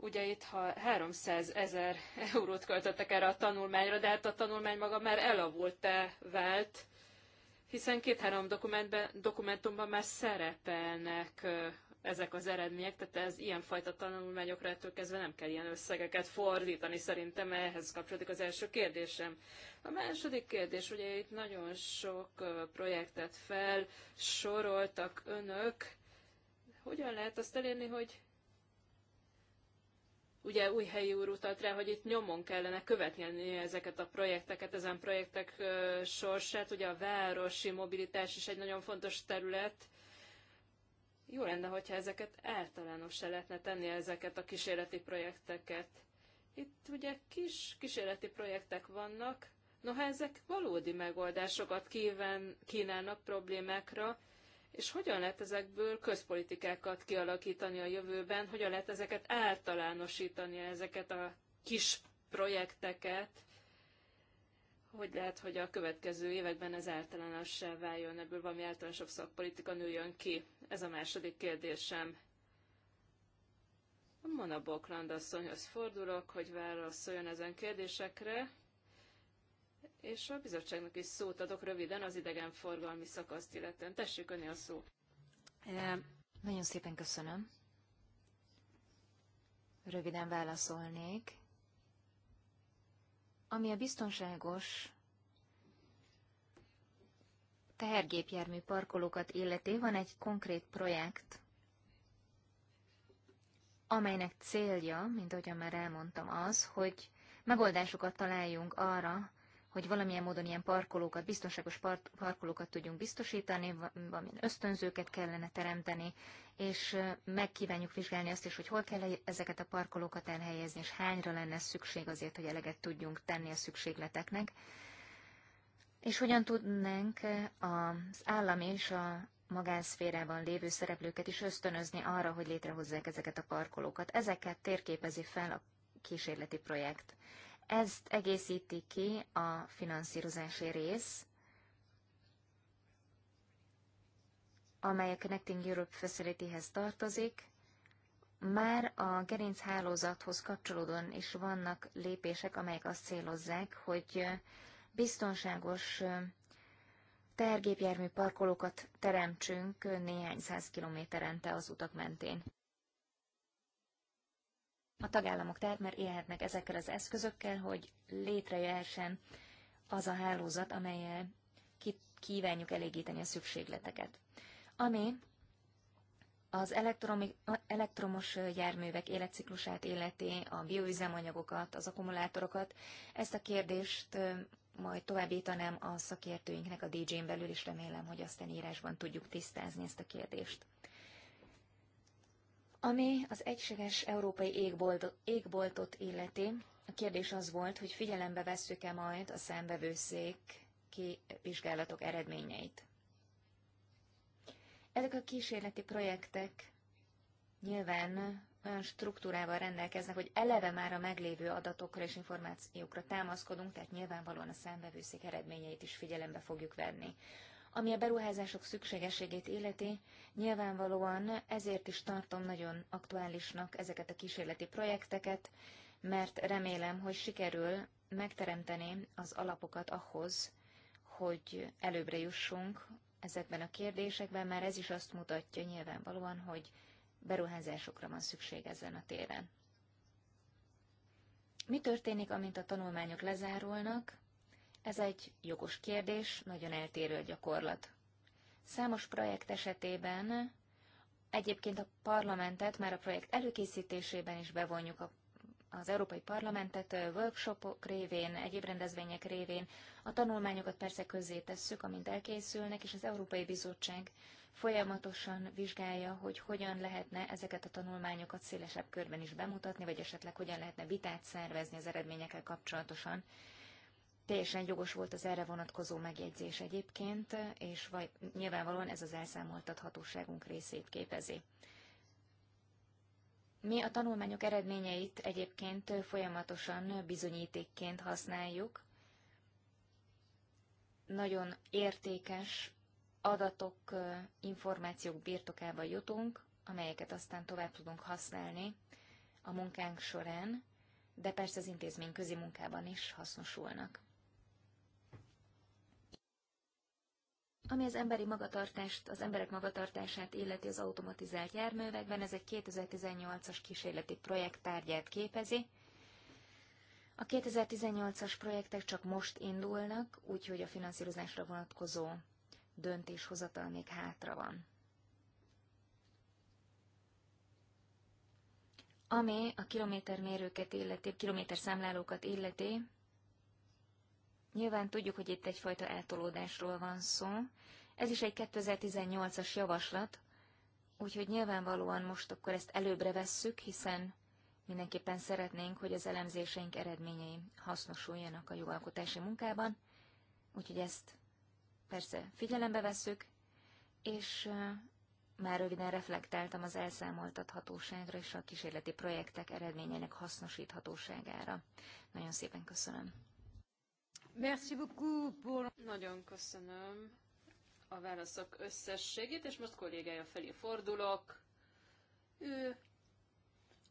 Ugye itt ha 300 ezer eurót költöttek erre a tanulmányra, de hát a tanulmány maga már elavult-e vált, hiszen két-három dokumentumban már szerepelnek ezek az eredmények, tehát ez ilyenfajta tanulmányokra ettől kezdve nem kell ilyen összegeket fordítani, szerintem ehhez kapcsolódik az első kérdésem. A második kérdés, ugye itt nagyon sok projektet felsoroltak önök, hogyan lehet azt elérni, hogy Ugye új helyi úr utalt rá, hogy itt nyomon kellene követni ezeket a projekteket, ezen projektek sorsát. Ugye a városi mobilitás is egy nagyon fontos terület. Jó lenne, hogyha ezeket általánossá lehetne tenni, ezeket a kísérleti projekteket. Itt ugye kis kísérleti projektek vannak, noha ezek valódi megoldásokat kíván, kínálnak problémákra, és hogyan lehet ezekből közpolitikákat kialakítani a jövőben, hogyan lehet ezeket általánosítani, ezeket a kis projekteket, hogy lehet, hogy a következő években ez általánossá váljon, ebből valami általánosabb szakpolitika nőjön ki. Ez a második kérdésem. Mona Bokland asszonyhoz fordulok, hogy válaszoljon ezen kérdésekre és a bizottságnak is szót adok röviden az idegenforgalmi szakaszt illetően. Tessék önni a szó. E, nagyon szépen köszönöm. Röviden válaszolnék. Ami a biztonságos tehergépjármű parkolókat illeti, van egy konkrét projekt, amelynek célja, mint ahogyan már elmondtam, az, hogy megoldásokat találjunk arra, hogy valamilyen módon ilyen parkolókat, biztonságos parkolókat tudjunk biztosítani, valamilyen ösztönzőket kellene teremteni, és megkívánjuk vizsgálni azt is, hogy hol kell ezeket a parkolókat elhelyezni, és hányra lenne szükség azért, hogy eleget tudjunk tenni a szükségleteknek, és hogyan tudnánk az állam és a magánszférában lévő szereplőket is ösztönözni arra, hogy létrehozzák ezeket a parkolókat. Ezeket térképezi fel a kísérleti projekt. Ezt egészíti ki a finanszírozási rész, amely a Connecting Europe Facility-hez tartozik, már a gerinchálózathoz kapcsolódóan is vannak lépések, amelyek azt célozzák, hogy biztonságos tergépjármű parkolókat teremtsünk néhány száz kilométerente az utak mentén. A tagállamok tehát már élhetnek ezekkel az eszközökkel, hogy létrejöhessen az a hálózat, amelyel kívánjuk elégíteni a szükségleteket. Ami az elektromos járművek életciklusát életé, a bioüzemanyagokat, az akkumulátorokat, ezt a kérdést majd továbbítanám a szakértőinknek a DJ-n belül, és remélem, hogy aztán írásban tudjuk tisztázni ezt a kérdést. Ami az egységes európai égboltot illeti, a kérdés az volt, hogy figyelembe vesszük-e majd a szembevőszék ki vizsgálatok eredményeit. Ezek a kísérleti projektek nyilván olyan struktúrával rendelkeznek, hogy eleve már a meglévő adatokra és információkra támaszkodunk, tehát nyilvánvalóan a számbevőszék eredményeit is figyelembe fogjuk venni. Ami a beruházások szükségességét illeti, nyilvánvalóan ezért is tartom nagyon aktuálisnak ezeket a kísérleti projekteket, mert remélem, hogy sikerül megteremteni az alapokat ahhoz, hogy előbbre jussunk ezekben a kérdésekben, mert ez is azt mutatja nyilvánvalóan, hogy beruházásokra van szükség ezen a téren. Mi történik, amint a tanulmányok lezárulnak? Ez egy jogos kérdés, nagyon eltérő a gyakorlat. Számos projekt esetében egyébként a parlamentet már a projekt előkészítésében is bevonjuk a az Európai Parlamentet workshopok révén, egyéb rendezvények révén, a tanulmányokat persze közzé tesszük, amint elkészülnek, és az Európai Bizottság folyamatosan vizsgálja, hogy hogyan lehetne ezeket a tanulmányokat szélesebb körben is bemutatni, vagy esetleg hogyan lehetne vitát szervezni az eredményekkel kapcsolatosan. Teljesen jogos volt az erre vonatkozó megjegyzés egyébként, és vaj, nyilvánvalóan ez az elszámoltathatóságunk részét képezi. Mi a tanulmányok eredményeit egyébként folyamatosan bizonyítékként használjuk. Nagyon értékes adatok, információk birtokába jutunk, amelyeket aztán tovább tudunk használni a munkánk során, de persze az intézmény közi munkában is hasznosulnak. Ami az emberi magatartást, az emberek magatartását illeti az automatizált járművekben, ez egy 2018-as kísérleti projekt tárgyát képezi. A 2018-as projektek csak most indulnak, úgyhogy a finanszírozásra vonatkozó döntéshozatal még hátra van. Ami a kilométermérőket illeti, kilométerszámlálókat illeti, Nyilván tudjuk, hogy itt egyfajta eltolódásról van szó. Ez is egy 2018-as javaslat, úgyhogy nyilvánvalóan most akkor ezt előbbre vesszük, hiszen mindenképpen szeretnénk, hogy az elemzéseink eredményei hasznosuljanak a jogalkotási munkában, úgyhogy ezt persze figyelembe vesszük, és már röviden reflektáltam az elszámoltathatóságra és a kísérleti projektek eredményének hasznosíthatóságára. Nagyon szépen köszönöm. Merci beaucoup pour... Nagyon köszönöm a válaszok összességét, és most kollégája felé fordulok. Ő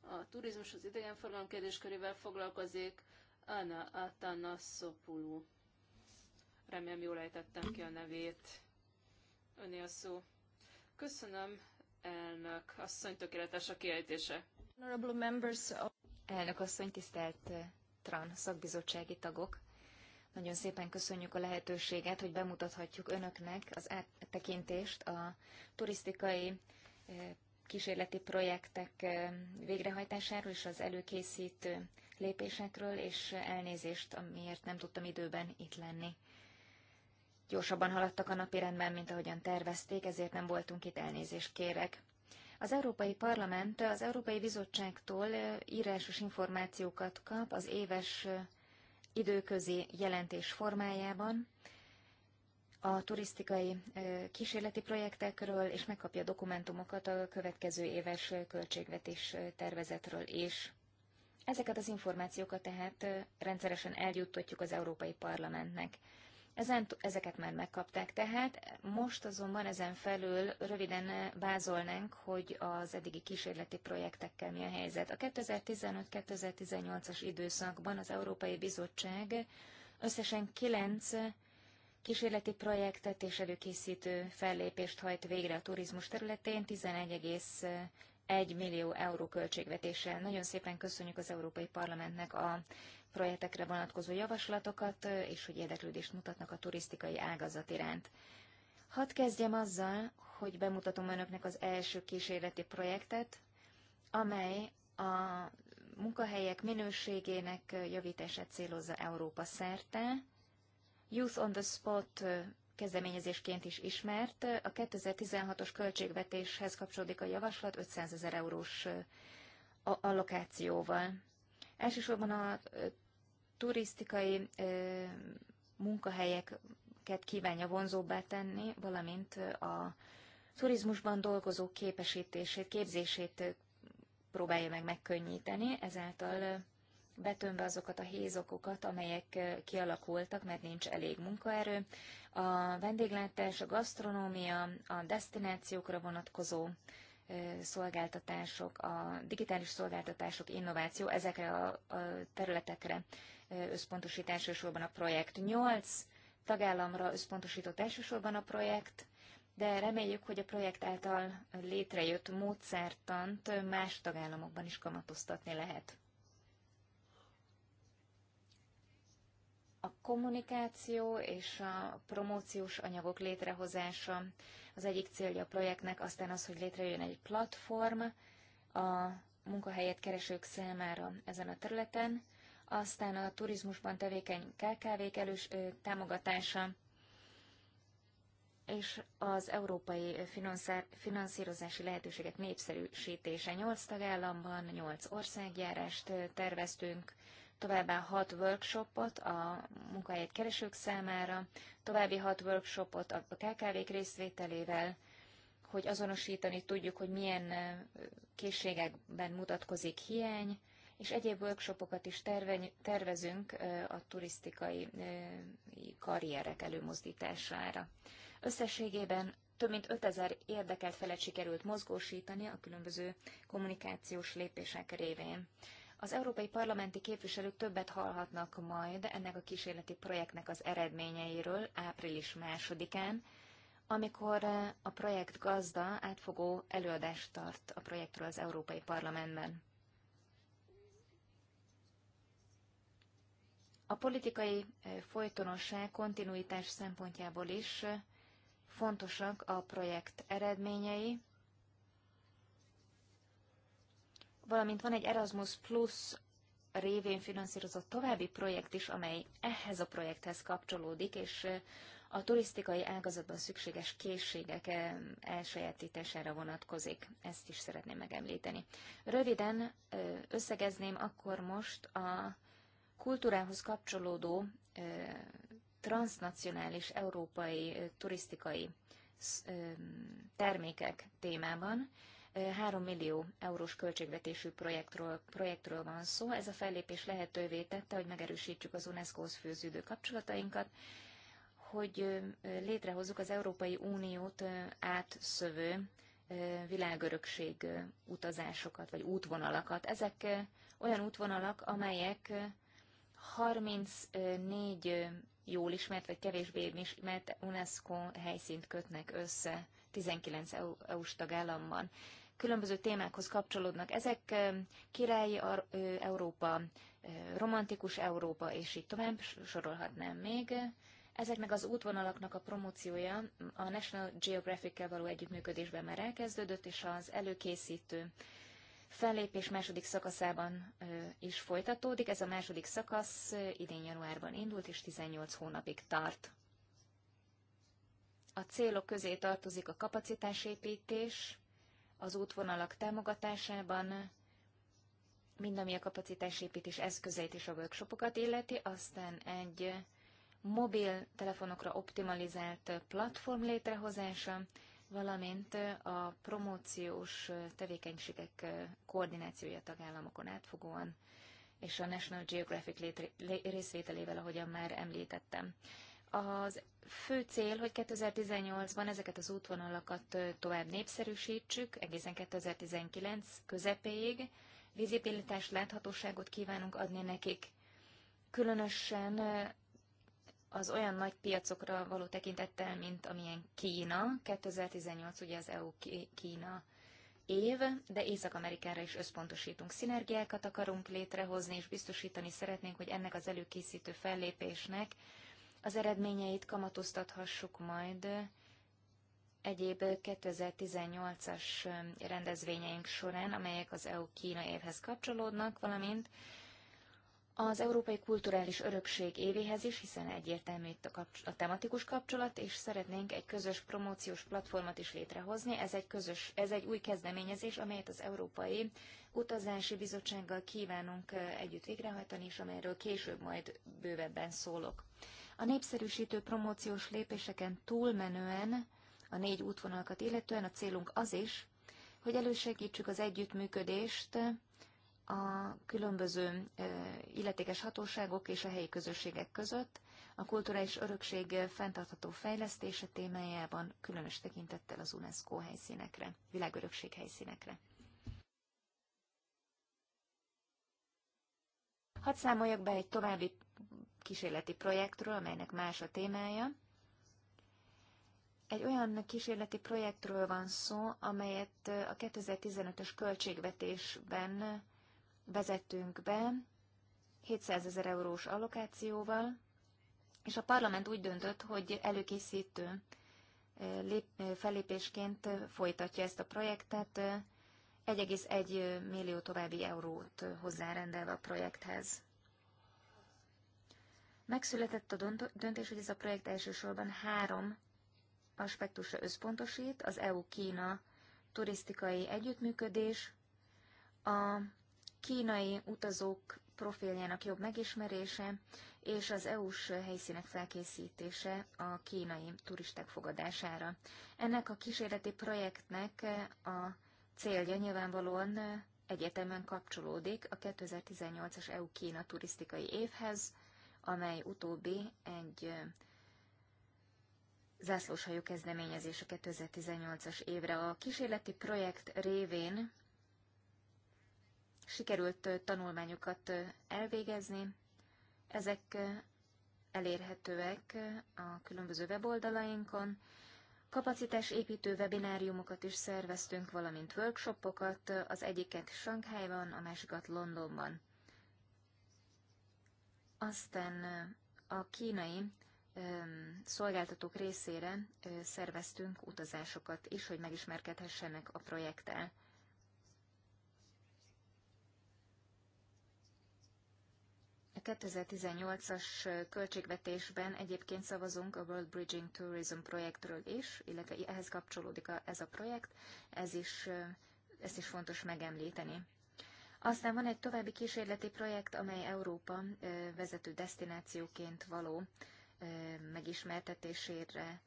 a turizmus az idegenforgalom kérdéskörével foglalkozik, Anna Atanasopulu. Remélem jól ejtettem ki a nevét. Öné a szó. Köszönöm, elnök asszony, tökéletes a kiejtése. Elnök asszony, tisztelt eh, TRAN szakbizottsági tagok. Nagyon szépen köszönjük a lehetőséget, hogy bemutathatjuk önöknek az áttekintést a turisztikai eh, kísérleti projektek eh, végrehajtásáról és az előkészítő lépésekről, és elnézést, amiért nem tudtam időben itt lenni. Gyorsabban haladtak a napi rendben, mint ahogyan tervezték, ezért nem voltunk itt, elnézést kérek. Az Európai Parlament az Európai Bizottságtól eh, írásos információkat kap az éves időközi jelentés formájában a turisztikai kísérleti projektekről, és megkapja dokumentumokat a következő éves költségvetés tervezetről is. Ezeket az információkat tehát rendszeresen eljuttatjuk az Európai Parlamentnek. Ezen, ezeket már megkapták tehát, most azonban ezen felül röviden vázolnánk, hogy az eddigi kísérleti projektekkel mi a helyzet. A 2015-2018-as időszakban az Európai Bizottság összesen kilenc kísérleti projektet és előkészítő fellépést hajt végre a turizmus területén, 1 millió euró költségvetéssel. Nagyon szépen köszönjük az Európai Parlamentnek a projektekre vonatkozó javaslatokat, és hogy érdeklődést mutatnak a turisztikai ágazat iránt. Hadd kezdjem azzal, hogy bemutatom önöknek az első kísérleti projektet, amely a munkahelyek minőségének javítását célozza Európa szerte. Youth on the Spot kezdeményezésként is ismert. A 2016-os költségvetéshez kapcsolódik a javaslat 500 ezer eurós allokációval. Elsősorban a turisztikai munkahelyeket kívánja vonzóbbá tenni, valamint a turizmusban dolgozó képesítését, képzését próbálja meg megkönnyíteni, ezáltal betömve azokat a hézokokat, amelyek kialakultak, mert nincs elég munkaerő. A vendéglátás, a gasztronómia, a destinációkra vonatkozó szolgáltatások, a digitális szolgáltatások, innováció, ezekre a, területekre összpontosít elsősorban a projekt. Nyolc tagállamra összpontosított elsősorban a projekt, de reméljük, hogy a projekt által létrejött módszertant más tagállamokban is kamatoztatni lehet. a kommunikáció és a promóciós anyagok létrehozása az egyik célja a projektnek, aztán az, hogy létrejön egy platform a munkahelyet keresők számára ezen a területen, aztán a turizmusban tevékeny KKV-k elős támogatása, és az európai finanszírozási lehetőségek népszerűsítése. Nyolc tagállamban, nyolc országjárást terveztünk, továbbá hat workshopot a munkahelyet keresők számára, további hat workshopot a KKV-k részvételével, hogy azonosítani tudjuk, hogy milyen készségekben mutatkozik hiány, és egyéb workshopokat is tervezünk a turisztikai karrierek előmozdítására. Összességében több mint 5000 érdekelt felet sikerült mozgósítani a különböző kommunikációs lépések révén. Az európai parlamenti képviselők többet hallhatnak majd ennek a kísérleti projektnek az eredményeiről április másodikán, amikor a projekt gazda átfogó előadást tart a projektről az Európai Parlamentben. A politikai folytonosság, kontinuitás szempontjából is fontosak a projekt eredményei, valamint van egy Erasmus Plus révén finanszírozott további projekt is, amely ehhez a projekthez kapcsolódik, és a turisztikai ágazatban szükséges készségek elsajátítására vonatkozik. Ezt is szeretném megemlíteni. Röviden összegezném akkor most a kultúrához kapcsolódó transnacionális európai turisztikai termékek témában. 3 millió eurós költségvetésű projektről, projektről van szó. Ez a fellépés lehetővé tette, hogy megerősítsük az UNESCO-hoz főződő kapcsolatainkat, hogy létrehozzuk az Európai Uniót átszövő világörökség utazásokat, vagy útvonalakat. Ezek olyan útvonalak, amelyek 34 jól ismert, vagy kevésbé ismert UNESCO helyszínt kötnek össze 19 EU-s tagállamban különböző témákhoz kapcsolódnak. Ezek királyi Európa, romantikus Európa, és így tovább sorolhatnám még. Ezeknek az útvonalaknak a promóciója a National Geographic-kel való együttműködésben már elkezdődött, és az előkészítő fellépés második szakaszában is folytatódik. Ez a második szakasz idén januárban indult, és 18 hónapig tart. A célok közé tartozik a kapacitásépítés, az útvonalak támogatásában, mind ami a kapacitásépítés eszközeit és a workshopokat illeti, aztán egy mobil telefonokra optimalizált platform létrehozása, valamint a promóciós tevékenységek koordinációja tagállamokon átfogóan, és a National Geographic részvételével, ahogyan már említettem. Az fő cél, hogy 2018-ban ezeket az útvonalakat tovább népszerűsítsük, egészen 2019 közepéig. Vizibilitás, láthatóságot kívánunk adni nekik. Különösen az olyan nagy piacokra való tekintettel, mint amilyen Kína, 2018 ugye az EU-Kína év, de Észak-Amerikára is összpontosítunk. Szinergiákat akarunk létrehozni, és biztosítani szeretnénk, hogy ennek az előkészítő fellépésnek az eredményeit kamatoztathassuk majd egyéb 2018-as rendezvényeink során, amelyek az EU-Kína évhez kapcsolódnak, valamint az Európai Kulturális Örökség évéhez is, hiszen egyértelmű itt a, kapcs- a tematikus kapcsolat, és szeretnénk egy közös promóciós platformot is létrehozni. Ez egy, közös, ez egy új kezdeményezés, amelyet az Európai Utazási Bizottsággal kívánunk eh, együtt végrehajtani, és amelyről később majd bővebben szólok. A népszerűsítő promóciós lépéseken túlmenően, a négy útvonalkat illetően a célunk az is, hogy elősegítsük az együttműködést a különböző illetékes hatóságok és a helyi közösségek között, a kulturális örökség fenntartható fejlesztése témájában, különös tekintettel az UNESCO helyszínekre, világörökség helyszínekre. Hadd számoljak be egy további kísérleti projektről, amelynek más a témája. Egy olyan kísérleti projektről van szó, amelyet a 2015-ös költségvetésben vezettünk be 700 ezer eurós allokációval, és a parlament úgy döntött, hogy előkészítő lép, fellépésként folytatja ezt a projektet, 1,1 millió további eurót hozzárendelve a projekthez. Megszületett a döntés, hogy ez a projekt elsősorban három aspektusra összpontosít, az EU-Kína turisztikai együttműködés, a kínai utazók profiljának jobb megismerése és az EU-s helyszínek felkészítése a kínai turisták fogadására. Ennek a kísérleti projektnek a célja nyilvánvalóan egyetemen kapcsolódik a 2018-as EU-Kína turisztikai évhez, amely utóbbi egy zászlóshajó kezdeményezés a 2018-as évre. A kísérleti projekt révén sikerült tanulmányokat elvégezni. Ezek elérhetőek a különböző weboldalainkon. Kapacitásépítő webináriumokat is szerveztünk, valamint workshopokat, az egyiket Sankhájban, a másikat Londonban. Aztán a kínai szolgáltatók részére szerveztünk utazásokat is, hogy megismerkedhessenek a projekttel. A 2018-as költségvetésben egyébként szavazunk a World Bridging Tourism projektről is, illetve ehhez kapcsolódik ez a projekt, ez is, ezt is fontos megemlíteni. Aztán van egy további kísérleti projekt, amely Európa vezető destinációként való megismertetésére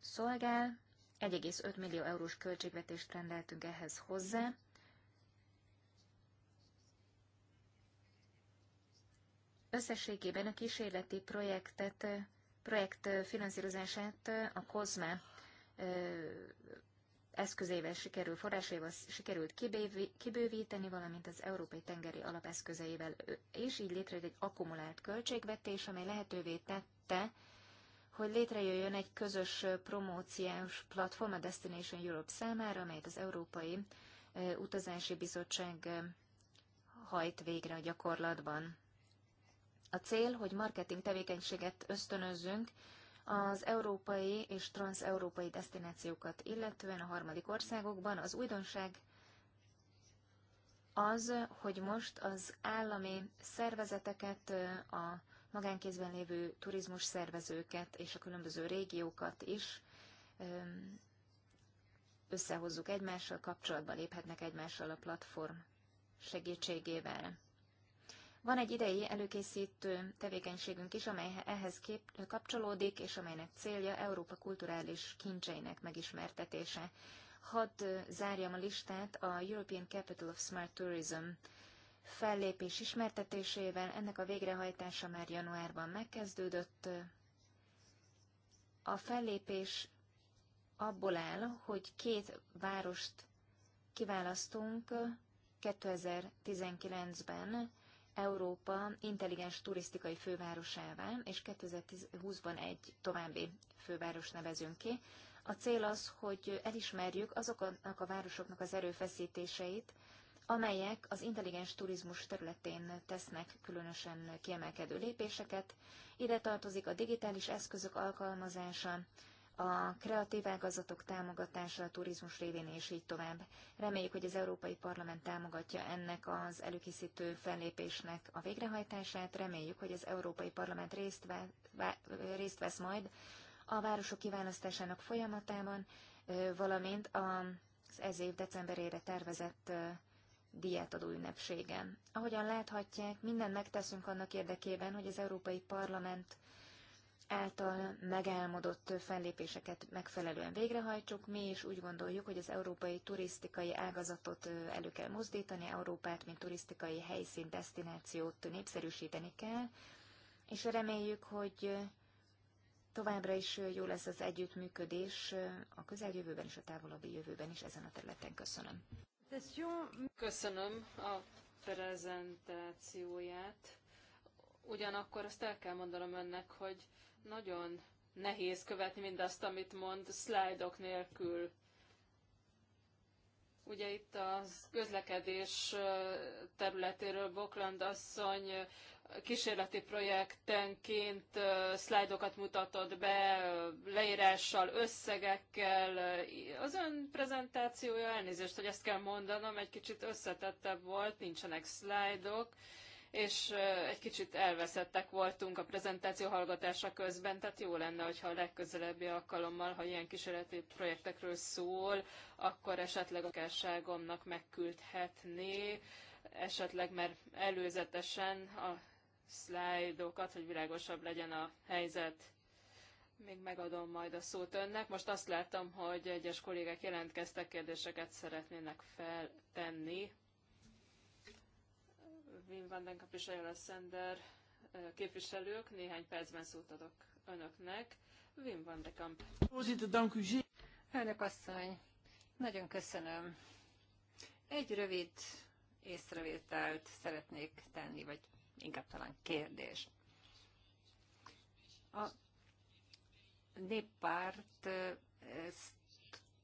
szolgál. 1,5 millió eurós költségvetést rendeltünk ehhez hozzá. Összességében a kísérleti projektet, projekt finanszírozását a COSME eszközével sikerül, forrásaival sikerült kibővíteni, valamint az Európai Tengeri alap eszközeivel, és így létrejött egy akkumulált költségvetés, amely lehetővé tette, hogy létrejöjjön egy közös promóciós platform a Destination Europe számára, amelyet az Európai Utazási Bizottság hajt végre a gyakorlatban. A cél, hogy marketing tevékenységet ösztönözzünk, az európai és transeurópai destinációkat illetően a harmadik országokban az újdonság az, hogy most az állami szervezeteket, a magánkézben lévő turizmus szervezőket és a különböző régiókat is összehozzuk egymással, kapcsolatba léphetnek egymással a platform segítségével. Van egy idei előkészítő tevékenységünk is, amely ehhez kép- kapcsolódik, és amelynek célja Európa kulturális kincseinek megismertetése. Hadd zárjam a listát a European Capital of Smart Tourism fellépés ismertetésével. Ennek a végrehajtása már januárban megkezdődött. A fellépés abból áll, hogy két várost kiválasztunk 2019-ben, Európa intelligens turisztikai fővárosává, és 2020-ban egy további főváros nevezünk ki. A cél az, hogy elismerjük azoknak a városoknak az erőfeszítéseit, amelyek az intelligens turizmus területén tesznek különösen kiemelkedő lépéseket. Ide tartozik a digitális eszközök alkalmazása, a kreatív ágazatok támogatása, a turizmus révén és így tovább. Reméljük, hogy az Európai Parlament támogatja ennek az előkészítő fellépésnek a végrehajtását. Reméljük, hogy az Európai Parlament részt, ve, vá, részt vesz majd a városok kiválasztásának folyamatában, valamint az ez év decemberére tervezett diátadó ünnepségen. Ahogyan láthatják, mindent megteszünk annak érdekében, hogy az Európai Parlament által megálmodott fellépéseket megfelelően végrehajtsuk. Mi is úgy gondoljuk, hogy az európai turisztikai ágazatot elő kell mozdítani, Európát, mint turisztikai helyszín, destinációt népszerűsíteni kell, és reméljük, hogy továbbra is jó lesz az együttműködés a közeljövőben és a távolabbi jövőben is ezen a területen. Köszönöm. Köszönöm a prezentációját. Ugyanakkor azt el kell mondanom önnek, hogy nagyon nehéz követni mindazt, amit mond, szlájdok nélkül. Ugye itt a közlekedés területéről Bokland asszony kísérleti projektenként szlájdokat mutatott be, leírással, összegekkel. Az ön prezentációja, elnézést, hogy ezt kell mondanom, egy kicsit összetettebb volt, nincsenek szlájdok. -ok és egy kicsit elveszettek voltunk a prezentáció hallgatása közben, tehát jó lenne, hogyha a legközelebbi alkalommal, ha ilyen kísérleti projektekről szól, akkor esetleg a kárságomnak megküldhetné, esetleg mert előzetesen a szlájdokat, hogy világosabb legyen a helyzet. Még megadom majd a szót önnek. Most azt láttam, hogy egyes kollégák jelentkeztek, kérdéseket szeretnének feltenni. Wim van den és Ayala Sender képviselők. Néhány percben szót adok önöknek. Wim van de Kamp. asszony, nagyon köszönöm. Egy rövid észrevételt szeretnék tenni, vagy inkább talán kérdés. A néppárt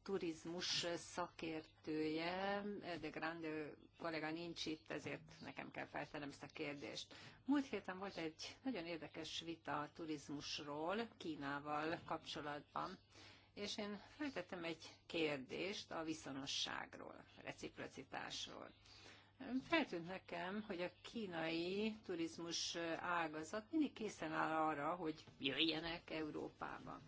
turizmus szakértője, de Grande kollega nincs itt, ezért nekem kell feltennem ezt a kérdést. Múlt héten volt egy nagyon érdekes vita a turizmusról Kínával kapcsolatban, és én feltettem egy kérdést a viszonosságról, reciprocitásról. Feltűnt nekem, hogy a kínai turizmus ágazat mindig készen áll arra, hogy jöjjenek Európába.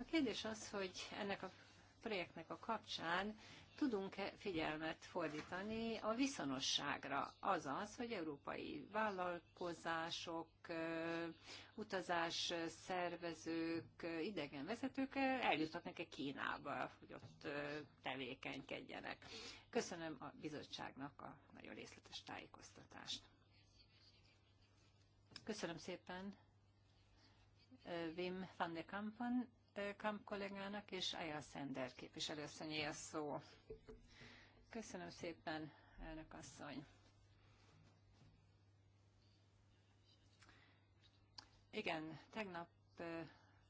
A kérdés az, hogy ennek a projektnek a kapcsán tudunk-e figyelmet fordítani a viszonosságra, azaz, hogy európai vállalkozások, utazás szervezők, idegenvezetők eljutnak-e Kínába, hogy ott tevékenykedjenek. Köszönöm a bizottságnak a nagyon részletes tájékoztatást. Köszönöm szépen Wim van de Kampen Kamp kollégának, és Aya Szender képviselőszönyé a szó. Köszönöm szépen, elnök asszony. Igen, tegnap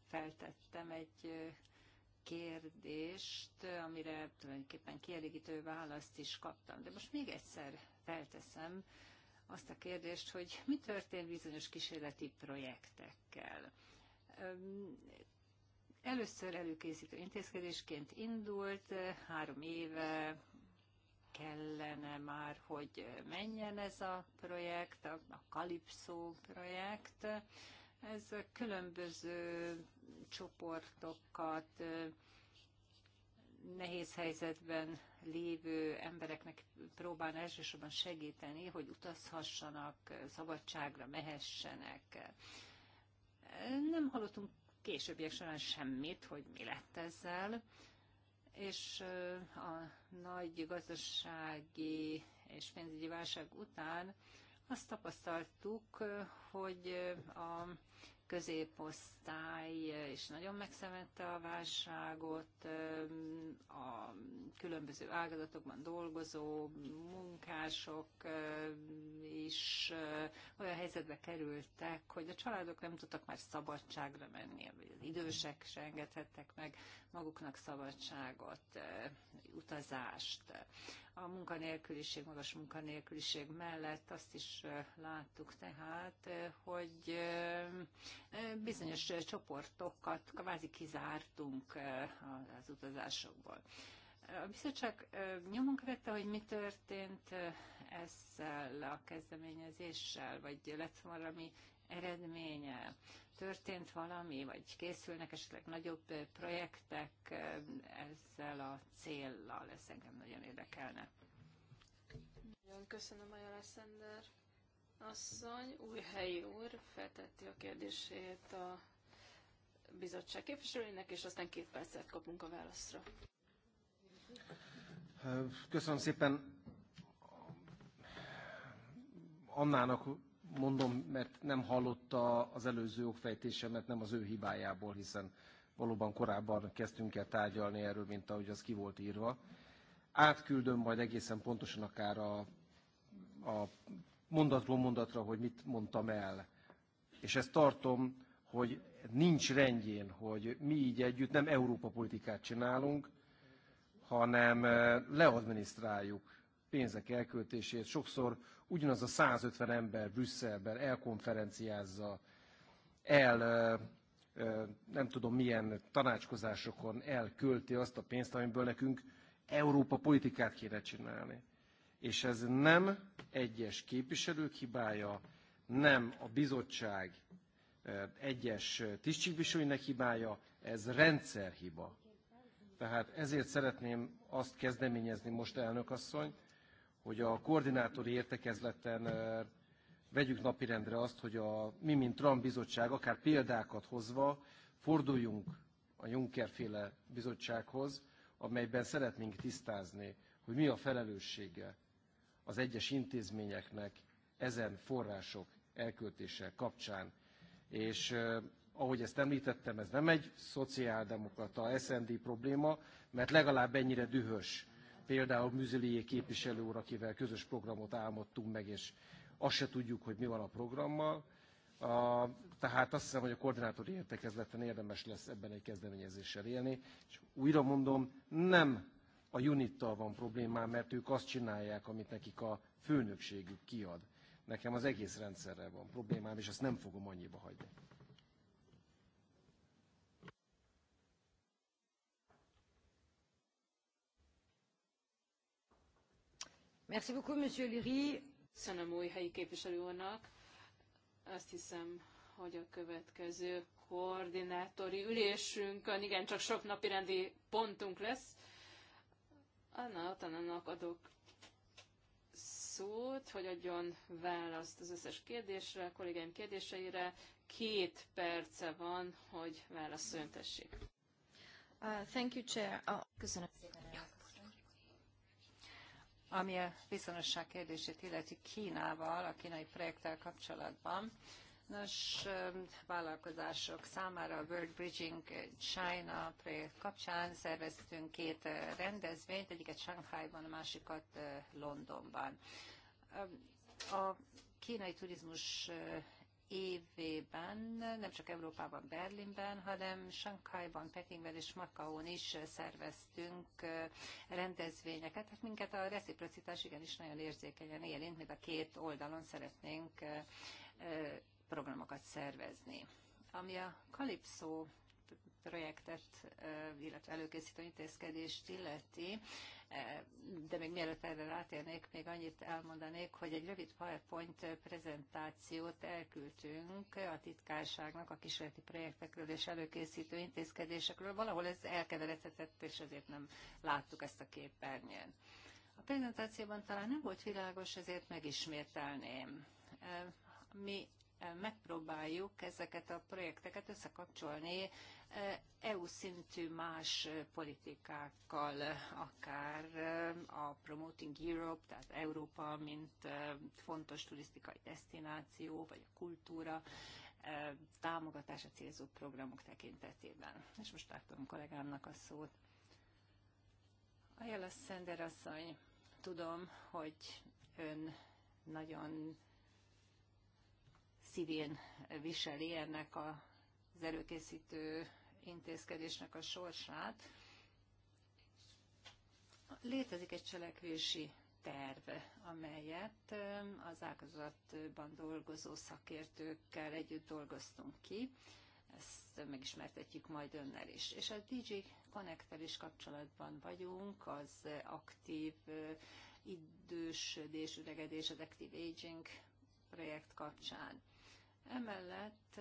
feltettem egy kérdést, amire tulajdonképpen kielégítő választ is kaptam. De most még egyszer felteszem azt a kérdést, hogy mi történt bizonyos kísérleti projektekkel először előkészítő intézkedésként indult, három éve kellene már, hogy menjen ez a projekt, a, Kalipszó projekt. Ez különböző csoportokat, nehéz helyzetben lévő embereknek próbál elsősorban segíteni, hogy utazhassanak, szabadságra mehessenek. Nem hallottunk későbbiek során semmit, hogy mi lett ezzel, és a nagy gazdasági és pénzügyi válság után azt tapasztaltuk, hogy a középosztály és nagyon megszemette a válságot, a különböző ágazatokban dolgozó munkások is olyan helyzetbe kerültek, hogy a családok nem tudtak már szabadságra menni, az idősek se engedhettek meg maguknak szabadságot, utazást a munkanélküliség, magas munkanélküliség mellett azt is láttuk tehát, hogy bizonyos csoportokat kvázi kizártunk az utazásokból. A bizottság nyomon követte, hogy mi történt ezzel a kezdeményezéssel, vagy lett valami eredménye? Történt valami, vagy készülnek esetleg nagyobb projektek ezzel a céllal? Ez engem nagyon érdekelne. Nagyon köszönöm, Ajala Leszender asszony. Új helyi úr feltetti a kérdését a bizottság képviselőinek, és aztán két percet kapunk a válaszra. Köszönöm szépen Annának mondom, mert nem hallotta az előző okfejtésemet, nem az ő hibájából, hiszen valóban korábban kezdtünk el tárgyalni erről, mint ahogy az ki volt írva. Átküldöm majd egészen pontosan akár a, a mondatról mondatra, hogy mit mondtam el. És ezt tartom, hogy nincs rendjén, hogy mi így együtt nem Európa politikát csinálunk, hanem eh, leadminisztráljuk pénzek elköltését, sokszor ugyanaz a 150 ember Brüsszelben elkonferenciázza, el nem tudom milyen tanácskozásokon elkölti azt a pénzt, amiből nekünk Európa politikát kéne csinálni. És ez nem egyes képviselők hibája, nem a bizottság egyes tisztségviselőinek hibája, ez rendszerhiba. Tehát ezért szeretném azt kezdeményezni most, elnök asszony, hogy a koordinátori értekezleten vegyük napirendre azt, hogy a mi, mint Trump bizottság, akár példákat hozva, forduljunk a Juncker féle bizottsághoz, amelyben szeretnénk tisztázni, hogy mi a felelőssége az egyes intézményeknek ezen források elköltése kapcsán. És ahogy ezt említettem, ez nem egy szociáldemokrata SND probléma, mert legalább ennyire dühös például Műzelié képviselő úr, akivel közös programot álmodtunk meg, és azt se tudjuk, hogy mi van a programmal. A, tehát azt hiszem, hogy a koordinátori értekezleten érdemes lesz ebben egy kezdeményezéssel élni. És újra mondom, nem a unittal van problémám, mert ők azt csinálják, amit nekik a főnökségük kiad. Nekem az egész rendszerrel van problémám, és ezt nem fogom annyiba hagyni. Köszönöm új helyi képviselő úrnak. Azt hiszem, hogy a következő koordinátori ülésünkön igencsak sok napirendi pontunk lesz. Anna Atanának adok szót, hogy adjon választ az összes kérdésre, a kollégáim kérdéseire. Két perce van, hogy válaszoljon, tessék. Uh, thank you, Chair. Oh, köszönöm szépen, elnök ami a bizonyosság kérdését illeti Kínával, a kínai projekttel kapcsolatban, Nos, vállalkozások számára a World Bridging China projekt kapcsán szerveztünk két rendezvényt, egyiket ban a másikat Londonban. A kínai turizmus évében nem csak Európában, Berlinben, hanem Sankhajban, Pekingben és Makaón is szerveztünk rendezvényeket. Tehát minket a reciprocitás igenis nagyon érzékenyen érint, mert a két oldalon szeretnénk programokat szervezni. Ami a kalipszó projektet, illetve előkészítő intézkedést illeti, de még mielőtt erre rátérnék, még annyit elmondanék, hogy egy rövid PowerPoint prezentációt elküldtünk a titkárságnak a kísérleti projektekről és előkészítő intézkedésekről. Valahol ez elkeveredhetett, és azért nem láttuk ezt a képernyőn. A prezentációban talán nem volt világos, ezért megismételném. Mi megpróbáljuk ezeket a projekteket összekapcsolni eh, EU szintű más politikákkal, akár eh, a Promoting Europe, tehát Európa, mint eh, fontos turisztikai destináció, vagy a kultúra támogatása célzó programok tekintetében. És most átadom kollégámnak a szót. A Szender asszony, tudom, hogy ön nagyon szívén viseli ennek a, az előkészítő intézkedésnek a sorsát. Létezik egy cselekvési terv, amelyet az ágazatban dolgozó szakértőkkel együtt dolgoztunk ki. Ezt megismertetjük majd önnel is. És a DJ Connectel is kapcsolatban vagyunk, az aktív idősödés, üregedés, az Active Aging projekt kapcsán. Emellett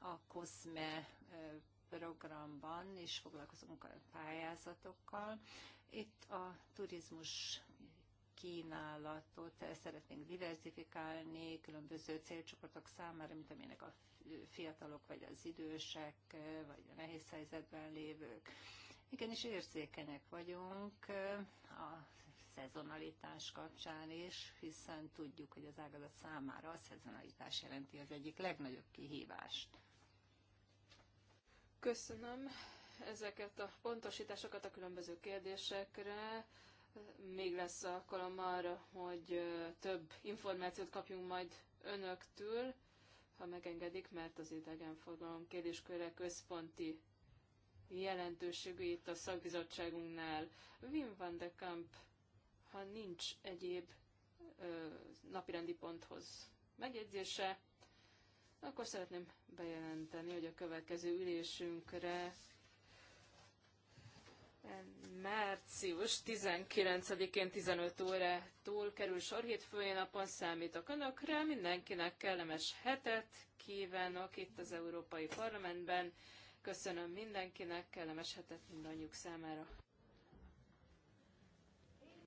a COSME programban is foglalkozunk a pályázatokkal. Itt a turizmus kínálatot szeretnénk diversifikálni különböző célcsoportok számára, mint amilyenek a fiatalok, vagy az idősek, vagy a nehéz helyzetben lévők. Igenis érzékenyek vagyunk a szezonalitás kapcsán is, hiszen tudjuk, hogy az ágazat számára a szezonalitás jelenti az egyik legnagyobb kihívást. Köszönöm ezeket a pontosításokat a különböző kérdésekre. Még lesz alkalom arra, hogy több információt kapjunk majd önöktől, ha megengedik, mert az idegenforgalom kérdésköre központi jelentőségű itt a szakbizottságunknál. Wim van de Kamp ha nincs egyéb ö, napirendi ponthoz megjegyzése, akkor szeretném bejelenteni, hogy a következő ülésünkre március 19-én 15 órától kerül sor hétfőjén napon számítok önökre. Mindenkinek kellemes hetet kívánok itt az Európai Parlamentben. Köszönöm mindenkinek, kellemes hetet mindannyiuk számára.